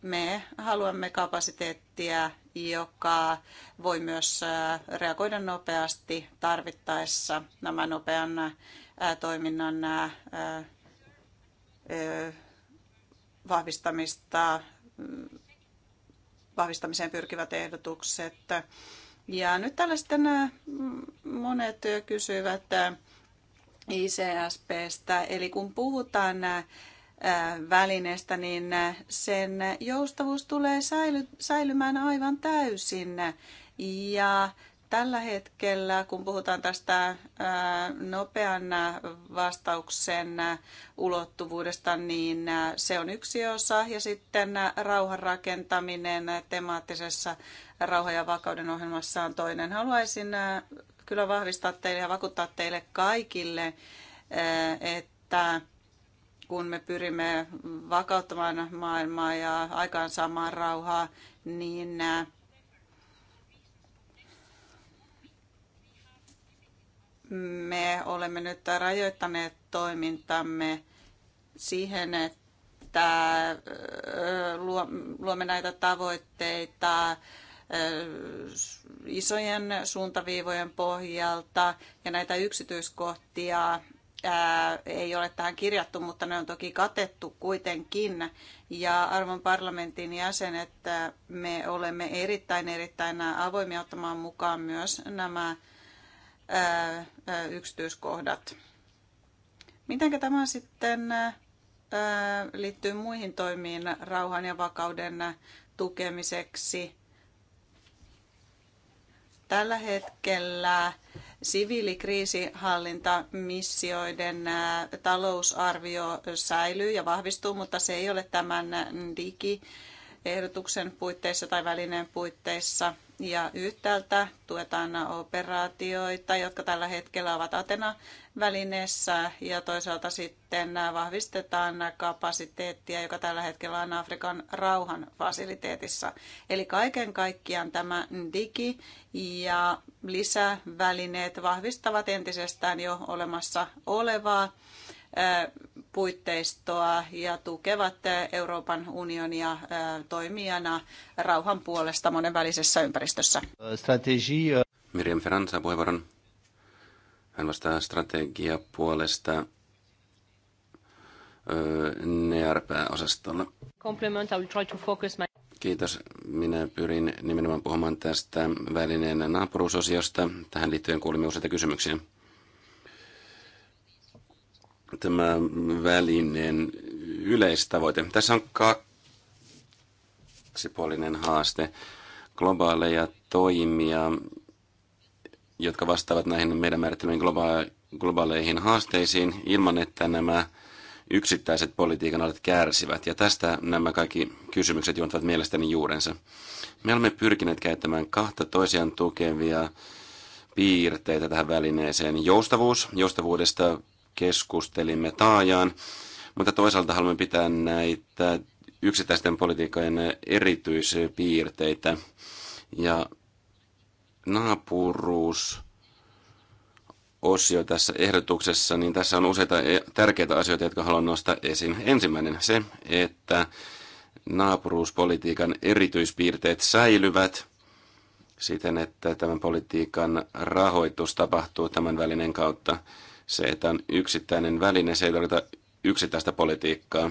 Me haluamme kapasiteettia, joka voi myös reagoida nopeasti tarvittaessa nämä nopean toiminnan vahvistamista vahvistamiseen pyrkivät ehdotukset. Ja nyt täällä sitten monet kysyvät ICSPstä, eli kun puhutaan välineestä, niin sen joustavuus tulee säilymään aivan täysin. Ja Tällä hetkellä, kun puhutaan tästä nopean vastauksen ulottuvuudesta, niin se on yksi osa. Ja sitten rauhan rakentaminen temaattisessa rauha- ja vakauden ohjelmassa on toinen. Haluaisin kyllä vahvistaa teille ja vakuuttaa teille kaikille, että kun me pyrimme vakauttamaan maailmaa ja aikaansaamaan rauhaa, niin me olemme nyt rajoittaneet toimintamme siihen, että luomme näitä tavoitteita isojen suuntaviivojen pohjalta ja näitä yksityiskohtia ei ole tähän kirjattu, mutta ne on toki katettu kuitenkin. Ja arvon parlamentin jäsenet, me olemme erittäin erittäin avoimia ottamaan mukaan myös nämä yksityiskohdat. Mitenkä tämä sitten liittyy muihin toimiin rauhan ja vakauden tukemiseksi? Tällä hetkellä siviilikriisihallintamissioiden talousarvio säilyy ja vahvistuu, mutta se ei ole tämän digi- ehdotuksen puitteissa tai välineen puitteissa. Ja yhtäältä tuetaan operaatioita, jotka tällä hetkellä ovat Atena-välineessä, ja toisaalta sitten vahvistetaan kapasiteettia, joka tällä hetkellä on Afrikan rauhan fasiliteetissa. Eli kaiken kaikkiaan tämä digi- ja lisävälineet vahvistavat entisestään jo olemassa olevaa puitteistoa ja tukevat Euroopan unionia toimijana rauhan puolesta monenvälisessä ympäristössä. Strategia. Miriam Ferran saa puheenvuoron. Hän vastaa strategia puolesta NRP-osastolla. Kiitos. Minä pyrin nimenomaan puhumaan tästä välineen naapuruusosiosta. Tähän liittyen kuulimme useita kysymyksiä tämä välineen yleistavoite. Tässä on kaksipuolinen haaste. Globaaleja toimia, jotka vastaavat näihin meidän määrittelemiin globaaleihin haasteisiin ilman, että nämä yksittäiset politiikan alat kärsivät. Ja tästä nämä kaikki kysymykset juontavat mielestäni juurensa. Me olemme pyrkineet käyttämään kahta toisiaan tukevia piirteitä tähän välineeseen. Joustavuus, joustavuudesta keskustelimme taajaan, mutta toisaalta haluamme pitää näitä yksittäisten politiikkojen erityispiirteitä. Ja naapuruus osio tässä ehdotuksessa, niin tässä on useita e- tärkeitä asioita, jotka haluan nostaa esiin. Ensimmäinen se, että naapuruuspolitiikan erityispiirteet säilyvät siten, että tämän politiikan rahoitus tapahtuu tämän välinen kautta. Se, että on yksittäinen väline, se ei tarkoita yksittäistä politiikkaa.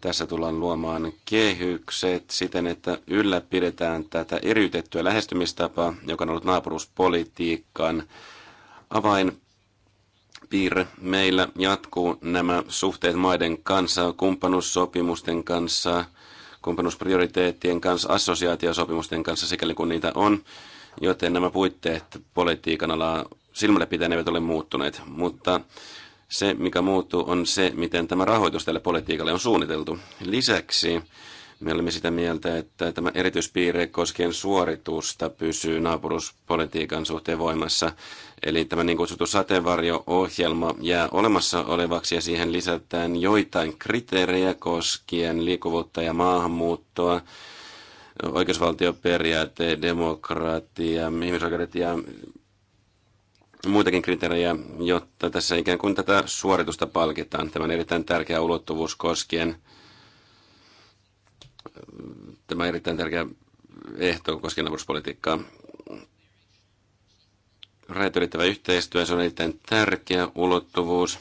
Tässä tullaan luomaan kehykset siten, että ylläpidetään tätä eriytettyä lähestymistapaa, joka on ollut naapuruuspolitiikan avain piirre. Meillä jatkuu nämä suhteet maiden kanssa, kumppanuussopimusten kanssa, kumppanuusprioriteettien kanssa, assosiaatiosopimusten kanssa, sikäli kun niitä on. Joten nämä puitteet politiikan alaa silmällä pitäen eivät ole muuttuneet, mutta se, mikä muuttuu, on se, miten tämä rahoitus tälle politiikalle on suunniteltu. Lisäksi me olemme sitä mieltä, että tämä erityispiirre koskien suoritusta pysyy naapuruspolitiikan suhteen voimassa. Eli tämä niin kutsuttu sateenvarjo-ohjelma jää olemassa olevaksi ja siihen lisätään joitain kriteerejä koskien liikkuvuutta ja maahanmuuttoa, oikeusvaltioperiaate, demokratia, ihmisoikeudet ja muitakin kriteerejä, jotta tässä ikään kuin tätä suoritusta palkitaan. Tämä on erittäin tärkeä ulottuvuus koskien, tämä on erittäin tärkeä ehto koskien naapuruspolitiikkaa. Rajat ylittävä yhteistyö, se on erittäin tärkeä ulottuvuus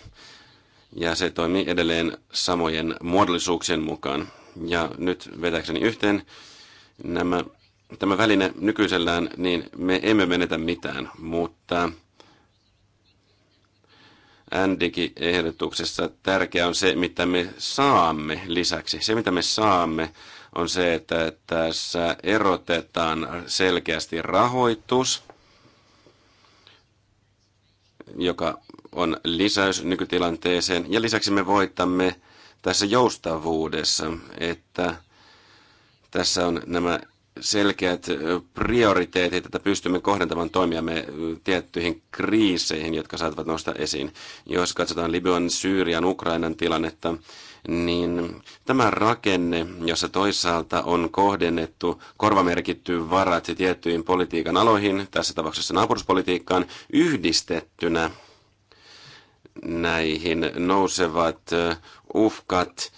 ja se toimii edelleen samojen muodollisuuksien mukaan. Ja nyt vetäkseni yhteen nämä, tämä väline nykyisellään, niin me emme menetä mitään, mutta Andikin ehdotuksessa tärkeää on se, mitä me saamme lisäksi. Se, mitä me saamme, on se, että tässä erotetaan selkeästi rahoitus, joka on lisäys nykytilanteeseen. Ja lisäksi me voitamme tässä joustavuudessa, että tässä on nämä selkeät prioriteetit, että pystymme kohdentamaan toimiamme tiettyihin kriiseihin, jotka saattavat nostaa esiin. Jos katsotaan Libyan, Syyrian, Ukrainan tilannetta, niin tämä rakenne, jossa toisaalta on kohdennettu korvamerkitty varat tiettyihin politiikan aloihin, tässä tapauksessa naapuruspolitiikkaan, yhdistettynä näihin nousevat uhkat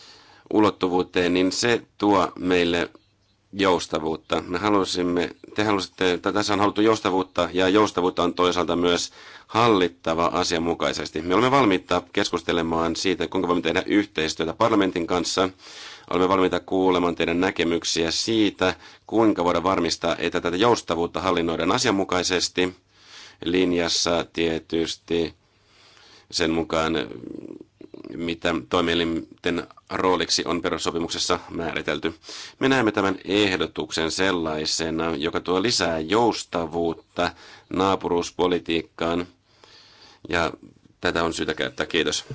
ulottuvuuteen, niin se tuo meille joustavuutta. Me halusimme, te halusitte, tässä on haluttu joustavuutta ja joustavuutta on toisaalta myös hallittava asianmukaisesti. Me olemme valmiita keskustelemaan siitä, kuinka voimme tehdä yhteistyötä parlamentin kanssa. Olemme valmiita kuulemaan teidän näkemyksiä siitä, kuinka voidaan varmistaa, että tätä joustavuutta hallinnoidaan asianmukaisesti linjassa tietysti sen mukaan, mitä toimielinten rooliksi on perussopimuksessa määritelty. Me näemme tämän ehdotuksen sellaisena, joka tuo lisää joustavuutta naapuruuspolitiikkaan, ja tätä on syytä käyttää. Kiitos.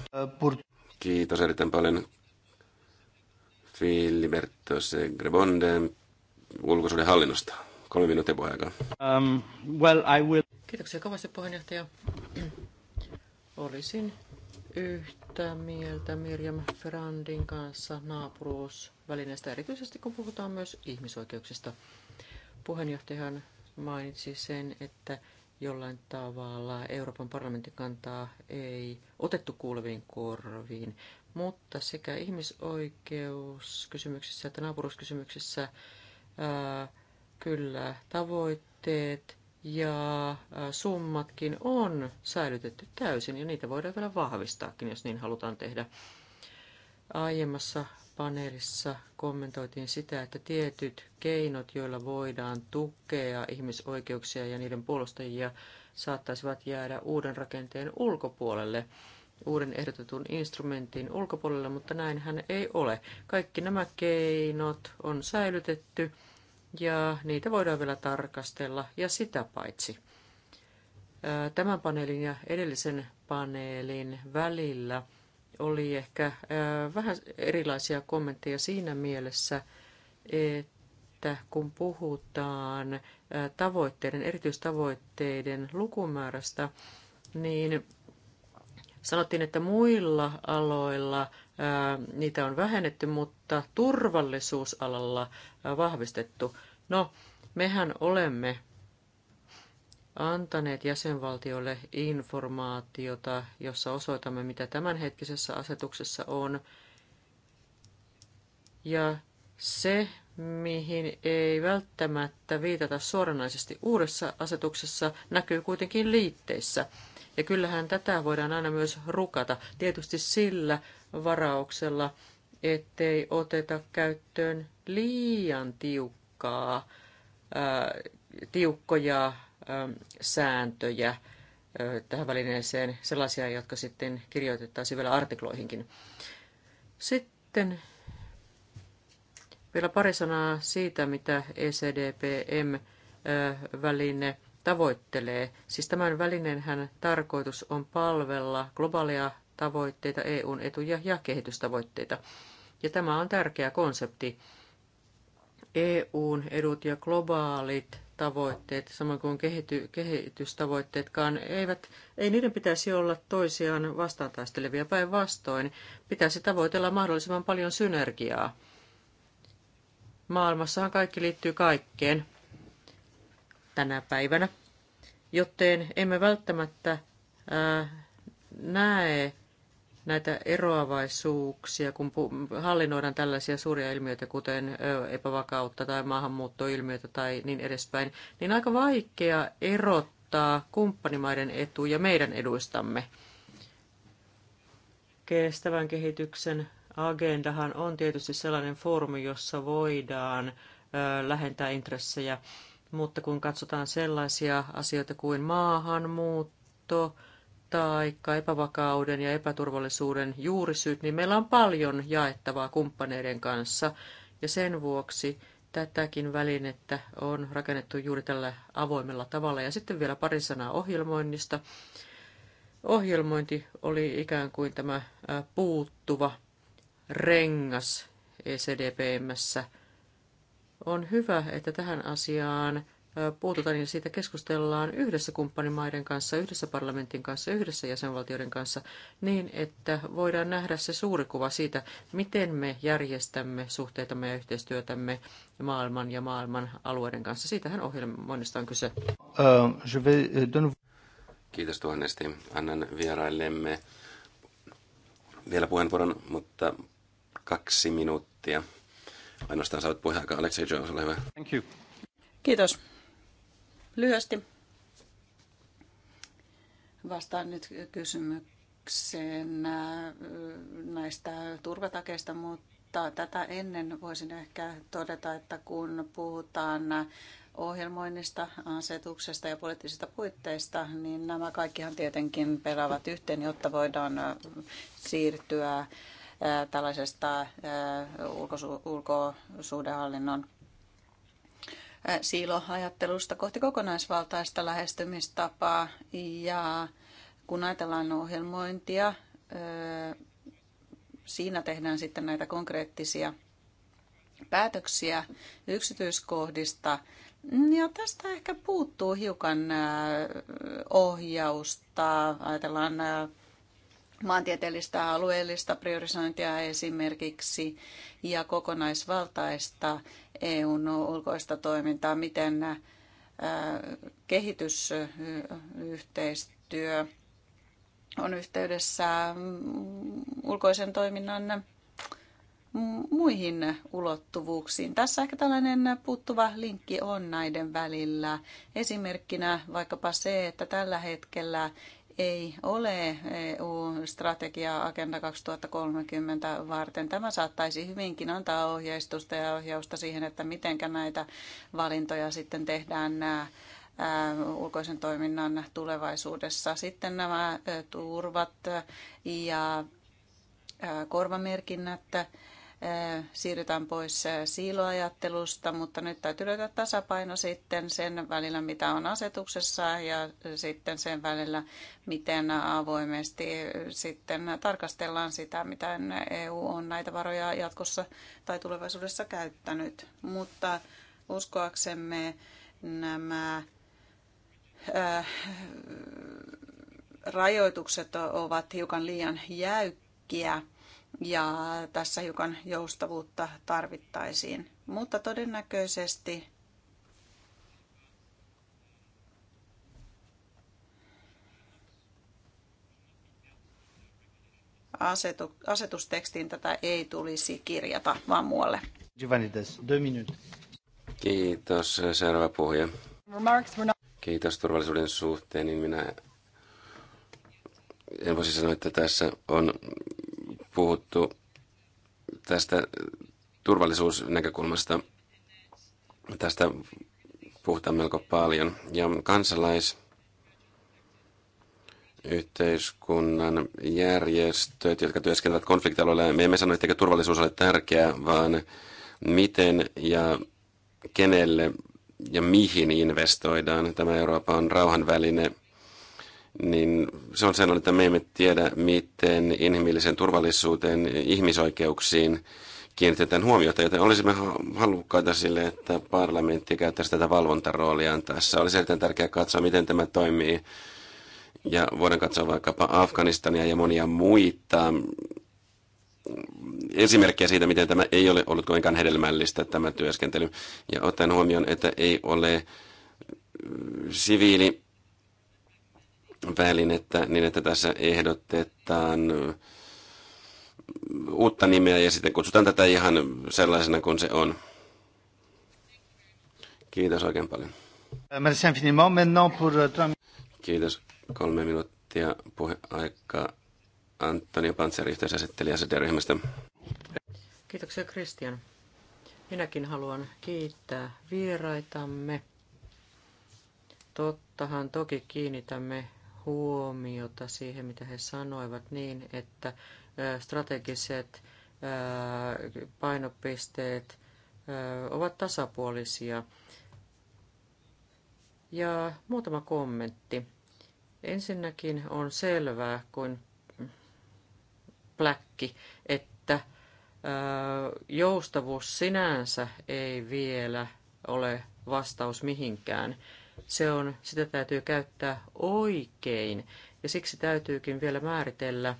Kiitos erittäin paljon. Filiberto Segrebonden ulkosuuden hallinnosta. Kolme minuuttia puheenjohtaja. Um, well, I will... Kiitoksia kovasti puheenjohtaja. Olisin yhtä mieltä Mirjam Ferrandin kanssa naapuruusvälineestä, erityisesti kun puhutaan myös ihmisoikeuksista. Puheenjohtajahan mainitsi sen, että jollain tavalla Euroopan parlamentin kantaa ei otettu kuuleviin korviin, mutta sekä ihmisoikeuskysymyksissä että naapuruuskysymyksissä ää, kyllä tavoitteet ja summatkin on säilytetty täysin ja niitä voidaan vielä vahvistaakin, jos niin halutaan tehdä. Aiemmassa paneelissa kommentoitiin sitä, että tietyt keinot, joilla voidaan tukea ihmisoikeuksia ja niiden puolustajia, saattaisivat jäädä uuden rakenteen ulkopuolelle, uuden ehdotetun instrumentin ulkopuolelle, mutta näinhän ei ole. Kaikki nämä keinot on säilytetty ja niitä voidaan vielä tarkastella. Ja sitä paitsi tämän paneelin ja edellisen paneelin välillä oli ehkä vähän erilaisia kommentteja siinä mielessä, että kun puhutaan tavoitteiden, erityistavoitteiden lukumäärästä, niin sanottiin, että muilla aloilla niitä on vähennetty, mutta turvallisuusalalla vahvistettu. No, mehän olemme antaneet jäsenvaltiolle informaatiota, jossa osoitamme, mitä tämänhetkisessä asetuksessa on. Ja se, mihin ei välttämättä viitata suoranaisesti uudessa asetuksessa, näkyy kuitenkin liitteissä. Ja kyllähän tätä voidaan aina myös rukata, tietysti sillä varauksella, ettei oteta käyttöön liian tiukkaa, ää, tiukkoja ää, sääntöjä ää, tähän välineeseen, sellaisia, jotka sitten kirjoitettaisiin vielä artikloihinkin. Sitten vielä pari sanaa siitä, mitä ECDPM-väline tavoittelee. Siis tämän välineen tarkoitus on palvella globaalia tavoitteita, EUn etuja ja kehitystavoitteita. Ja tämä on tärkeä konsepti. EUn edut ja globaalit tavoitteet, samoin kuin kehity, kehitystavoitteetkaan, eivät, ei niiden pitäisi olla toisiaan vastaantaistelevia päinvastoin. Pitäisi tavoitella mahdollisimman paljon synergiaa. Maailmassahan kaikki liittyy kaikkeen tänä päivänä, joten emme välttämättä ää, näe näitä eroavaisuuksia, kun hallinnoidaan tällaisia suuria ilmiöitä, kuten epävakautta tai maahanmuuttoilmiötä tai niin edespäin, niin aika vaikea erottaa kumppanimaiden etuja meidän eduistamme. Kestävän kehityksen agendahan on tietysti sellainen foorumi, jossa voidaan lähentää intressejä, mutta kun katsotaan sellaisia asioita kuin maahanmuutto, tai epävakauden ja epäturvallisuuden juurisyyt, niin meillä on paljon jaettavaa kumppaneiden kanssa. Ja sen vuoksi tätäkin välinettä on rakennettu juuri tällä avoimella tavalla. Ja sitten vielä pari sanaa ohjelmoinnista. Ohjelmointi oli ikään kuin tämä puuttuva rengas ECDPMssä. On hyvä, että tähän asiaan puututaan, niin siitä keskustellaan yhdessä kumppanimaiden kanssa, yhdessä parlamentin kanssa, yhdessä jäsenvaltioiden kanssa, niin että voidaan nähdä se suuri kuva siitä, miten me järjestämme suhteitamme ja yhteistyötämme maailman ja maailman alueiden kanssa. Siitähän ohjelmoinnista on kyse. Kiitos tuhannesti. Annan vieraillemme vielä puheenvuoron, mutta kaksi minuuttia. Ainoastaan saat puheenaikaa. Aleksei Jones, ole hyvä. Thank you. Kiitos. Lyhyesti vastaan nyt kysymykseen äh, näistä turvatakeista, mutta tätä ennen voisin ehkä todeta, että kun puhutaan ohjelmoinnista, asetuksesta ja poliittisista puitteista, niin nämä kaikkihan tietenkin pelaavat yhteen, jotta voidaan äh, siirtyä äh, tällaisesta ulkosuhdehallinnon siiloajattelusta kohti kokonaisvaltaista lähestymistapaa. Ja kun ajatellaan ohjelmointia, siinä tehdään sitten näitä konkreettisia päätöksiä yksityiskohdista. Ja tästä ehkä puuttuu hiukan ohjausta. Ajatellaan maantieteellistä alueellista priorisointia esimerkiksi ja kokonaisvaltaista EUn ulkoista toimintaa, miten kehitysyhteistyö on yhteydessä mm, ulkoisen toiminnan mm, muihin ulottuvuuksiin. Tässä ehkä tällainen puuttuva linkki on näiden välillä. Esimerkkinä vaikkapa se, että tällä hetkellä ei ole EU-strategiaa Agenda 2030 varten. Tämä saattaisi hyvinkin antaa ohjeistusta ja ohjausta siihen, että miten näitä valintoja sitten tehdään nämä ulkoisen toiminnan tulevaisuudessa. Sitten nämä turvat ja korvamerkinnät Äh, siirrytään pois äh, siiloajattelusta, mutta nyt täytyy löytää tasapaino sitten sen välillä, mitä on asetuksessa ja äh, sitten sen välillä, miten avoimesti sitten tarkastellaan sitä, mitä EU on näitä varoja jatkossa tai tulevaisuudessa käyttänyt. Mutta uskoaksemme nämä äh, rajoitukset ovat hiukan liian jäykkiä ja tässä hiukan joustavuutta tarvittaisiin. Mutta todennäköisesti asetu, asetustekstiin tätä ei tulisi kirjata, vaan muualle. Kiitos, seuraava puhuja. Kiitos turvallisuuden suhteen, niin minä en voisi sanoa, että tässä on puhuttu tästä turvallisuusnäkökulmasta. Tästä puhutaan melko paljon. Ja kansalaisyhteiskunnan järjestöt, jotka työskentelevät konfliktialueilla. Me emme sano, etteikö turvallisuus ole tärkeää, vaan miten ja kenelle ja mihin investoidaan. Tämä Euroopan rauhanväline niin se on sellainen, että me emme tiedä, miten inhimilliseen turvallisuuteen, ihmisoikeuksiin kiinnitetään huomiota, joten olisimme halukkaita sille, että parlamentti käyttäisi tätä valvontarooliaan tässä. Olisi erittäin tärkeää katsoa, miten tämä toimii. Ja voidaan katsoa vaikkapa Afganistania ja monia muita esimerkkejä siitä, miten tämä ei ole ollut kovinkaan hedelmällistä, tämä työskentely. Ja ottaen huomioon, että ei ole siviili välinettä niin, että tässä ehdotetaan uutta nimeä ja sitten kutsutaan tätä ihan sellaisena kuin se on. Kiitos oikein paljon. Eh, euh, Kiitos. Kolme minuuttia puheaikaa. Antonio Pantseri, yhteisasettelija ryhmästä Kiitoksia Kristian. Minäkin haluan kiittää vieraitamme. Tottahan toki kiinnitämme huomiota siihen, mitä he sanoivat, niin että strategiset painopisteet ovat tasapuolisia. Ja muutama kommentti. Ensinnäkin on selvää kuin pläkki, että joustavuus sinänsä ei vielä ole vastaus mihinkään se on, sitä täytyy käyttää oikein. Ja siksi täytyykin vielä määritellä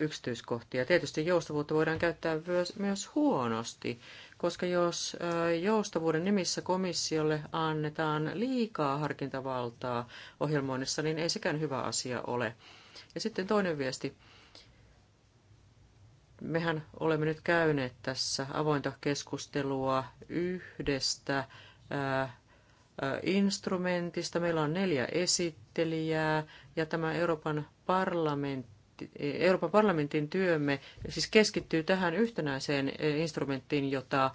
yksityiskohtia. Tietysti joustavuutta voidaan käyttää myös huonosti, koska jos joustavuuden nimissä komissiolle annetaan liikaa harkintavaltaa ohjelmoinnissa, niin ei sekään hyvä asia ole. Ja sitten toinen viesti. Mehän olemme nyt käyneet tässä avointa keskustelua yhdestä instrumentista. Meillä on neljä esittelijää ja tämä Euroopan parlamentti e, Euroopan parlamentin työmme siis keskittyy tähän yhtenäiseen e, instrumenttiin, jota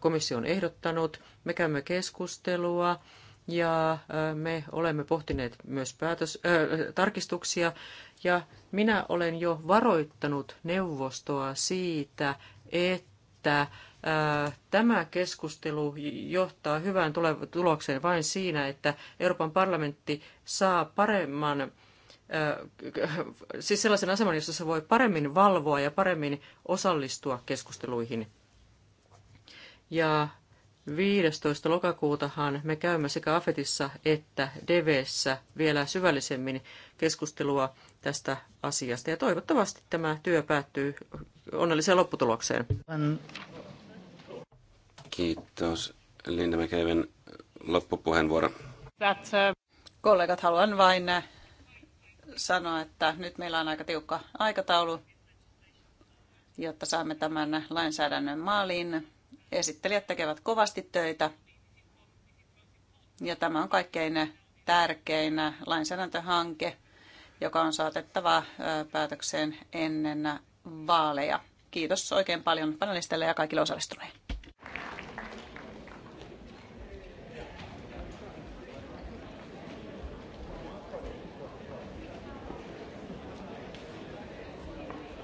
komissio on ehdottanut. Me käymme keskustelua ja me olemme pohtineet myös päätös, äh, tarkistuksia. Ja minä olen jo varoittanut neuvostoa siitä, että Tämä keskustelu johtaa hyvään tulokseen vain siinä, että Euroopan parlamentti saa paremman, siis sellaisen aseman, jossa se voi paremmin valvoa ja paremmin osallistua keskusteluihin. Ja 15. lokakuutahan me käymme sekä AFETissa että devessä vielä syvällisemmin keskustelua tästä asiasta. Ja toivottavasti tämä työ päättyy onnelliseen lopputulokseen. Kiitos. Linda McAven loppupuheenvuoro. Uh, Kollegat, haluan vain äh, sanoa, että nyt meillä on aika tiukka aikataulu, jotta saamme tämän lainsäädännön maaliin. Esittelijät tekevät kovasti töitä ja tämä on kaikkein tärkein lainsäädäntöhanke, joka on saatettava äh, päätökseen ennen vaaleja. Kiitos oikein paljon panelisteille ja kaikille osallistuneille.